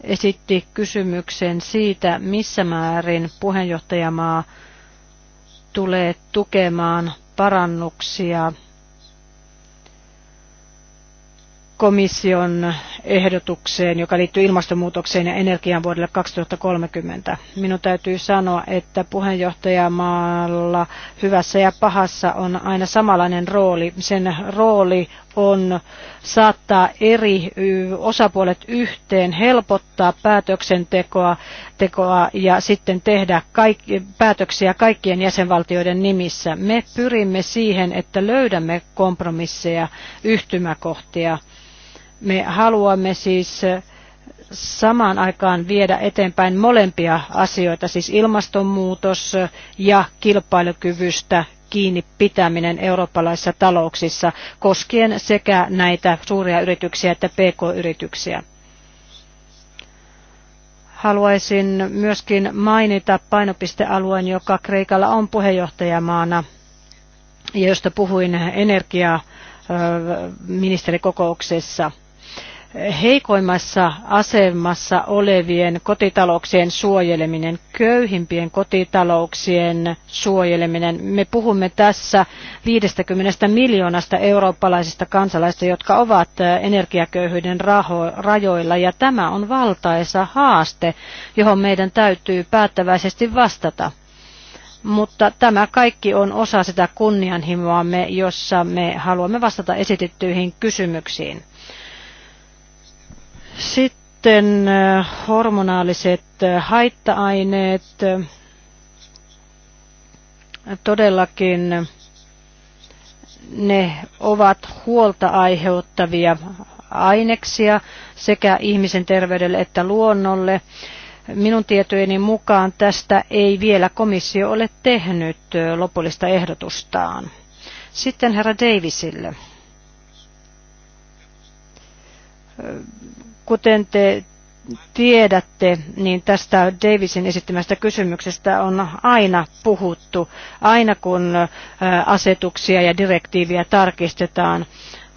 esitti kysymyksen siitä, missä määrin puheenjohtajamaa tulee tukemaan parannuksia komission ehdotukseen, joka liittyy ilmastonmuutokseen ja energiaan vuodelle 2030. Minun täytyy sanoa, että puheenjohtajamaalla hyvässä ja pahassa on aina samanlainen rooli. Sen rooli on saattaa eri osapuolet yhteen, helpottaa päätöksentekoa tekoa ja sitten tehdä kaikki, päätöksiä kaikkien jäsenvaltioiden nimissä. Me pyrimme siihen, että löydämme kompromisseja, yhtymäkohtia me haluamme siis samaan aikaan viedä eteenpäin molempia asioita, siis ilmastonmuutos ja kilpailukyvystä kiinni pitäminen eurooppalaisissa talouksissa koskien sekä näitä suuria yrityksiä että pk-yrityksiä. Haluaisin myöskin mainita painopistealueen, joka Kreikalla on puheenjohtajamaana ja josta puhuin energiaministerikokouksessa. ministerikokouksessa heikoimmassa asemassa olevien kotitalouksien suojeleminen, köyhimpien kotitalouksien suojeleminen. Me puhumme tässä 50 miljoonasta eurooppalaisista kansalaista, jotka ovat energiaköyhyyden raho- rajoilla ja tämä on valtaisa haaste, johon meidän täytyy päättäväisesti vastata. Mutta tämä kaikki on osa sitä kunnianhimoamme, jossa me haluamme vastata esitettyihin kysymyksiin. Sitten äh, hormonaaliset äh, haitta-aineet. Todellakin ne ovat huolta aiheuttavia aineksia sekä ihmisen terveydelle että luonnolle. Minun tietojeni mukaan tästä ei vielä komissio ole tehnyt äh, lopullista ehdotustaan. Sitten herra Davisille. Kuten te tiedätte, niin tästä Davisin esittämästä kysymyksestä on aina puhuttu, aina kun asetuksia ja direktiiviä tarkistetaan.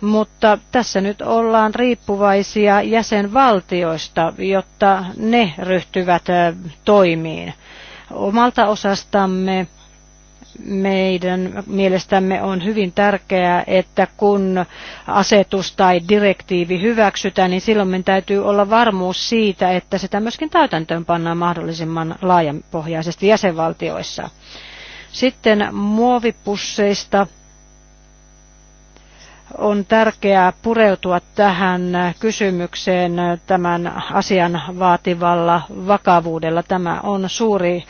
Mutta tässä nyt ollaan riippuvaisia jäsenvaltioista, jotta ne ryhtyvät toimiin. Omalta osastamme meidän mielestämme on hyvin tärkeää, että kun asetus tai direktiivi hyväksytään, niin silloin meidän täytyy olla varmuus siitä, että sitä myöskin täytäntöön pannaan mahdollisimman laajapohjaisesti jäsenvaltioissa. Sitten muovipusseista on tärkeää pureutua tähän kysymykseen tämän asian vaativalla vakavuudella. Tämä on suuri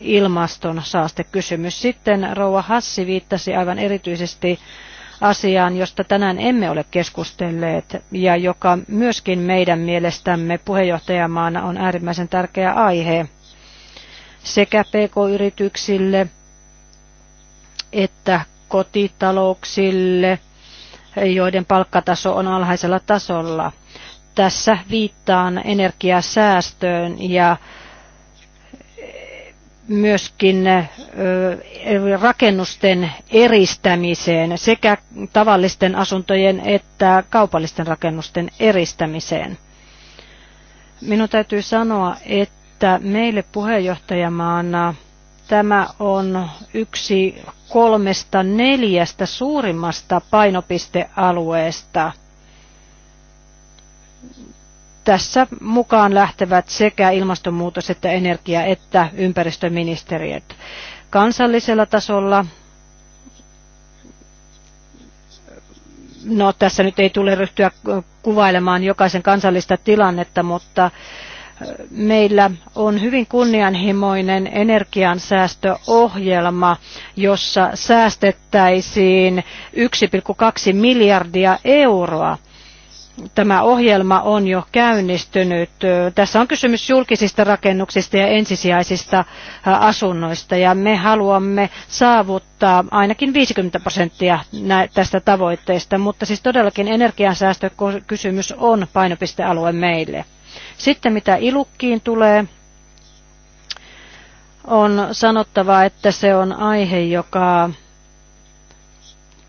ilmaston saastekysymys. Sitten Rouva Hassi viittasi aivan erityisesti asiaan, josta tänään emme ole keskustelleet ja joka myöskin meidän mielestämme puheenjohtajamaana on äärimmäisen tärkeä aihe sekä pk-yrityksille että kotitalouksille, joiden palkkataso on alhaisella tasolla. Tässä viittaan energiasäästöön ja myöskin rakennusten eristämiseen sekä tavallisten asuntojen että kaupallisten rakennusten eristämiseen. Minun täytyy sanoa, että meille puheenjohtajamaana tämä on yksi kolmesta neljästä suurimmasta painopistealueesta – tässä mukaan lähtevät sekä ilmastonmuutos että energia että ympäristöministeriöt. Kansallisella tasolla no tässä nyt ei tule ryhtyä kuvailemaan jokaisen kansallista tilannetta, mutta meillä on hyvin kunnianhimoinen energiansäästöohjelma, jossa säästettäisiin 1,2 miljardia euroa tämä ohjelma on jo käynnistynyt. Tässä on kysymys julkisista rakennuksista ja ensisijaisista asunnoista ja me haluamme saavuttaa ainakin 50 prosenttia tästä tavoitteesta, mutta siis todellakin energiansäästökysymys on painopistealue meille. Sitten mitä ilukkiin tulee, on sanottava, että se on aihe, joka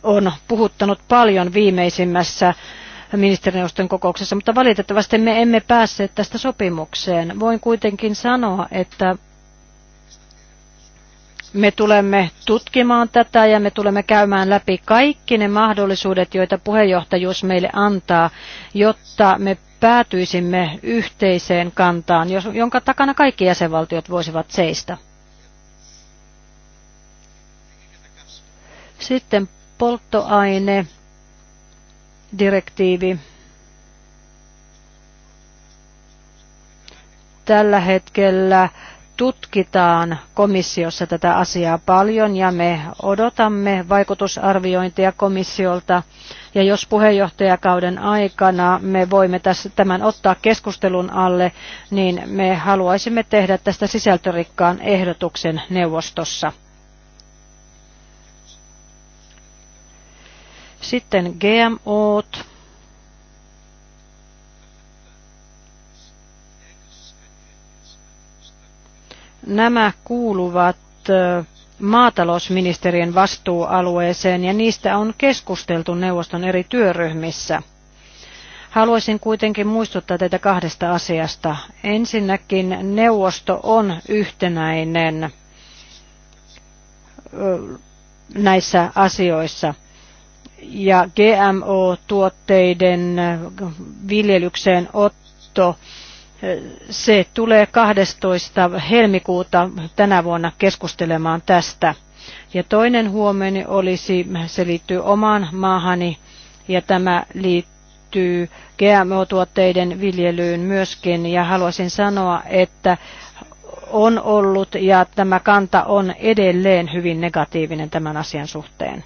on puhuttanut paljon viimeisimmässä ministerineuvoston kokouksessa, mutta valitettavasti me emme päässeet tästä sopimukseen. Voin kuitenkin sanoa, että me tulemme tutkimaan tätä ja me tulemme käymään läpi kaikki ne mahdollisuudet, joita puheenjohtajuus meille antaa, jotta me päätyisimme yhteiseen kantaan, jonka takana kaikki jäsenvaltiot voisivat seistä. Sitten polttoaine direktiivi tällä hetkellä tutkitaan komissiossa tätä asiaa paljon ja me odotamme vaikutusarviointia komissiolta. Ja jos puheenjohtajakauden aikana me voimme tässä, tämän ottaa keskustelun alle, niin me haluaisimme tehdä tästä sisältörikkaan ehdotuksen neuvostossa. Sitten GMOt. Nämä kuuluvat maatalousministerien vastuualueeseen ja niistä on keskusteltu neuvoston eri työryhmissä. Haluaisin kuitenkin muistuttaa teitä kahdesta asiasta. Ensinnäkin neuvosto on yhtenäinen näissä asioissa – ja GMO-tuotteiden viljelykseen otto se tulee 12. helmikuuta tänä vuonna keskustelemaan tästä. Ja toinen huomeni olisi, se liittyy omaan maahani ja tämä liittyy GMO-tuotteiden viljelyyn myöskin. Ja haluaisin sanoa, että on ollut ja tämä kanta on edelleen hyvin negatiivinen tämän asian suhteen.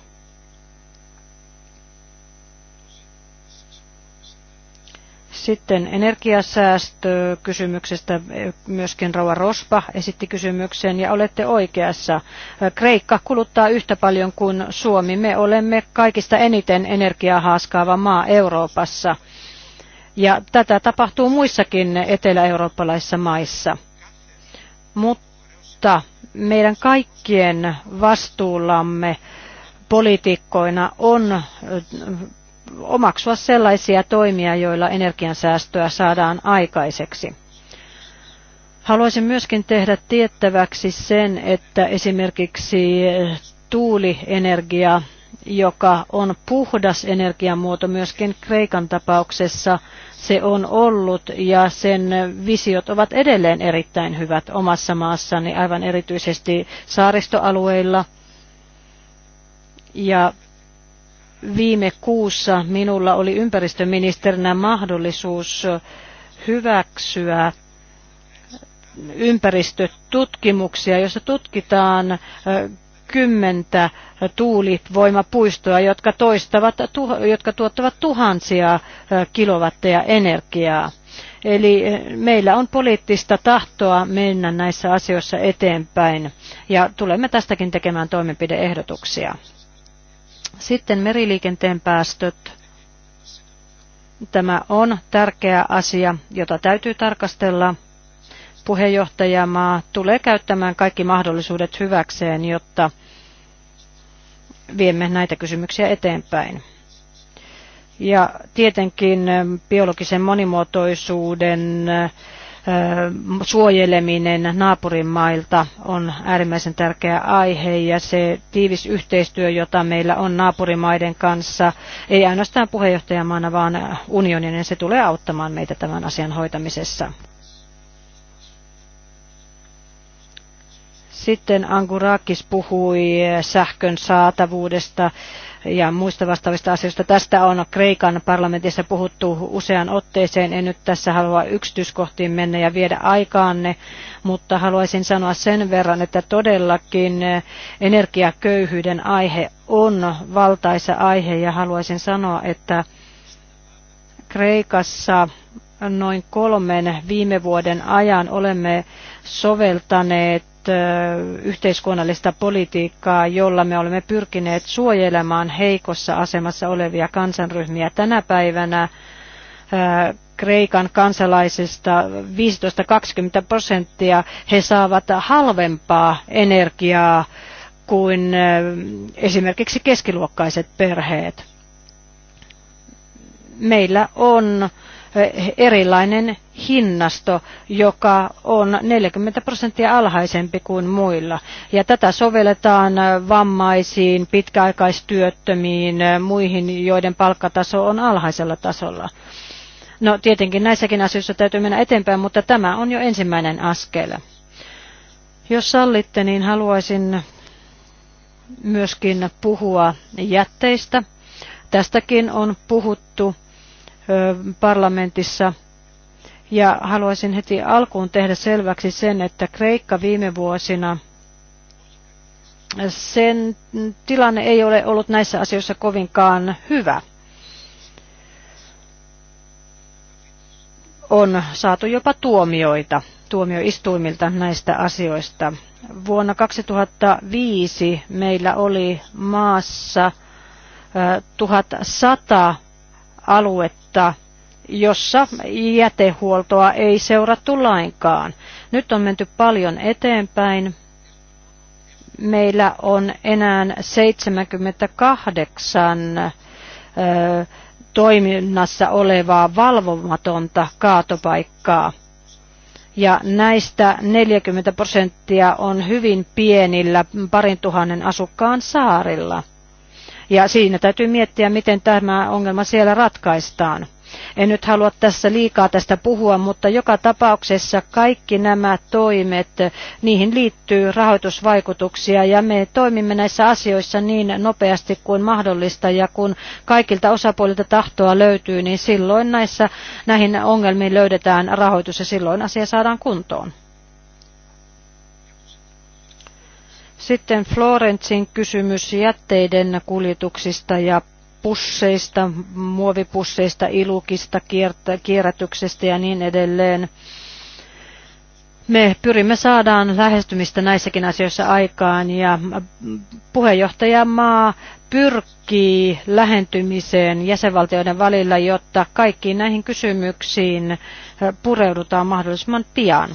Sitten energiasäästökysymyksestä myöskin Rauha Rospa esitti kysymyksen ja olette oikeassa. Kreikka kuluttaa yhtä paljon kuin Suomi. Me olemme kaikista eniten energiaa haaskaava maa Euroopassa. Ja tätä tapahtuu muissakin etelä-eurooppalaisissa maissa. Mutta meidän kaikkien vastuullamme poliitikkoina on omaksua sellaisia toimia, joilla energiansäästöä saadaan aikaiseksi. Haluaisin myöskin tehdä tiettäväksi sen, että esimerkiksi tuulienergia, joka on puhdas energiamuoto myöskin Kreikan tapauksessa, se on ollut ja sen visiot ovat edelleen erittäin hyvät omassa maassani, aivan erityisesti saaristoalueilla. Ja Viime kuussa minulla oli ympäristöministerinä mahdollisuus hyväksyä ympäristötutkimuksia, joissa tutkitaan kymmentä tuulivoimapuistoa, jotka, toistavat, jotka tuottavat tuhansia kilowatteja energiaa. Eli meillä on poliittista tahtoa mennä näissä asioissa eteenpäin ja tulemme tästäkin tekemään toimenpideehdotuksia. Sitten meriliikenteen päästöt. Tämä on tärkeä asia, jota täytyy tarkastella. Puheenjohtajamaa tulee käyttämään kaikki mahdollisuudet hyväkseen, jotta viemme näitä kysymyksiä eteenpäin. Ja tietenkin biologisen monimuotoisuuden suojeleminen naapurimailta on äärimmäisen tärkeä aihe ja se tiivis yhteistyö, jota meillä on naapurimaiden kanssa, ei ainoastaan puheenjohtajamaana, vaan unionin, niin se tulee auttamaan meitä tämän asian hoitamisessa. Sitten Angurakis puhui sähkön saatavuudesta ja muista vastaavista asioista. Tästä on Kreikan parlamentissa puhuttu usean otteeseen. En nyt tässä halua yksityiskohtiin mennä ja viedä aikaanne, mutta haluaisin sanoa sen verran, että todellakin energiaköyhyyden aihe on valtaisa aihe ja haluaisin sanoa, että Kreikassa noin kolmen viime vuoden ajan olemme soveltaneet yhteiskunnallista politiikkaa, jolla me olemme pyrkineet suojelemaan heikossa asemassa olevia kansanryhmiä. Tänä päivänä Kreikan kansalaisista 15-20 prosenttia he saavat halvempaa energiaa kuin esimerkiksi keskiluokkaiset perheet. Meillä on erilainen hinnasto, joka on 40 prosenttia alhaisempi kuin muilla. Ja tätä sovelletaan vammaisiin, pitkäaikaistyöttömiin, muihin, joiden palkkataso on alhaisella tasolla. No tietenkin näissäkin asioissa täytyy mennä eteenpäin, mutta tämä on jo ensimmäinen askel. Jos sallitte, niin haluaisin myöskin puhua jätteistä. Tästäkin on puhuttu parlamentissa. Ja haluaisin heti alkuun tehdä selväksi sen, että Kreikka viime vuosina sen tilanne ei ole ollut näissä asioissa kovinkaan hyvä. On saatu jopa tuomioita tuomioistuimilta näistä asioista. Vuonna 2005 meillä oli maassa 1100 aluetta vuotta, jossa jätehuoltoa ei seurattu lainkaan. Nyt on menty paljon eteenpäin. Meillä on enää 78 ö, toiminnassa olevaa valvomatonta kaatopaikkaa. Ja näistä 40 prosenttia on hyvin pienillä parin tuhannen asukkaan saarilla ja siinä täytyy miettiä, miten tämä ongelma siellä ratkaistaan. En nyt halua tässä liikaa tästä puhua, mutta joka tapauksessa kaikki nämä toimet, niihin liittyy rahoitusvaikutuksia ja me toimimme näissä asioissa niin nopeasti kuin mahdollista ja kun kaikilta osapuolilta tahtoa löytyy, niin silloin näissä, näihin ongelmiin löydetään rahoitus ja silloin asia saadaan kuntoon. Sitten Florentsin kysymys jätteiden kuljetuksista ja pusseista, muovipusseista, ilukista, kierrätyksestä ja niin edelleen. Me pyrimme saadaan lähestymistä näissäkin asioissa aikaan ja puheenjohtajamaa pyrkii lähentymiseen jäsenvaltioiden välillä, jotta kaikkiin näihin kysymyksiin pureudutaan mahdollisimman pian.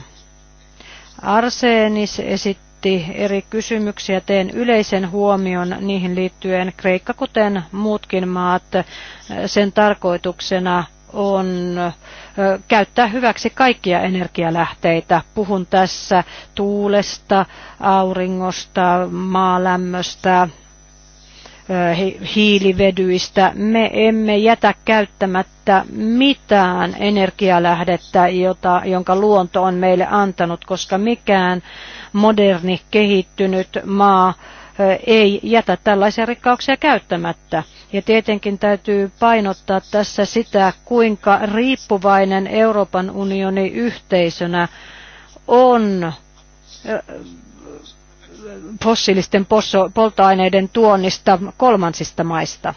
Arsenis esitti esitti eri kysymyksiä. Teen yleisen huomion niihin liittyen. Kreikka, kuten muutkin maat, sen tarkoituksena on käyttää hyväksi kaikkia energialähteitä. Puhun tässä tuulesta, auringosta, maalämmöstä, hiilivedyistä. Me emme jätä käyttämättä mitään energialähdettä, jota, jonka luonto on meille antanut, koska mikään äh, moderni, kehittynyt maa ei jätä tällaisia rikkauksia käyttämättä. Ja tietenkin täytyy painottaa tässä sitä, kuinka riippuvainen Euroopan unioni yhteisönä on fossiilisten polttoaineiden tuonnista kolmansista maista.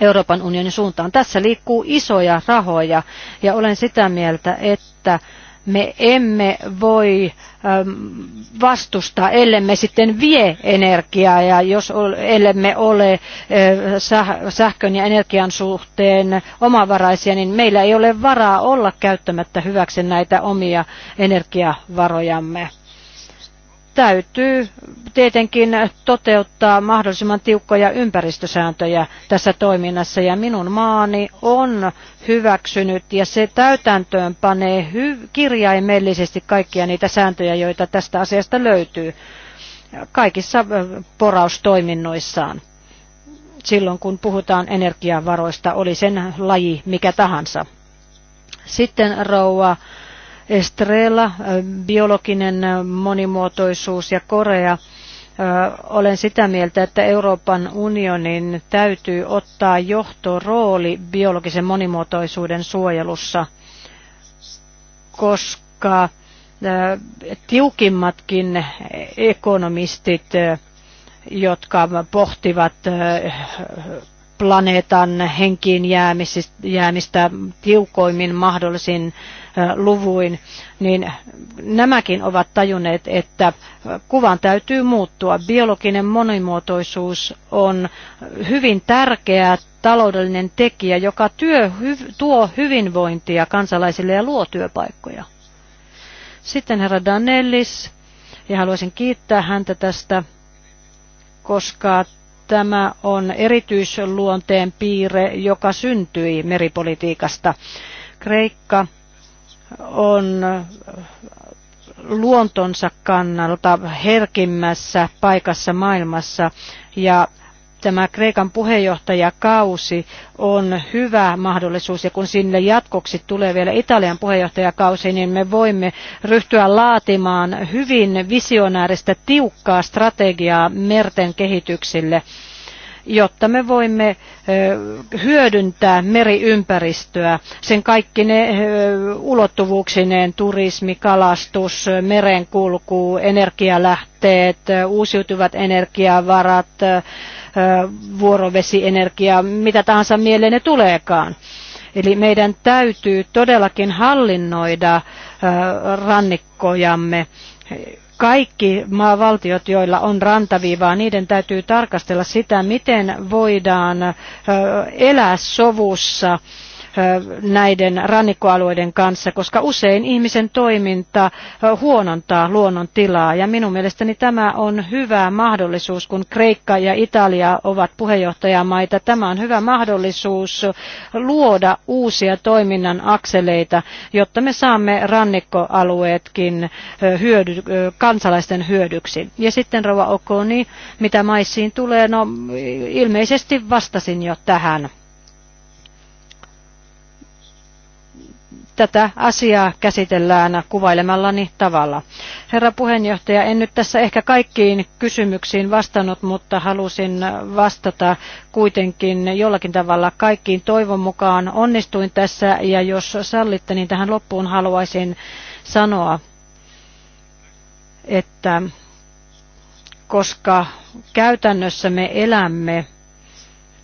Euroopan unionin suuntaan. Tässä liikkuu isoja rahoja ja olen sitä mieltä, että me emme voi ähm, vastustaa, ellemme sitten vie energiaa ja jos ellemme ole äh, sähkön ja energian suhteen omavaraisia, niin meillä ei ole varaa olla käyttämättä hyväksi näitä omia energiavarojamme täytyy tietenkin toteuttaa mahdollisimman tiukkoja ympäristösääntöjä tässä toiminnassa ja minun maani on hyväksynyt ja se täytäntöön panee hy- kirjaimellisesti kaikkia niitä sääntöjä, joita tästä asiasta löytyy kaikissa poraustoiminnoissaan silloin, kun puhutaan energiavaroista, oli sen laji mikä tahansa. Sitten rouva Estrella, biologinen monimuotoisuus ja Korea. Olen sitä mieltä, että Euroopan unionin täytyy ottaa johtorooli biologisen monimuotoisuuden suojelussa, koska tiukimmatkin ekonomistit, jotka pohtivat planeetan henkiin jäämistä tiukoimmin mahdollisin luvuin, niin nämäkin ovat tajunneet, että kuvan täytyy muuttua. Biologinen monimuotoisuus on hyvin tärkeä taloudellinen tekijä, joka työ, tuo hyvinvointia kansalaisille ja luo työpaikkoja. Sitten herra Danellis, ja haluaisin kiittää häntä tästä, koska tämä on erityisluonteen piirre, joka syntyi meripolitiikasta. Kreikka on luontonsa kannalta herkimmässä paikassa maailmassa ja tämä Kreikan puheenjohtajakausi on hyvä mahdollisuus ja kun sinne jatkoksi tulee vielä Italian puheenjohtajakausi, niin me voimme ryhtyä laatimaan hyvin visionääristä tiukkaa strategiaa merten kehityksille jotta me voimme hyödyntää meriympäristöä sen kaikki ne ulottuvuuksineen, turismi, kalastus, merenkulku, energialähteet, uusiutuvat energiavarat, vuorovesienergia, mitä tahansa mieleen ne tuleekaan. Eli meidän täytyy todellakin hallinnoida rannikkojamme kaikki maavaltiot, joilla on rantaviivaa, niiden täytyy tarkastella sitä, miten voidaan elää sovussa näiden rannikkoalueiden kanssa, koska usein ihmisen toiminta huonontaa luonnon tilaa. Ja minun mielestäni tämä on hyvä mahdollisuus, kun Kreikka ja Italia ovat puheenjohtajamaita. Tämä on hyvä mahdollisuus luoda uusia toiminnan akseleita, jotta me saamme rannikkoalueetkin hyödy, kansalaisten hyödyksi. Ja sitten Rova Okoni, mitä maissiin tulee, no ilmeisesti vastasin jo tähän. tätä asiaa käsitellään kuvailemallani tavalla. Herra puheenjohtaja, en nyt tässä ehkä kaikkiin kysymyksiin vastannut, mutta halusin vastata kuitenkin jollakin tavalla kaikkiin. Toivon mukaan onnistuin tässä ja jos sallitte, niin tähän loppuun haluaisin sanoa, että koska käytännössä me elämme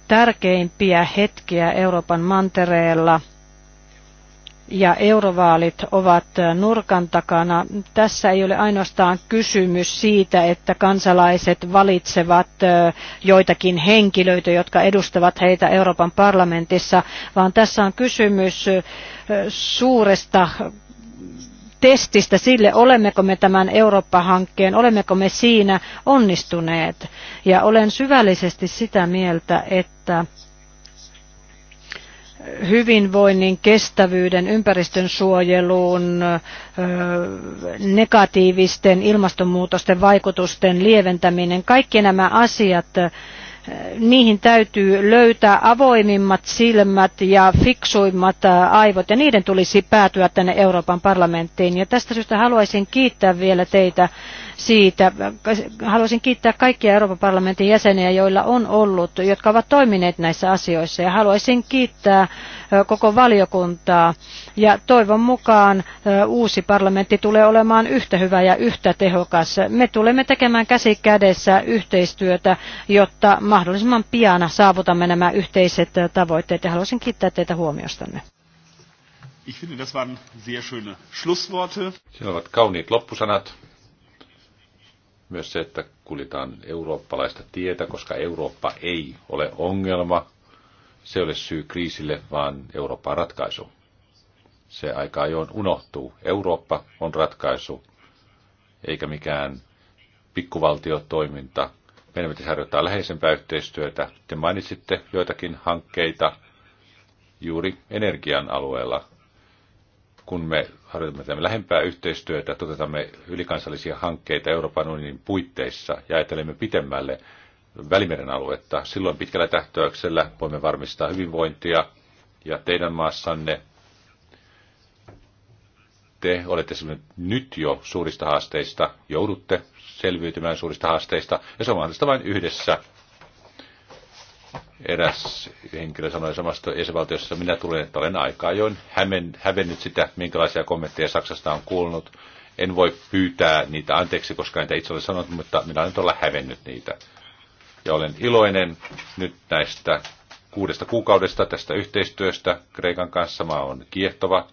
tärkeimpiä hetkiä Euroopan mantereella – ja eurovaalit ovat nurkan takana. Tässä ei ole ainoastaan kysymys siitä, että kansalaiset valitsevat joitakin henkilöitä, jotka edustavat heitä Euroopan parlamentissa, vaan tässä on kysymys suuresta testistä sille, olemmeko me tämän Eurooppa-hankkeen, olemmeko me siinä onnistuneet. Ja olen syvällisesti sitä mieltä, että hyvinvoinnin, kestävyyden, ympäristön suojeluun, negatiivisten ilmastonmuutosten vaikutusten lieventäminen, kaikki nämä asiat niihin täytyy löytää avoimimmat silmät ja fiksuimmat äh, aivot ja niiden tulisi päätyä tänne Euroopan parlamenttiin. Ja tästä syystä haluaisin kiittää vielä teitä siitä. Haluaisin kiittää kaikkia Euroopan parlamentin jäseniä, joilla on ollut, jotka ovat toimineet näissä asioissa ja haluaisin kiittää koko valiokuntaa. Ja toivon mukaan uusi parlamentti tulee olemaan yhtä hyvä ja yhtä tehokas. Me tulemme tekemään käsi kädessä yhteistyötä, jotta mahdollisimman pian saavutamme nämä yhteiset tavoitteet. Ja haluaisin kiittää teitä huomiostanne. Ich finde, das waren sehr schöne Schlussworte. Siellä ovat kauniit loppusanat. Myös se, että kuljetaan eurooppalaista tietä, koska Eurooppa ei ole ongelma. Se ole syy kriisille, vaan Eurooppa on ratkaisu. Se aika ajoin unohtuu. Eurooppa on ratkaisu, eikä mikään pikkuvaltiotoiminta. Meidän pitäisi harjoittaa läheisempää yhteistyötä. Te mainitsitte joitakin hankkeita juuri energian alueella. Kun me harjoitamme tämän lähempää yhteistyötä, toteutamme ylikansallisia hankkeita Euroopan unionin puitteissa ja ajattelemme pitemmälle, Välimeren aluetta. Silloin pitkällä tähtäyksellä voimme varmistaa hyvinvointia ja teidän maassanne te olette nyt jo suurista haasteista, joudutte selviytymään suurista haasteista, ja se on mahdollista vain yhdessä. Eräs henkilö sanoi samasta esivaltiossa, minä tulen, että olen aika ajoin hämen, hävennyt sitä, minkälaisia kommentteja Saksasta on kuulunut. En voi pyytää niitä anteeksi, koska en itse olen sanonut, mutta minä olen nyt olla hävennyt niitä ja olen iloinen nyt näistä kuudesta kuukaudesta tästä yhteistyöstä Kreikan kanssa. Maa on kiehtova.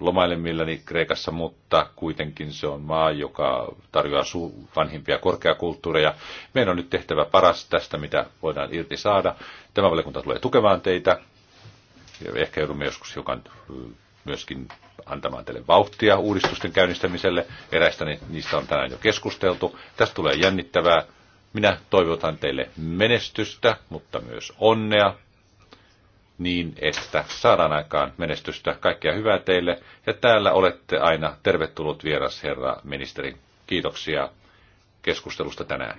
Lomailen milläni Kreikassa, mutta kuitenkin se on maa, joka tarjoaa su- vanhimpia korkeakulttuureja. Meidän on nyt tehtävä paras tästä, mitä voidaan irti saada. Tämä valiokunta tulee tukemaan teitä. Ja ehkä joudumme joskus hiukan myöskin antamaan teille vauhtia uudistusten käynnistämiselle. Eräistä niistä on tänään jo keskusteltu. Tästä tulee jännittävää minä toivotan teille menestystä, mutta myös onnea, niin että saadaan aikaan menestystä. Kaikkea hyvää teille. Ja täällä olette aina tervetullut vieras, herra ministeri. Kiitoksia keskustelusta tänään.